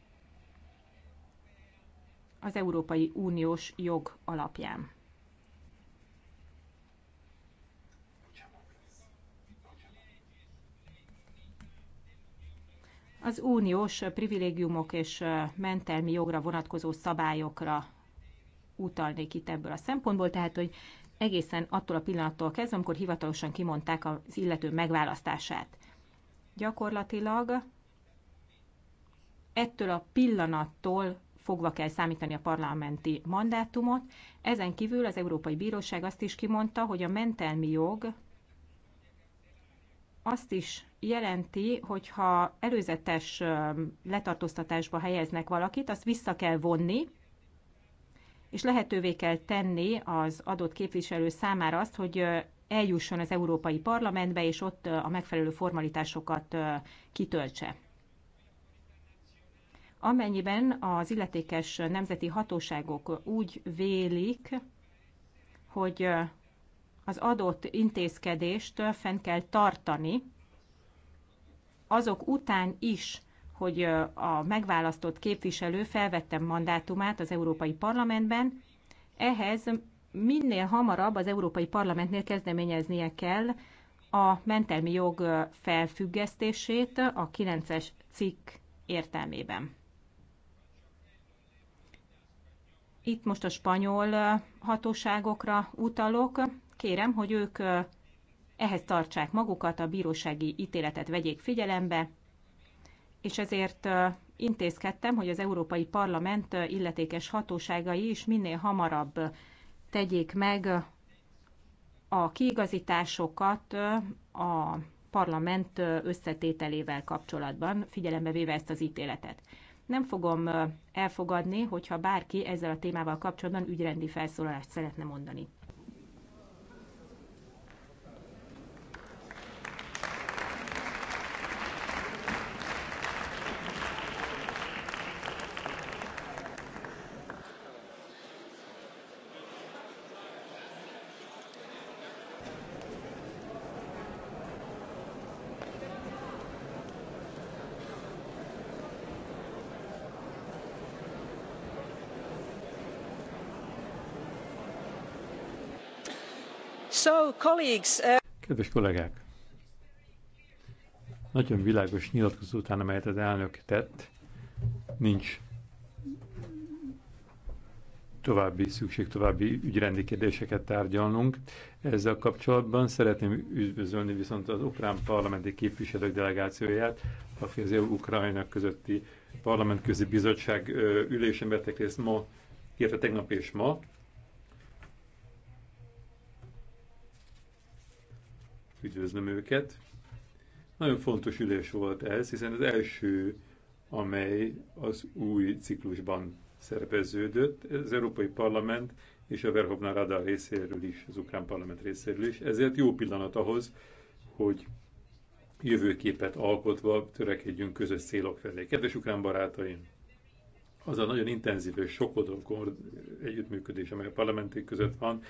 az Európai Uniós jog alapján. Az uniós privilégiumok és mentelmi jogra vonatkozó szabályokra utalnék itt ebből a szempontból, tehát hogy egészen attól a pillanattól kezdve, amikor hivatalosan kimondták az illető megválasztását. Gyakorlatilag ettől a pillanattól fogva kell számítani a parlamenti mandátumot. Ezen kívül az Európai Bíróság azt is kimondta, hogy a mentelmi jog azt is jelenti, hogyha előzetes letartóztatásba helyeznek valakit, azt vissza kell vonni, és lehetővé kell tenni az adott képviselő számára azt, hogy eljusson az Európai Parlamentbe, és ott a megfelelő formalitásokat kitöltse amennyiben az illetékes nemzeti hatóságok úgy vélik, hogy az adott intézkedést fenn kell tartani, azok után is, hogy a megválasztott képviselő felvette mandátumát az Európai Parlamentben, ehhez minél hamarabb az Európai Parlamentnél kezdeményeznie kell a mentelmi jog felfüggesztését a 9-es cikk értelmében. Itt most a spanyol hatóságokra utalok. Kérem, hogy ők ehhez tartsák magukat, a bírósági ítéletet vegyék figyelembe, és ezért intézkedtem, hogy az Európai Parlament illetékes hatóságai is minél hamarabb tegyék meg a kiigazításokat a parlament összetételével kapcsolatban, figyelembe véve ezt az ítéletet. Nem fogom elfogadni, hogyha bárki ezzel a témával kapcsolatban ügyrendi felszólalást szeretne mondani. Uh, Kedves kollégák! Nagyon világos nyilatkozó után, amelyet az elnök tett, nincs további szükség, további ügyrendi kérdéseket tárgyalnunk. Ezzel kapcsolatban szeretném üdvözölni viszont az ukrán parlamenti képviselők delegációját, aki az e Ukrajna közötti parlamentközi bizottság ülésen vettek részt ma, illetve tegnap és ma üdvözlöm őket. Nagyon fontos ülés volt ez, hiszen az első, amely az új ciklusban szerveződött, az Európai Parlament és a Verhovna Rada részéről is, az Ukrán Parlament részéről is. Ezért jó pillanat ahhoz, hogy jövőképet alkotva törekedjünk közös célok felé. Kedves ukrán barátaim! Az a nagyon intenzív és sokodó együttműködés, amely a parlamentek között van,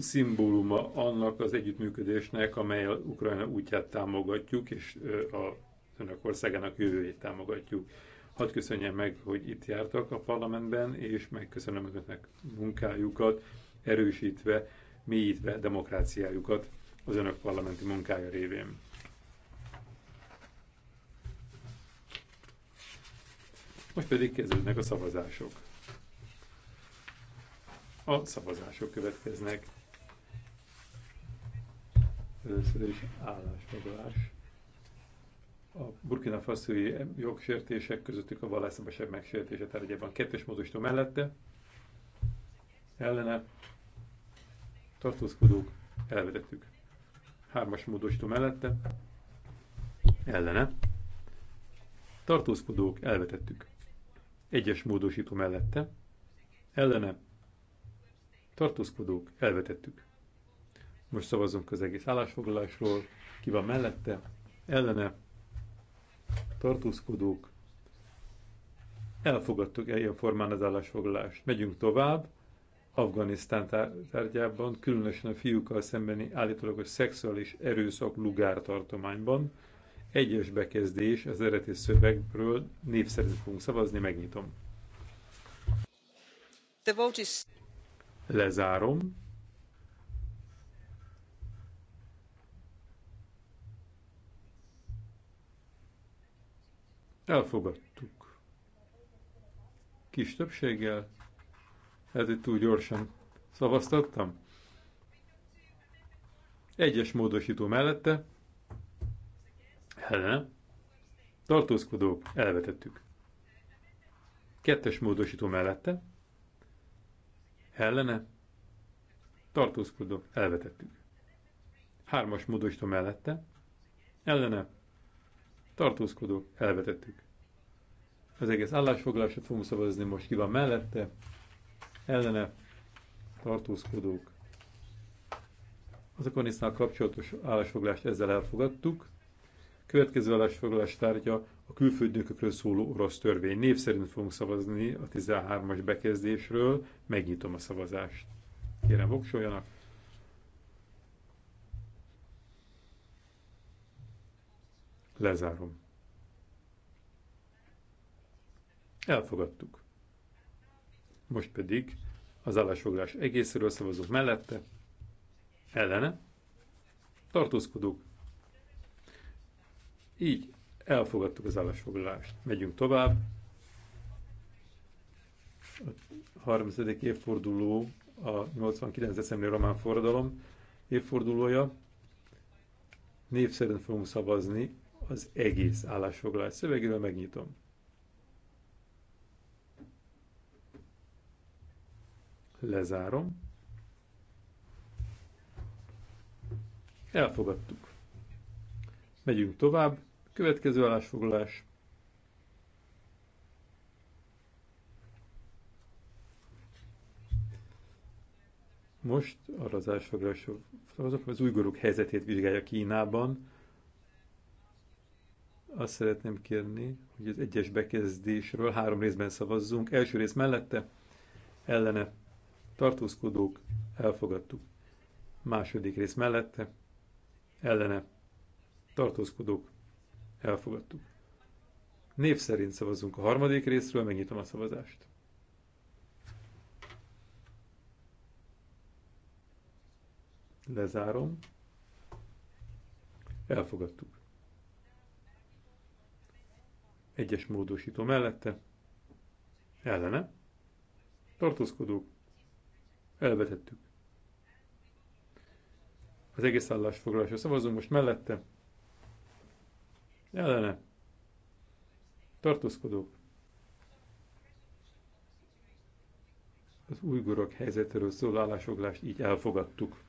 szimbóluma annak az együttműködésnek, amely Ukrajna útját támogatjuk, és a önök országának jövőjét támogatjuk. Hadd köszönjem meg, hogy itt jártak a parlamentben, és megköszönöm önöknek munkájukat, erősítve, mélyítve demokráciájukat az önök parlamenti munkája révén. Most pedig kezdődnek a szavazások. A szavazások következnek. Először is állásfoglalás. A burkina faszói jogsértések közöttük a vallásszabadság megsértése tárgyában kettős módosító mellette, ellene tartózkodók elvetettük. Hármas módosító mellette, ellene tartózkodók elvetettük. Egyes módosító mellette, ellene tartózkodók elvetettük most szavazunk az egész állásfoglalásról. Ki van mellette? Ellene? Tartózkodók? Elfogadtuk ilyen formán az állásfoglalást. Megyünk tovább. Afganisztán tárgyában, különösen a fiúkkal szembeni állítólagos szexuális erőszak Lugár tartományban. Egyes bekezdés az eredeti szövegről név szerint fogunk szavazni, megnyitom. The vote is... Lezárom. Elfogadtuk. Kis többséggel. Ez hát itt túl gyorsan szavaztattam. Egyes módosító mellette. Ellene. Tartózkodók. Elvetettük. Kettes módosító mellette. Ellene. Tartózkodók. Elvetettük. Hármas módosító mellette. Ellene tartózkodók, elvetettük. Az egész állásfoglalásra fogunk szavazni most ki van mellette, ellene, tartózkodók. Az Akonisznál kapcsolatos állásfoglalást ezzel elfogadtuk. Következő állásfoglalás tárgya a külföldnökökről szóló orosz törvény. Név szerint fogunk szavazni a 13-as bekezdésről. Megnyitom a szavazást. Kérem, voksoljanak! Lezárom. Elfogadtuk. Most pedig az állásfoglalás egészéről szavazunk mellette, ellene, tartózkodók. Így elfogadtuk az állásfoglalást. Megyünk tovább. A 30. évforduló, a 89. decemberi román forradalom évfordulója. Név szerint fogunk szavazni az egész állásfoglalás szövegével megnyitom. Lezárom. Elfogadtuk. Megyünk tovább. Következő állásfoglalás. Most arra az állásfoglalásról szavazok, az újgorok helyzetét vizsgálja Kínában azt szeretném kérni, hogy az egyes bekezdésről három részben szavazzunk. Első rész mellette, ellene, tartózkodók, elfogadtuk. Második rész mellette, ellene, tartózkodók, elfogadtuk. Név szerint szavazunk a harmadik részről, megnyitom a szavazást. Lezárom. Elfogadtuk. Egyes módosító mellette. Ellene. Tartózkodók. Elvetettük. Az egész állásfoglalásra szavazunk most mellette. Ellene. Tartózkodók. Az újgorok helyzetéről szóló állásfoglalást így elfogadtuk.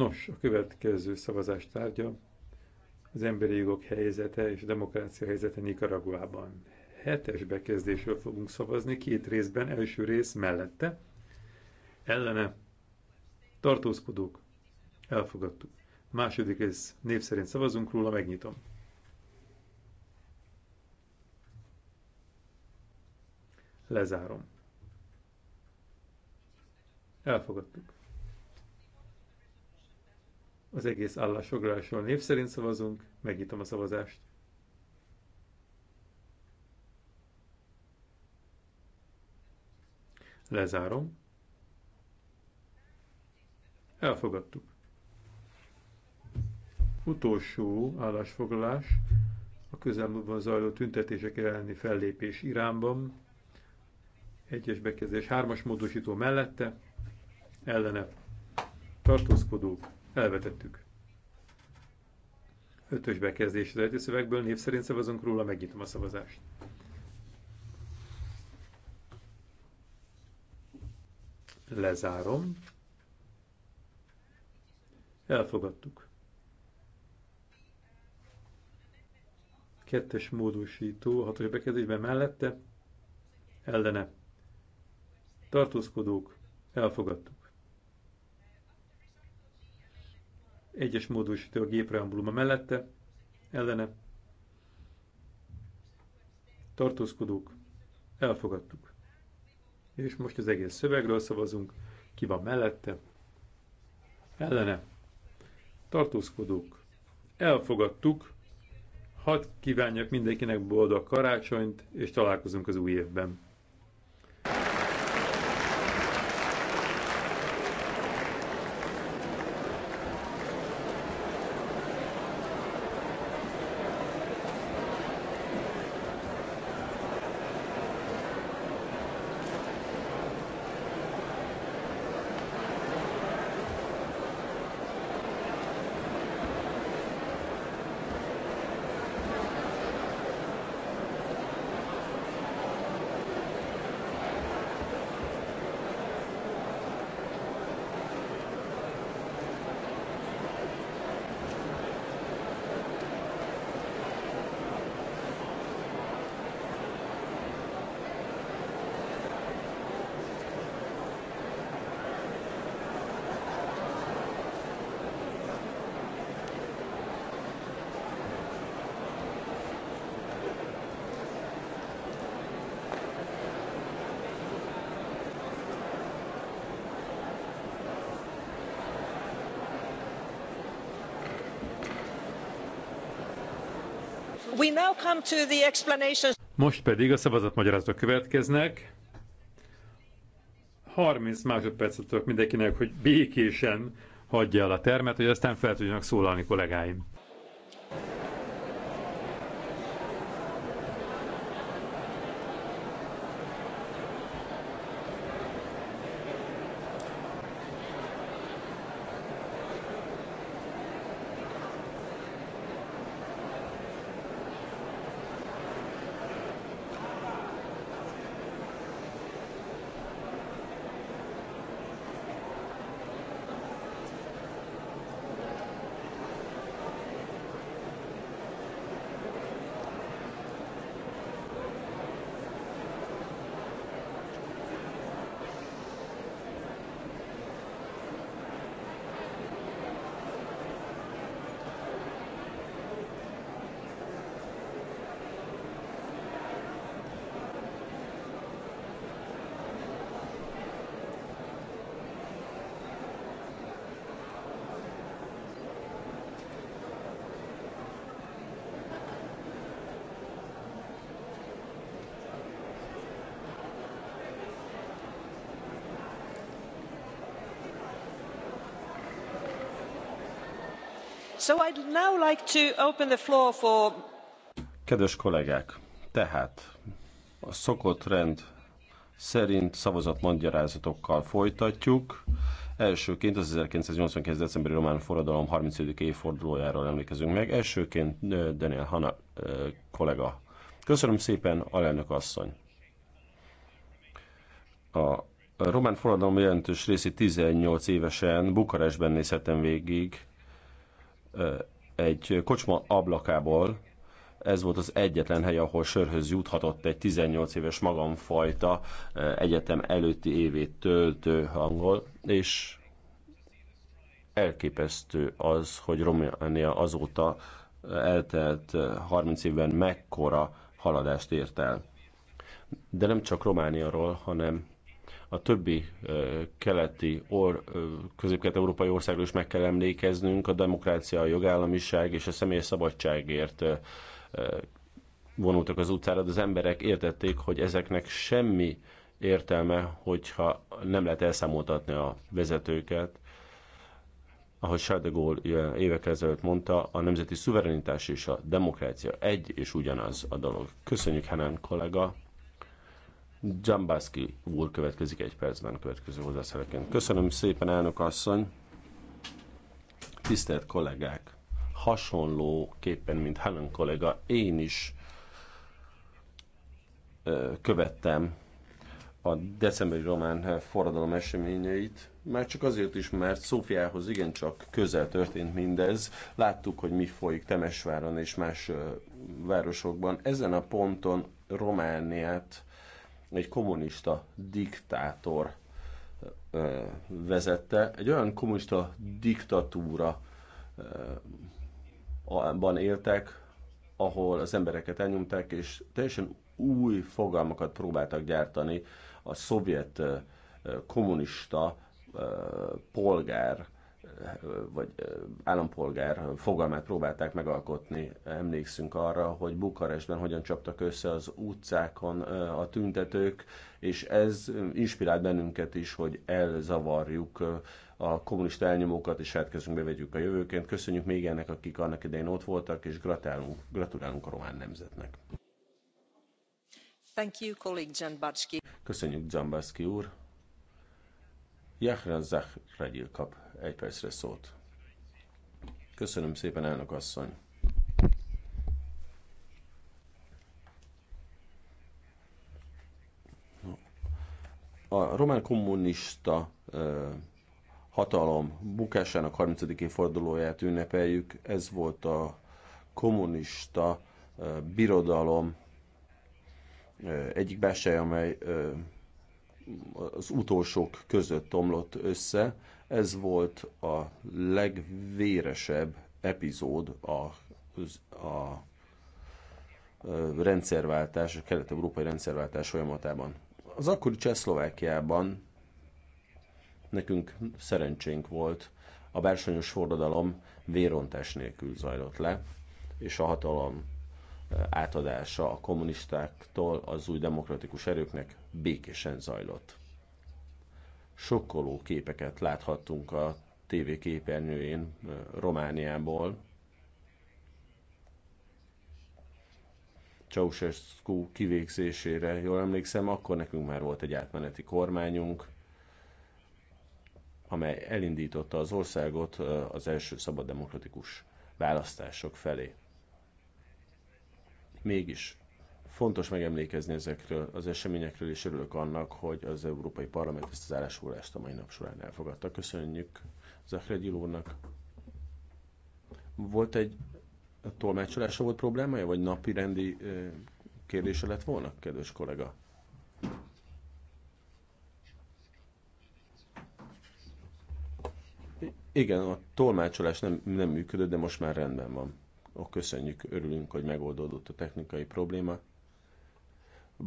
Nos, a következő szavazás tárgya az emberi jogok helyzete és a demokrácia helyzete Nikaraguában. Hetes bekezdésről fogunk szavazni, két részben, első rész mellette, ellene tartózkodók, elfogadtuk. Második rész név szerint szavazunk róla, megnyitom. Lezárom. Elfogadtuk. Az egész állásfoglalásról név szerint szavazunk, megnyitom a szavazást. Lezárom. Elfogadtuk. Utolsó állásfoglalás a közelmúltban zajló tüntetések elleni fellépés Iránban. Egyes bekezdés hármas módosító mellette, ellene tartózkodók Elvetettük. Ötös bekezdés az szövegből név szerint szavazunk róla, megnyitom a szavazást. Lezárom. Elfogadtuk. Kettes módosító, hatos bekezdésben mellette, ellene. Tartózkodók, elfogadtuk. Egyes módosító a gépreambuluma mellette, ellene tartózkodók, elfogadtuk. És most az egész szövegről szavazunk, ki van mellette, ellene tartózkodók, elfogadtuk, hadd kívánjak mindenkinek boldog karácsonyt, és találkozunk az új évben. Most pedig a szavazatmagyarázatok következnek. 30 másodpercet tudok mindenkinek, hogy békésen hagyja el a termet, hogy aztán fel tudjanak szólalni kollégáim. Kedves kollégák, tehát a szokott rend szerint szavazatmagyarázatokkal folytatjuk. Elsőként az 1989. decemberi román forradalom 35. évfordulójáról emlékezünk meg. Elsőként Daniel Hanna kollega. Köszönöm szépen, alelnök asszony. A román forradalom jelentős részét 18 évesen Bukarestben nézhetem végig, egy kocsma ablakából ez volt az egyetlen hely, ahol sörhöz juthatott egy 18 éves magamfajta egyetem előtti évét töltő hangol, és elképesztő az, hogy Románia azóta eltelt 30 évben mekkora haladást ért el. De nem csak Romániaról, hanem a többi keleti, or, közép-kelet-európai országról is meg kell emlékeznünk, a demokrácia, a jogállamiság és a személyes szabadságért vonultak az utcára, de az emberek értették, hogy ezeknek semmi értelme, hogyha nem lehet elszámoltatni a vezetőket. Ahogy Charles de Gaulle évek ezelőtt mondta, a nemzeti szuverenitás és a demokrácia egy és ugyanaz a dolog. Köszönjük, Henen kollega! Dzsambászki úr következik egy percben következő hozzászereként. Köszönöm szépen, elnök asszony! Tisztelt kollégák! képen, mint Helen kollega, én is ö, követtem a decemberi román forradalom eseményeit, már csak azért is, mert Szófiához igencsak közel történt mindez. Láttuk, hogy mi folyik Temesváron és más városokban. Ezen a ponton Romániát egy kommunista diktátor vezette. Egy olyan kommunista diktatúra ban éltek, ahol az embereket elnyomták, és teljesen új fogalmakat próbáltak gyártani a szovjet kommunista polgár vagy állampolgár fogalmát próbálták megalkotni. Emlékszünk arra, hogy Bukarestben hogyan csaptak össze az utcákon a tüntetők, és ez inspirált bennünket is, hogy elzavarjuk a kommunista elnyomókat, és hát kezünkbe vegyük a jövőként. Köszönjük még ennek, akik annak idején ott voltak, és gratulálunk, gratulálunk a román nemzetnek. Thank you, colleague Jan Köszönjük, Dzsambaszki úr. Zach Regil kap egy percre szót. Köszönöm szépen, elnök asszony. A román kommunista hatalom bukásának 30. évfordulóját ünnepeljük. Ez volt a kommunista birodalom egyik belsej, amely az utolsók között omlott össze. Ez volt a legvéresebb epizód a, a, rendszerváltás, a kelet-európai rendszerváltás folyamatában. Az akkori Csehszlovákiában nekünk szerencsénk volt, a bársonyos forradalom vérontás nélkül zajlott le, és a hatalom átadása a kommunistáktól az új demokratikus erőknek békésen zajlott. Sokkoló képeket láthattunk a TV képernyőjén Romániából. Ceausescu kivégzésére, jól emlékszem, akkor nekünk már volt egy átmeneti kormányunk, amely elindította az országot az első szabad demokratikus választások felé. Mégis Fontos megemlékezni ezekről az eseményekről, és örülök annak, hogy az Európai Parlament ezt az állásfoglalást a mai nap során elfogadta. Köszönjük Zahredil úrnak. Volt egy tolmácsolása volt problémája, vagy napi rendi kérdése lett volna, kedves kollega? Igen, a tolmácsolás nem, nem működött, de most már rendben van. Ó, köszönjük, örülünk, hogy megoldódott a technikai probléma.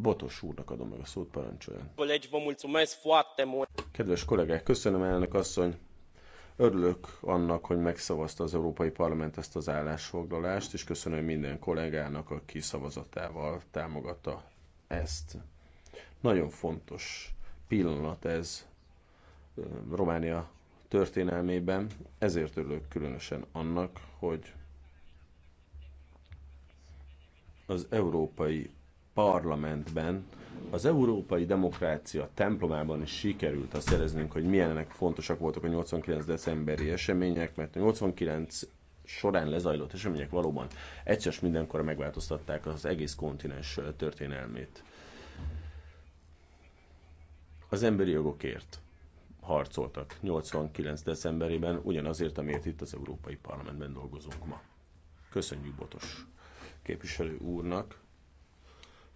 Botos úrnak adom meg a szót, parancsoljon. Kedves kollégák, köszönöm elnök asszony. Örülök annak, hogy megszavazta az Európai Parlament ezt az állásfoglalást, és köszönöm minden kollégának, aki szavazatával támogatta ezt. Nagyon fontos pillanat ez Románia történelmében, ezért örülök különösen annak, hogy az Európai parlamentben, az európai demokrácia templomában is sikerült azt szereznünk, hogy milyenek fontosak voltak a 89. decemberi események, mert a 89 során lezajlott események valóban egyszer mindenkor megváltoztatták az egész kontinens történelmét. Az emberi jogokért harcoltak 89. decemberében, ugyanazért, amiért itt az Európai Parlamentben dolgozunk ma. Köszönjük Botos képviselő úrnak,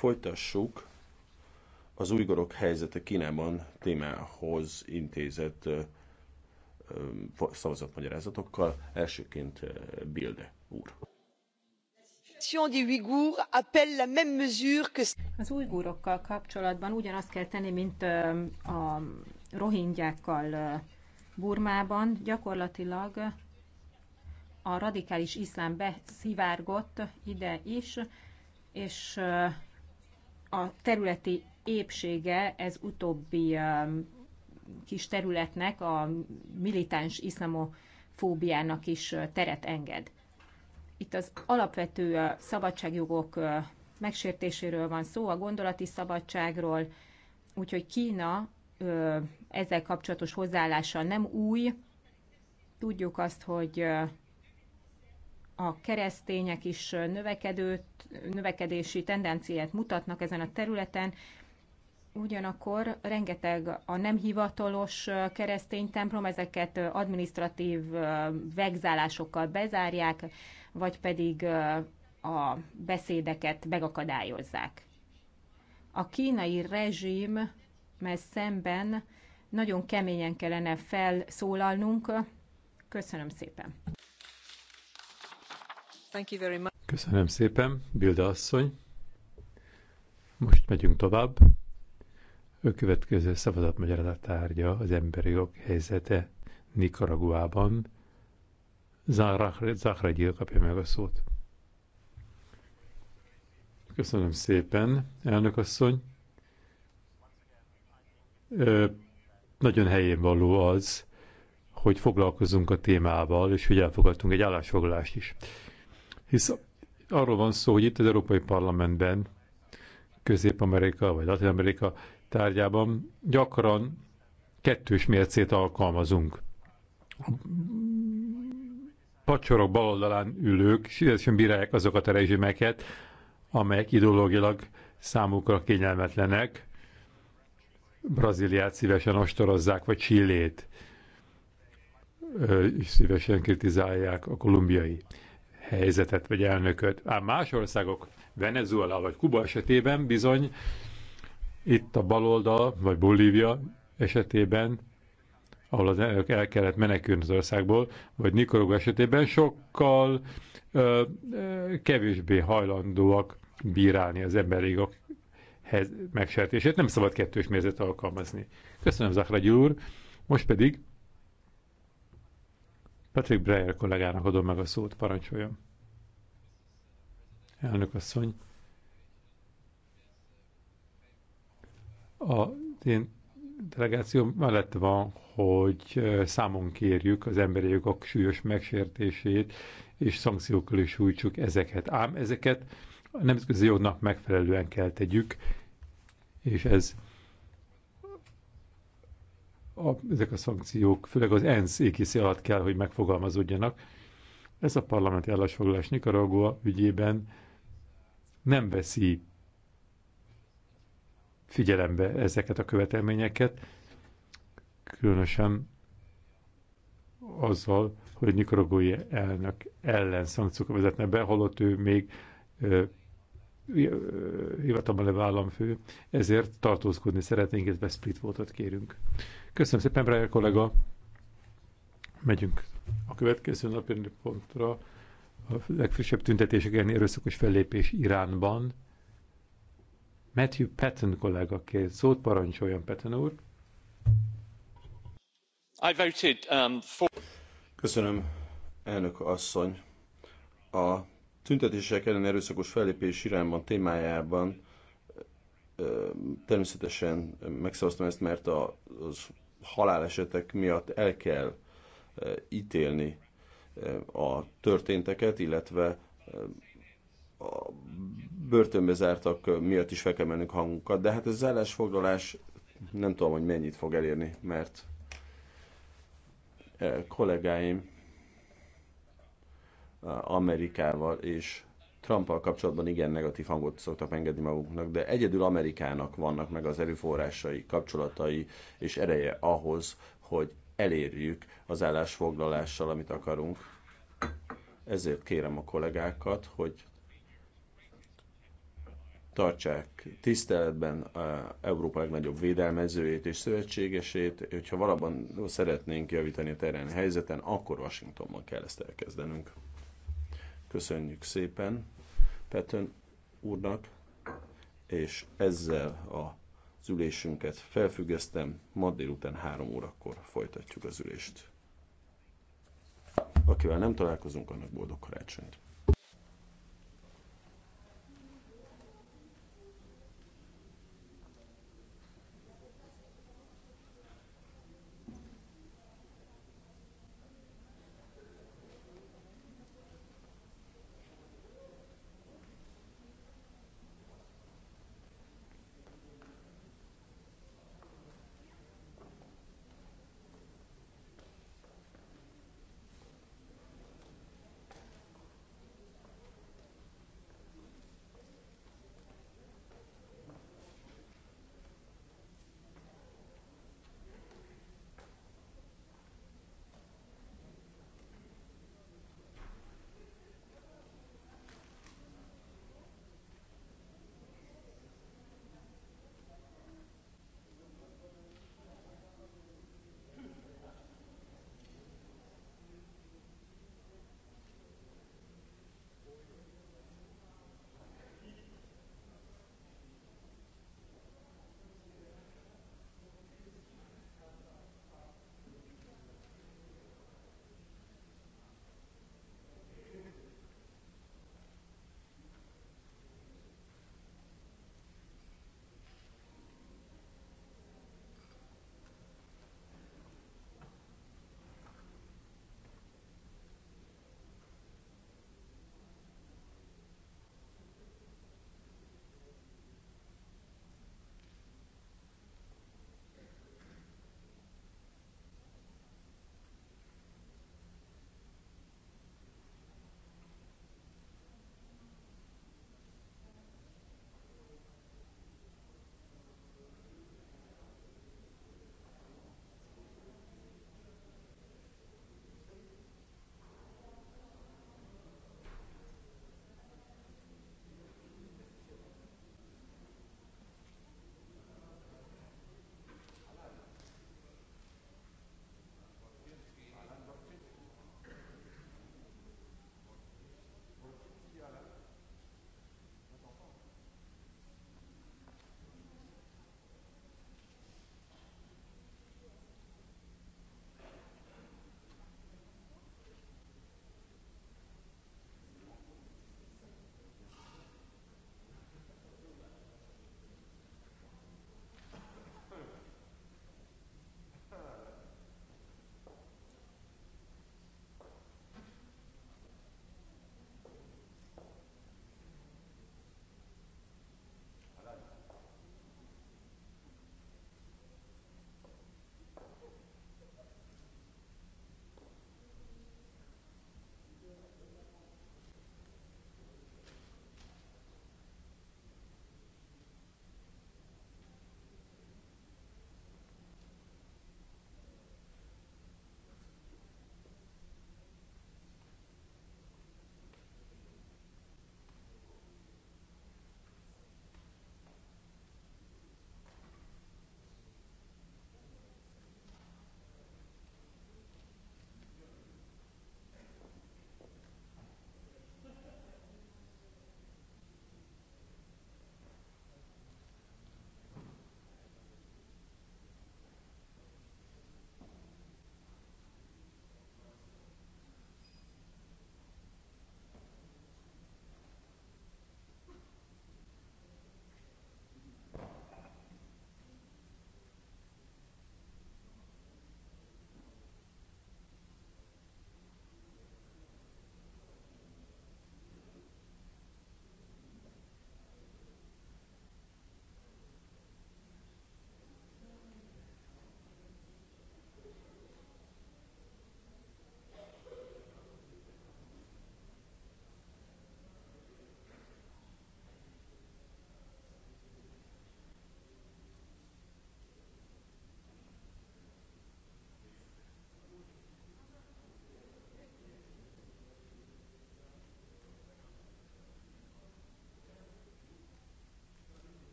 Folytassuk az újgorok helyzete Kínában témához intézett szavazatmagyarázatokkal. Elsőként Bilde úr. Az újgórokkal kapcsolatban ugyanazt kell tenni, mint a rohingyákkal Burmában. Gyakorlatilag a radikális iszlám beszivárgott ide is, és a területi épsége ez utóbbi um, kis területnek a militáns iszlamofóbiának is uh, teret enged. Itt az alapvető uh, szabadságjogok uh, megsértéséről van szó, a gondolati szabadságról, úgyhogy Kína ezzel kapcsolatos hozzáállása nem új. Tudjuk azt, hogy a keresztények is növekedőt, növekedési tendenciát mutatnak ezen a területen, Ugyanakkor rengeteg a nem hivatalos keresztény templom, ezeket administratív vegzálásokkal bezárják, vagy pedig a beszédeket megakadályozzák. A kínai rezsim szemben nagyon keményen kellene felszólalnunk. Köszönöm szépen! Köszönöm szépen, Bilda asszony. Most megyünk tovább. A következő szavazatmagyarázat tárgya az emberi jog helyzete Nikaraguában. Zahra kapja meg a szót. Köszönöm szépen, elnök asszony. Ö, nagyon helyén való az, hogy foglalkozunk a témával, és hogy elfogadtunk egy állásfoglalást is. Hisz arról van szó, hogy itt az Európai Parlamentben, Közép-Amerika vagy Latin-Amerika tárgyában gyakran kettős mércét alkalmazunk. A pacsorok oldalán ülők szívesen bírálják azokat a rezsimeket, amelyek ideológilag számukra kényelmetlenek. Brazíliát szívesen ostorozzák, vagy Csillét és szívesen kritizálják a kolumbiai helyzetet vagy elnököt. Ám más országok, Venezuela vagy Kuba esetében bizony itt a baloldal vagy Bolívia esetében, ahol az elnök el kellett menekülni az országból, vagy Nicaragua esetében sokkal ö, ö, kevésbé hajlandóak bírálni az emberi jogok megsértését. Nem szabad kettős mérzet alkalmazni. Köszönöm, Zahra úr. Most pedig Patrick Breyer kollégának adom meg a szót, parancsoljon. Elnök asszony. A én delegáció mellett van, hogy számon kérjük az emberi jogok súlyos megsértését, és szankciókkal is sújtsuk ezeket. Ám ezeket a nemzetközi jognak megfelelően kell tegyük, és ez a, ezek a szankciók, főleg az ENSZ ékiszi alatt kell, hogy megfogalmazódjanak. Ez a parlamenti állásfoglalás Nicaragua ügyében nem veszi figyelembe ezeket a követelményeket, különösen azzal, hogy nikaragói elnök ellen szankciókat vezetne be, holott ő még hivatalban levő államfő, ezért tartózkodni szeretnénk, illetve split voltat kérünk. Köszönöm szépen, Brian kollega! Megyünk a következő napi pontra. A legfrissebb tüntetések elleni erőszakos fellépés Iránban. Matthew Patton kollega kér szót, parancsoljon Patton úr. I voted, um, for... Köszönöm, elnök asszony. A tüntetések ellen erőszakos fellépés irányban, témájában természetesen megszavaztam ezt, mert a, az halálesetek miatt el kell ítélni a történteket, illetve a börtönbe zártak miatt is fel kell mennünk hangunkat, de hát ez az állásfoglalás nem tudom, hogy mennyit fog elérni, mert kollégáim Eh, Amerikával és Trumpal kapcsolatban igen negatív hangot szoktak engedni maguknak, de egyedül Amerikának vannak meg az erőforrásai, kapcsolatai és ereje ahhoz, hogy elérjük az állásfoglalással, amit akarunk. Ezért kérem a kollégákat, hogy tartsák tiszteletben eh, Európa legnagyobb védelmezőjét és szövetségesét, hogyha valóban szeretnénk javítani a terén helyzeten, akkor Washingtonban kell ezt elkezdenünk. Köszönjük szépen Petön úrnak, és ezzel a az ülésünket felfüggesztem, ma délután három órakor folytatjuk az ülést. Akivel nem találkozunk, annak boldog karácsonyt!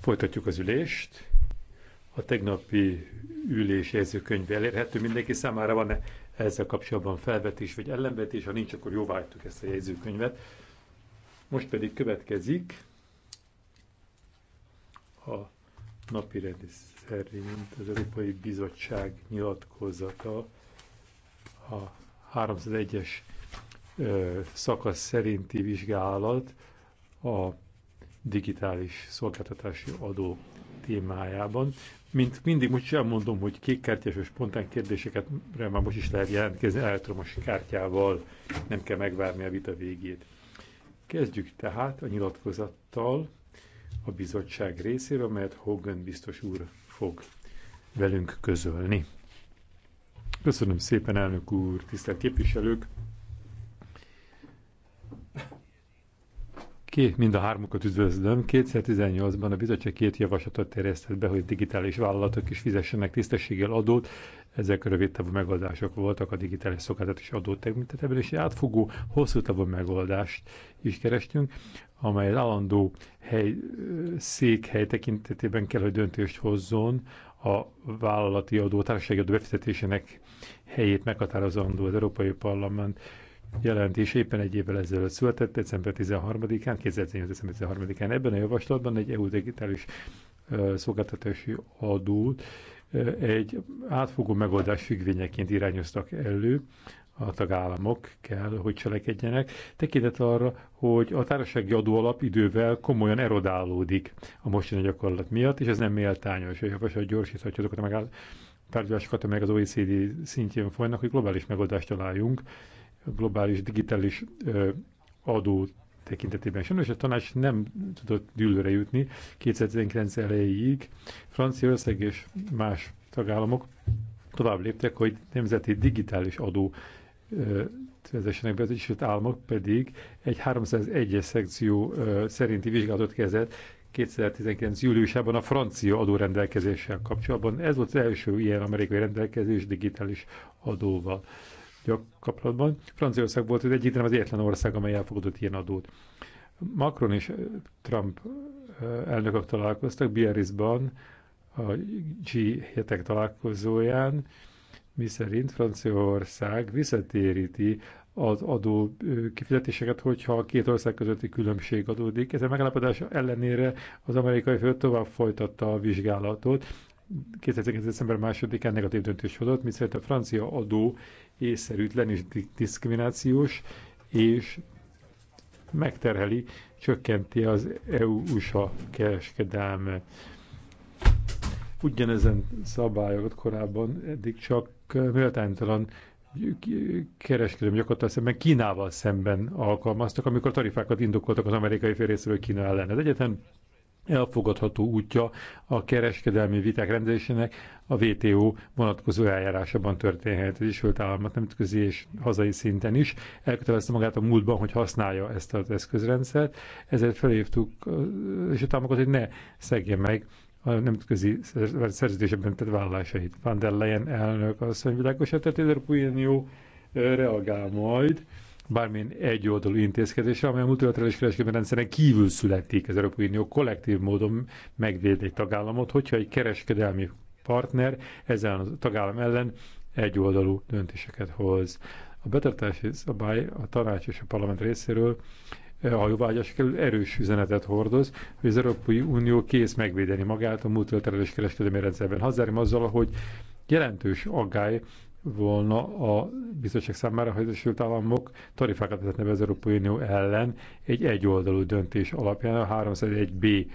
Folytatjuk az ülést. A tegnapi ülés jegyzőkönyve elérhető mindenki számára. Van-e ezzel kapcsolatban felvetés vagy ellenvetés? Ha nincs, akkor jóváhagytuk ezt a jegyzőkönyvet. Most pedig következik a napi szerint az Európai Bizottság nyilatkozata a 301-es szakasz szerinti vizsgálat a digitális szolgáltatási adó témájában. Mint mindig most sem mondom, hogy kékkártyás és spontán kérdéseket már most is lehet jelentkezni elektromos kártyával, nem kell megvárni a vita végét. Kezdjük tehát a nyilatkozattal a bizottság részéről, mert Hogan biztos úr fog velünk közölni. Köszönöm szépen, elnök úr, tisztelt képviselők! Két, mind a hármukat üdvözlöm. 2018-ban a bizottság két javaslatot terjesztett be, hogy digitális vállalatok is fizessenek tisztességgel adót. Ezek rövid távú megoldások voltak a digitális és adó tekintetében, és egy átfogó, hosszú távú megoldást is kerestünk, amely állandó hely, székhely tekintetében kell, hogy döntést hozzon a vállalati adó, társasági adó befizetésének helyét meghatározandó az Európai Parlament jelentés éppen egy évvel ezelőtt született, december 13-án, 2018. december 13-án. Ebben a javaslatban egy EU digitális szolgáltatási adót egy átfogó megoldás függvényeként irányoztak elő, a tagállamok kell, hogy cselekedjenek, tekintet arra, hogy a társasági adóalap idővel komolyan erodálódik a mostani gyakorlat miatt, és ez nem méltányos, és javaslat gyorsíthatja azokat a tárgyalásokat, amelyek az OECD szintjén folynak, hogy globális megoldást találjunk globális digitális adó tekintetében. és a tanács nem tudott dűlőre jutni 2019 elejéig. Franciaország és más tagállamok tovább léptek, hogy nemzeti digitális adó vezessenek be, az Egyesült Államok pedig egy 301-es szekció szerinti vizsgálatot kezdett 2019. júliusában a francia adórendelkezéssel kapcsolatban. Ez volt az első ilyen amerikai rendelkezés digitális adóval kapcsolatban. Franciaország volt az egyik, nem az egyetlen ország, amely elfogadott ilyen adót. Macron és Trump eh, elnökök találkoztak Biarritzban, a G7-ek találkozóján, miszerint Franciaország visszatéríti az adó eh, kifizetéseket, hogyha a két ország közötti különbség adódik. Ez a megállapodás ellenére az amerikai fő tovább folytatta a vizsgálatot. 2019. december másodikán negatív döntés hozott, miszerint a francia adó észszerűtlen és diszkriminációs, és megterheli, csökkenti az EU-USA kereskedelme. Ugyanezen szabályokat korábban eddig csak méltánytalan kereskedelmi gyakorlatilag szemben Kínával szemben alkalmaztak, amikor tarifákat indokoltak az amerikai fél részéről Kína ellen. Az egyetlen elfogadható útja a kereskedelmi viták rendezésének a WTO vonatkozó eljárásában történhet. Az volt Államok nemzetközi és hazai szinten is elkötelezte magát a múltban, hogy használja ezt az eszközrendszert, ezért felhívtuk és a támogat, hogy ne szegje meg a nemzetközi szerződésben tett vállalásait. Van der Leyen elnök azt mondja, világosat, tehát az Unió reagál majd, bármilyen egyoldalú intézkedésre, amely a multilaterális kereskedelmi rendszeren kívül születik. Az Európai Unió kollektív módon megvéd egy tagállamot, hogyha egy kereskedelmi partner ezen a tagállam ellen egyoldalú döntéseket hoz. A betartási szabály a tanács és a parlament részéről eh, a jóvágyás kerül, erős üzenetet hordoz, hogy az Európai Unió kész megvédeni magát a multilaterális kereskedelmi rendszerben. Hazárim azzal, hogy jelentős aggály volna a bizottság számára, ha az Egyesült Államok tarifákat vezetne be az Európai Unió ellen egy egyoldalú döntés alapján, a 301B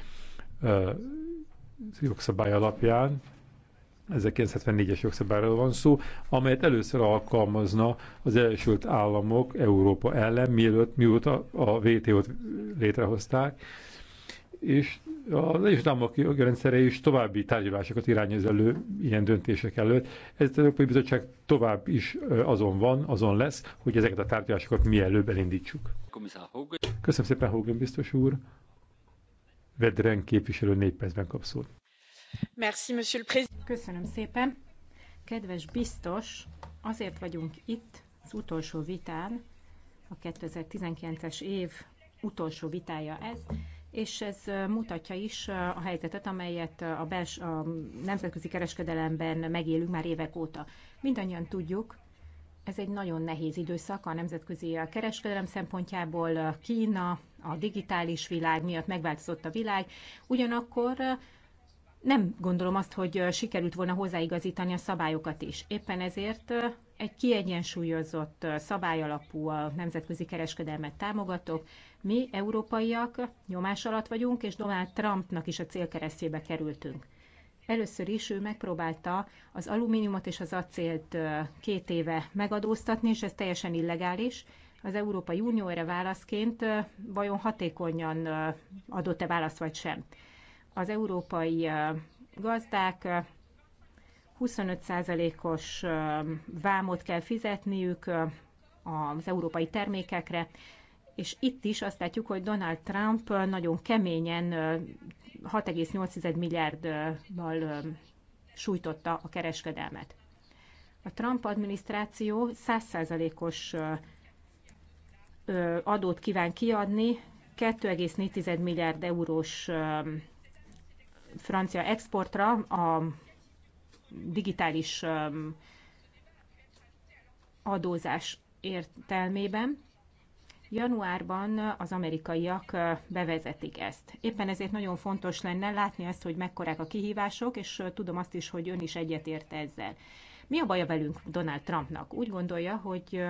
jogszabály alapján, 1974-es jogszabályról van szó, amelyet először alkalmazna az Egyesült Államok Európa ellen, mielőtt mióta a WTO-t létrehozták, és az Egyesült Államok jogrendszere is további tárgyalásokat irányoz elő ilyen döntések előtt. Ez az Európai Bizottság tovább is azon van, azon lesz, hogy ezeket a tárgyalásokat mielőbb elindítsuk. Köszönöm szépen, Hogan biztos úr. Vedren képviselő négy percben kap szót. Köszönöm szépen. Kedves biztos, azért vagyunk itt az utolsó vitán, a 2019-es év utolsó vitája ez, és ez mutatja is a helyzetet, amelyet a, bels, a nemzetközi kereskedelemben megélünk már évek óta. Mindannyian tudjuk, ez egy nagyon nehéz időszak a nemzetközi kereskedelem szempontjából. Kína, a digitális világ miatt megváltozott a világ. Ugyanakkor nem gondolom azt, hogy sikerült volna hozzáigazítani a szabályokat is. Éppen ezért egy kiegyensúlyozott, szabályalapú a nemzetközi kereskedelmet támogatok. Mi, európaiak, nyomás alatt vagyunk, és Donald Trumpnak is a célkeresztjébe kerültünk. Először is ő megpróbálta az alumíniumot és az acélt két éve megadóztatni, és ez teljesen illegális. Az Európai Unió erre válaszként vajon hatékonyan adott-e választ vagy sem. Az európai gazdák 25%-os vámot kell fizetniük az európai termékekre, és itt is azt látjuk, hogy Donald Trump nagyon keményen 6,8 milliárddal sújtotta a kereskedelmet. A Trump adminisztráció 100%-os adót kíván kiadni, 2,4 milliárd eurós francia exportra a digitális adózás értelmében. Januárban az amerikaiak bevezetik ezt. Éppen ezért nagyon fontos lenne látni ezt, hogy mekkorák a kihívások, és tudom azt is, hogy ön is egyetért ezzel. Mi a baja velünk Donald Trumpnak? Úgy gondolja, hogy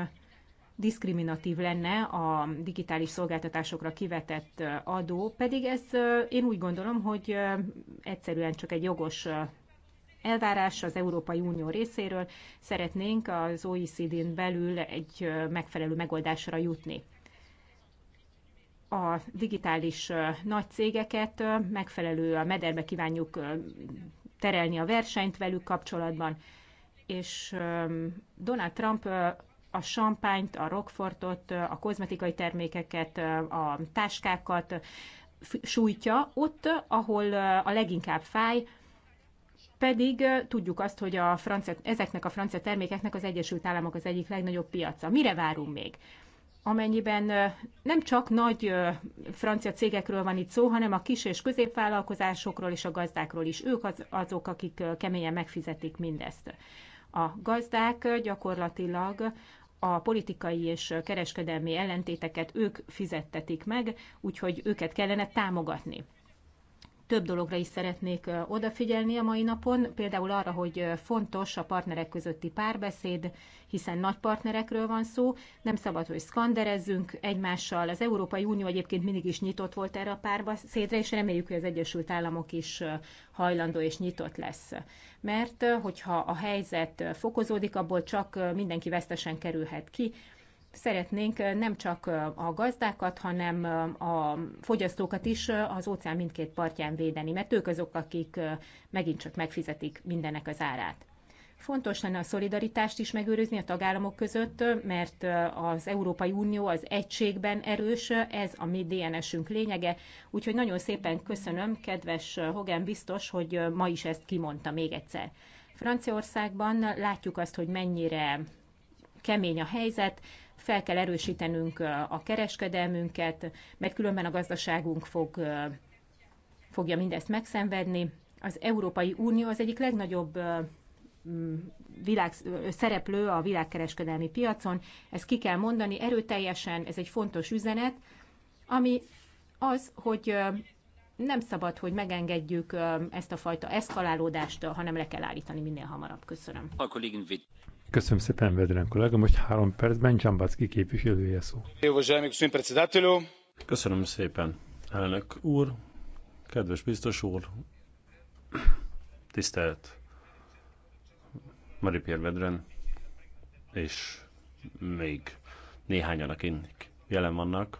diszkriminatív lenne a digitális szolgáltatásokra kivetett adó, pedig ez én úgy gondolom, hogy egyszerűen csak egy jogos elvárás az Európai Unió részéről, szeretnénk az OECD-n belül egy megfelelő megoldásra jutni. A digitális nagy cégeket megfelelő a mederbe kívánjuk terelni a versenyt velük kapcsolatban, és Donald Trump a sampányt, a rockfortot, a kozmetikai termékeket, a táskákat sújtja ott, ahol a leginkább fáj, pedig tudjuk azt, hogy a francia, ezeknek a francia termékeknek az Egyesült Államok az egyik legnagyobb piaca. Mire várunk még? amennyiben nem csak nagy francia cégekről van itt szó, hanem a kis és középvállalkozásokról és a gazdákról is. Ők az, azok, akik keményen megfizetik mindezt. A gazdák gyakorlatilag a politikai és kereskedelmi ellentéteket ők fizettetik meg, úgyhogy őket kellene támogatni több dologra is szeretnék odafigyelni a mai napon, például arra, hogy fontos a partnerek közötti párbeszéd, hiszen nagy partnerekről van szó, nem szabad, hogy szkanderezzünk egymással. Az Európai Unió egyébként mindig is nyitott volt erre a párbeszédre, és reméljük, hogy az Egyesült Államok is hajlandó és nyitott lesz. Mert hogyha a helyzet fokozódik, abból csak mindenki vesztesen kerülhet ki, szeretnénk nem csak a gazdákat, hanem a fogyasztókat is az óceán mindkét partján védeni, mert ők azok, akik megint csak megfizetik mindennek az árát. Fontos lenne a szolidaritást is megőrizni a tagállamok között, mert az Európai Unió az egységben erős, ez a mi DNS-ünk lényege. Úgyhogy nagyon szépen köszönöm, kedves Hogan biztos, hogy ma is ezt kimondta még egyszer. Franciaországban látjuk azt, hogy mennyire kemény a helyzet, fel kell erősítenünk a kereskedelmünket, mert különben a gazdaságunk fog, fogja mindezt megszenvedni. Az Európai Unió az egyik legnagyobb világ, szereplő a világkereskedelmi piacon. Ezt ki kell mondani erőteljesen, ez egy fontos üzenet, ami az, hogy nem szabad, hogy megengedjük ezt a fajta eszkalálódást, hanem le kell állítani minél hamarabb. Köszönöm. Köszönöm szépen, Vedren kollega. Most három percben Csambacki képviselője szó. Köszönöm szépen, elnök úr, kedves biztos úr, tisztelt Maripér Vedren, és még néhányan, akik jelen vannak.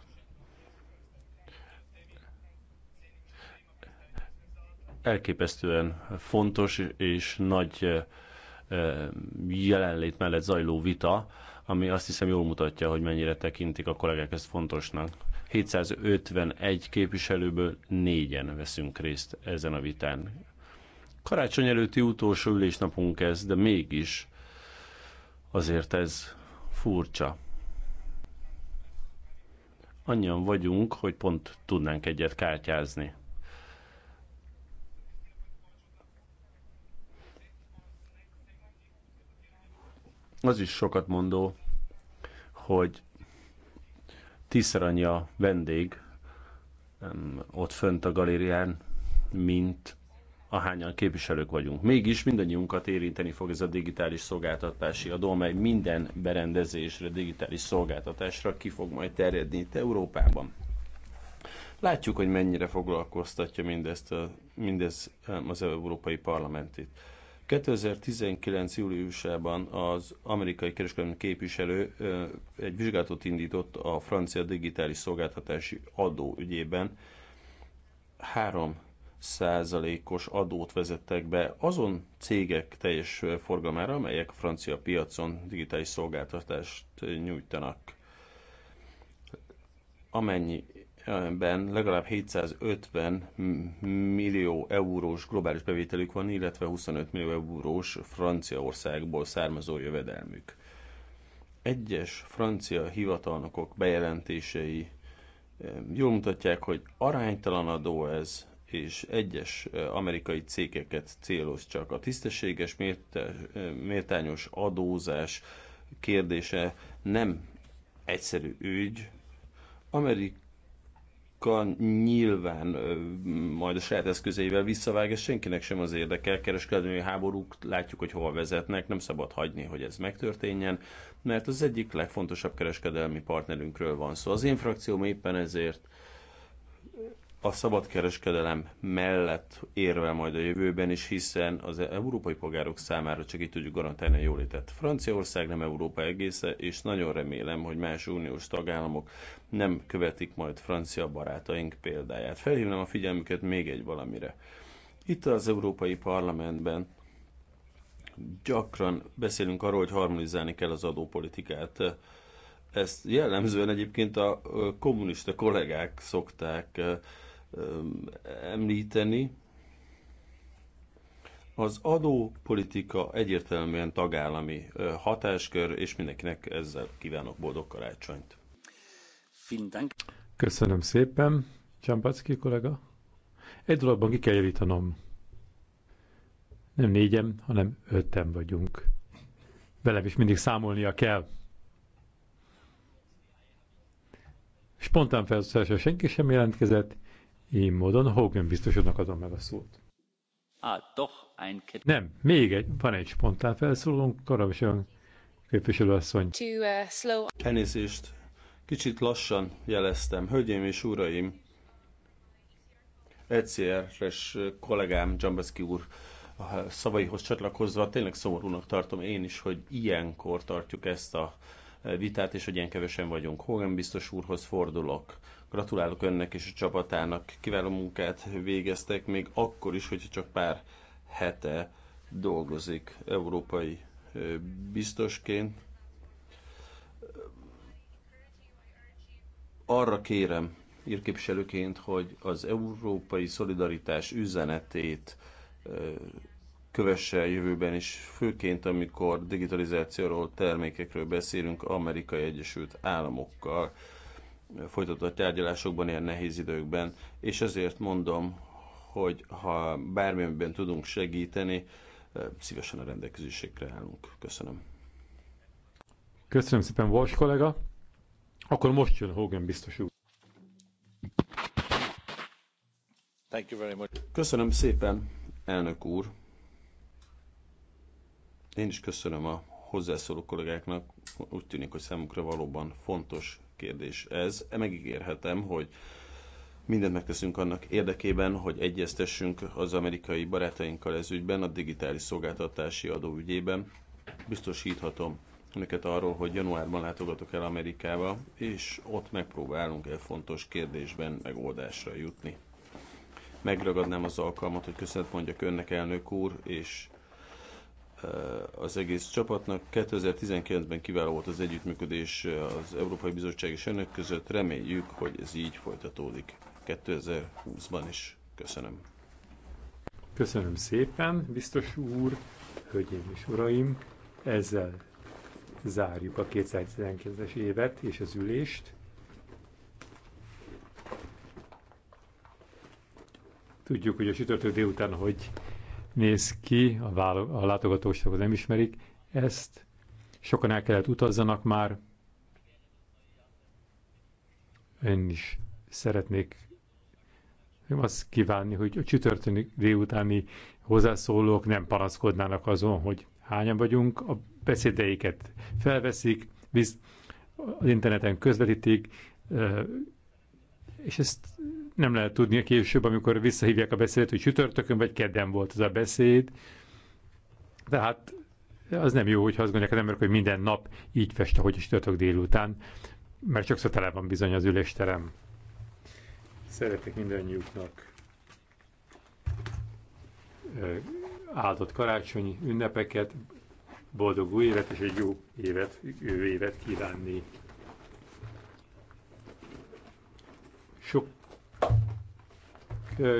Elképesztően fontos és nagy jelenlét mellett zajló vita, ami azt hiszem jól mutatja, hogy mennyire tekintik a kollégák ezt fontosnak. 751 képviselőből négyen veszünk részt ezen a vitán. Karácsony előtti utolsó ülésnapunk ez, de mégis azért ez furcsa. Annyian vagyunk, hogy pont tudnánk egyet kártyázni. Az is sokat mondó, hogy tízszer annyi a vendég ott fönt a galérián, mint ahányan képviselők vagyunk. Mégis mindannyiunkat érinteni fog ez a digitális szolgáltatási adó, amely minden berendezésre, digitális szolgáltatásra ki fog majd terjedni itt Európában. Látjuk, hogy mennyire foglalkoztatja mindezt a, mindez az Európai Parlamentit. 2019. júliusában az amerikai kereskedelmi képviselő egy vizsgálatot indított a francia digitális szolgáltatási adó ügyében. 3 százalékos adót vezettek be azon cégek teljes forgalmára, amelyek a francia piacon digitális szolgáltatást nyújtanak. Amennyi ben legalább 750 millió eurós globális bevételük van, illetve 25 millió eurós Franciaországból származó jövedelmük. Egyes francia hivatalnokok bejelentései eh, jól mutatják, hogy aránytalan adó ez, és egyes eh, amerikai cégeket céloz csak. A tisztességes, eh, méltányos adózás kérdése nem egyszerű ügy. Amerik sokkal nyilván majd a saját eszközeivel visszavág, ez senkinek sem az érdekel. Kereskedelmi háborúk látjuk, hogy hova vezetnek, nem szabad hagyni, hogy ez megtörténjen, mert az egyik legfontosabb kereskedelmi partnerünkről van szó. Szóval az én frakcióm éppen ezért a szabadkereskedelem mellett érve majd a jövőben is, hiszen az európai polgárok számára csak így tudjuk garantálni a jólétet. Franciaország nem Európa egésze, és nagyon remélem, hogy más uniós tagállamok nem követik majd francia barátaink példáját. Felhívnám a figyelmüket még egy valamire. Itt az Európai Parlamentben gyakran beszélünk arról, hogy harmonizálni kell az adópolitikát. Ezt jellemzően egyébként a kommunista kollégák szokták uh, említeni. Az adópolitika egyértelműen tagállami hatáskör, és mindenkinek ezzel kívánok boldog karácsonyt. Köszönöm szépen, Csampacki kollega. Egy dologban ki kell javítanom. Nem négyem, hanem öten vagyunk. Velem is mindig számolnia kell. Spontán felszólásra senki sem jelentkezett, én módon Hogan biztosodnak adom meg a szót. Ah, doch, ein... Nem, még egy, van egy spontán felszólónk, Karabisön képviselőasszony. To, uh, slow... Elnézést, kicsit lassan jeleztem. Hölgyeim és uraim, ECR-es kollégám Dzsambeszki úr a szavaihoz csatlakozva tényleg szomorúnak tartom én is, hogy ilyenkor tartjuk ezt a vitát, és hogy ilyen kevesen vagyunk. Hogan biztos úrhoz fordulok. Gratulálok önnek és a csapatának. Kiváló munkát végeztek, még akkor is, hogyha csak pár hete dolgozik európai biztosként. Arra kérem írképviselőként, hogy az európai szolidaritás üzenetét kövesse a jövőben is, főként amikor digitalizációról, termékekről beszélünk Amerikai Egyesült Államokkal folytatott tárgyalásokban, ilyen nehéz időkben, és ezért mondom, hogy ha bármiben tudunk segíteni, szívesen a rendelkezésekre állunk. Köszönöm. Köszönöm szépen, Vals kollega. Akkor most jön Hogan biztos úr. Thank you very much. Köszönöm szépen, elnök úr. Én is köszönöm a hozzászóló kollégáknak. Úgy tűnik, hogy számukra valóban fontos kérdés ez. E megígérhetem, hogy mindent megteszünk annak érdekében, hogy egyeztessünk az amerikai barátainkkal ez ügyben, a digitális szolgáltatási adó ügyében. Biztosíthatom önöket arról, hogy januárban látogatok el Amerikába, és ott megpróbálunk e fontos kérdésben megoldásra jutni. Megragadnám az alkalmat, hogy köszönet mondjak önnek, elnök úr, és az egész csapatnak. 2019-ben kiváló volt az együttműködés az Európai Bizottság és önök között. Reméljük, hogy ez így folytatódik 2020-ban is. Köszönöm. Köszönöm szépen, biztos úr, hölgyeim és uraim. Ezzel zárjuk a 2019-es évet és az ülést. Tudjuk, hogy a sütörtök délután hogy néz ki, a, válo- a látogatóságok nem ismerik ezt, sokan el kellett utazzanak már. Én is szeretnék én azt kívánni, hogy a csütörtöni délutáni hozzászólók nem panaszkodnának azon, hogy hányan vagyunk, a beszédeiket felveszik, visz, az interneten közvetítik, és ezt nem lehet tudni később, amikor visszahívják a beszédet, hogy csütörtökön vagy kedden volt az a beszéd. Tehát az nem jó, hogy azt gondolják az emberek, hogy minden nap így fest, ahogy a csütörtök délután, mert sokszor tele van bizony az ülésterem. Szeretek mindannyiuknak áldott karácsonyi ünnepeket, boldog új évet és egy jó évet, jó évet kívánni. Sok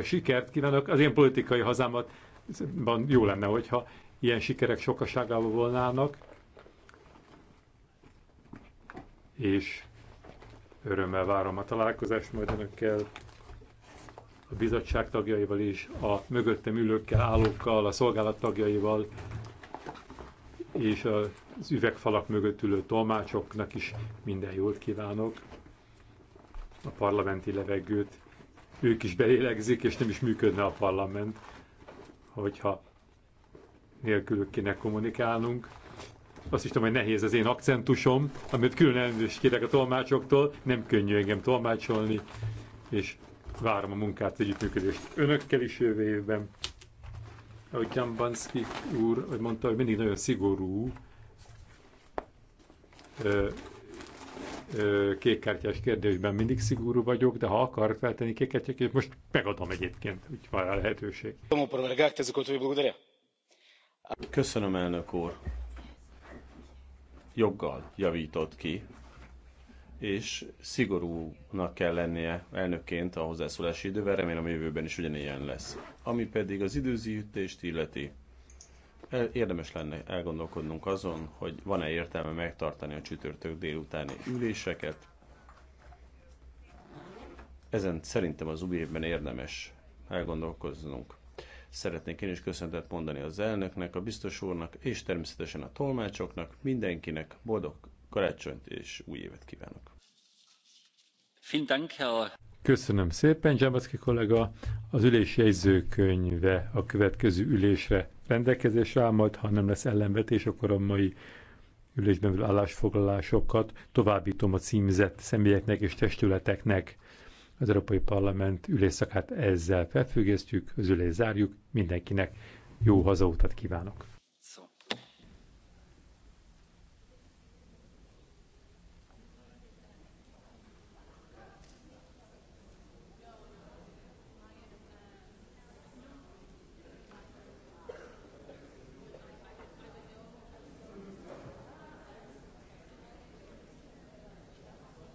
sikert kívánok. Az én politikai hazámat jó lenne, hogyha ilyen sikerek sokaságával volnának. És örömmel várom a találkozást majd önökkel, a bizottság tagjaival is, a mögöttem ülőkkel, állókkal, a szolgálat tagjaival, és az üvegfalak mögött ülő tolmácsoknak is minden jót kívánok. A parlamenti levegőt ők is belélegzik, és nem is működne a parlament, hogyha nélkülük kéne kommunikálnunk. Azt is tudom, hogy nehéz az én akcentusom, amit külön elnézést kérek a tolmácsoktól, nem könnyű engem tolmácsolni, és várom a munkát, együttműködést önökkel is jövő évben. Ahogy Jan Banszki úr mondta, hogy mindig nagyon szigorú kékkártyás kérdésben mindig szigorú vagyok, de ha akar feltenni kékkártyás kérdést, most megadom egyébként, úgy van a lehetőség. Köszönöm, elnök úr. Joggal javított ki, és szigorúnak kell lennie elnökként a hozzászólási idővel, remélem a jövőben is ugyanilyen lesz. Ami pedig az időzítést illeti, E, érdemes lenne elgondolkodnunk azon, hogy van-e értelme megtartani a csütörtök délutáni üléseket. Ezen szerintem az új évben érdemes elgondolkoznunk. Szeretnék én is köszöntet mondani az elnöknek, a biztos úrnak és természetesen a tolmácsoknak, mindenkinek boldog karácsonyt és új évet kívánok! Köszönöm szépen, Zsámbaszki kollega. Az ülés jegyzőkönyve a következő ülésre rendelkezésre áll, majd ha nem lesz ellenvetés, akkor a mai ülésben belül állásfoglalásokat továbbítom a címzett személyeknek és testületeknek. Az Európai Parlament ülésszakát ezzel felfüggesztjük, az ülés zárjuk, mindenkinek jó hazautat kívánok!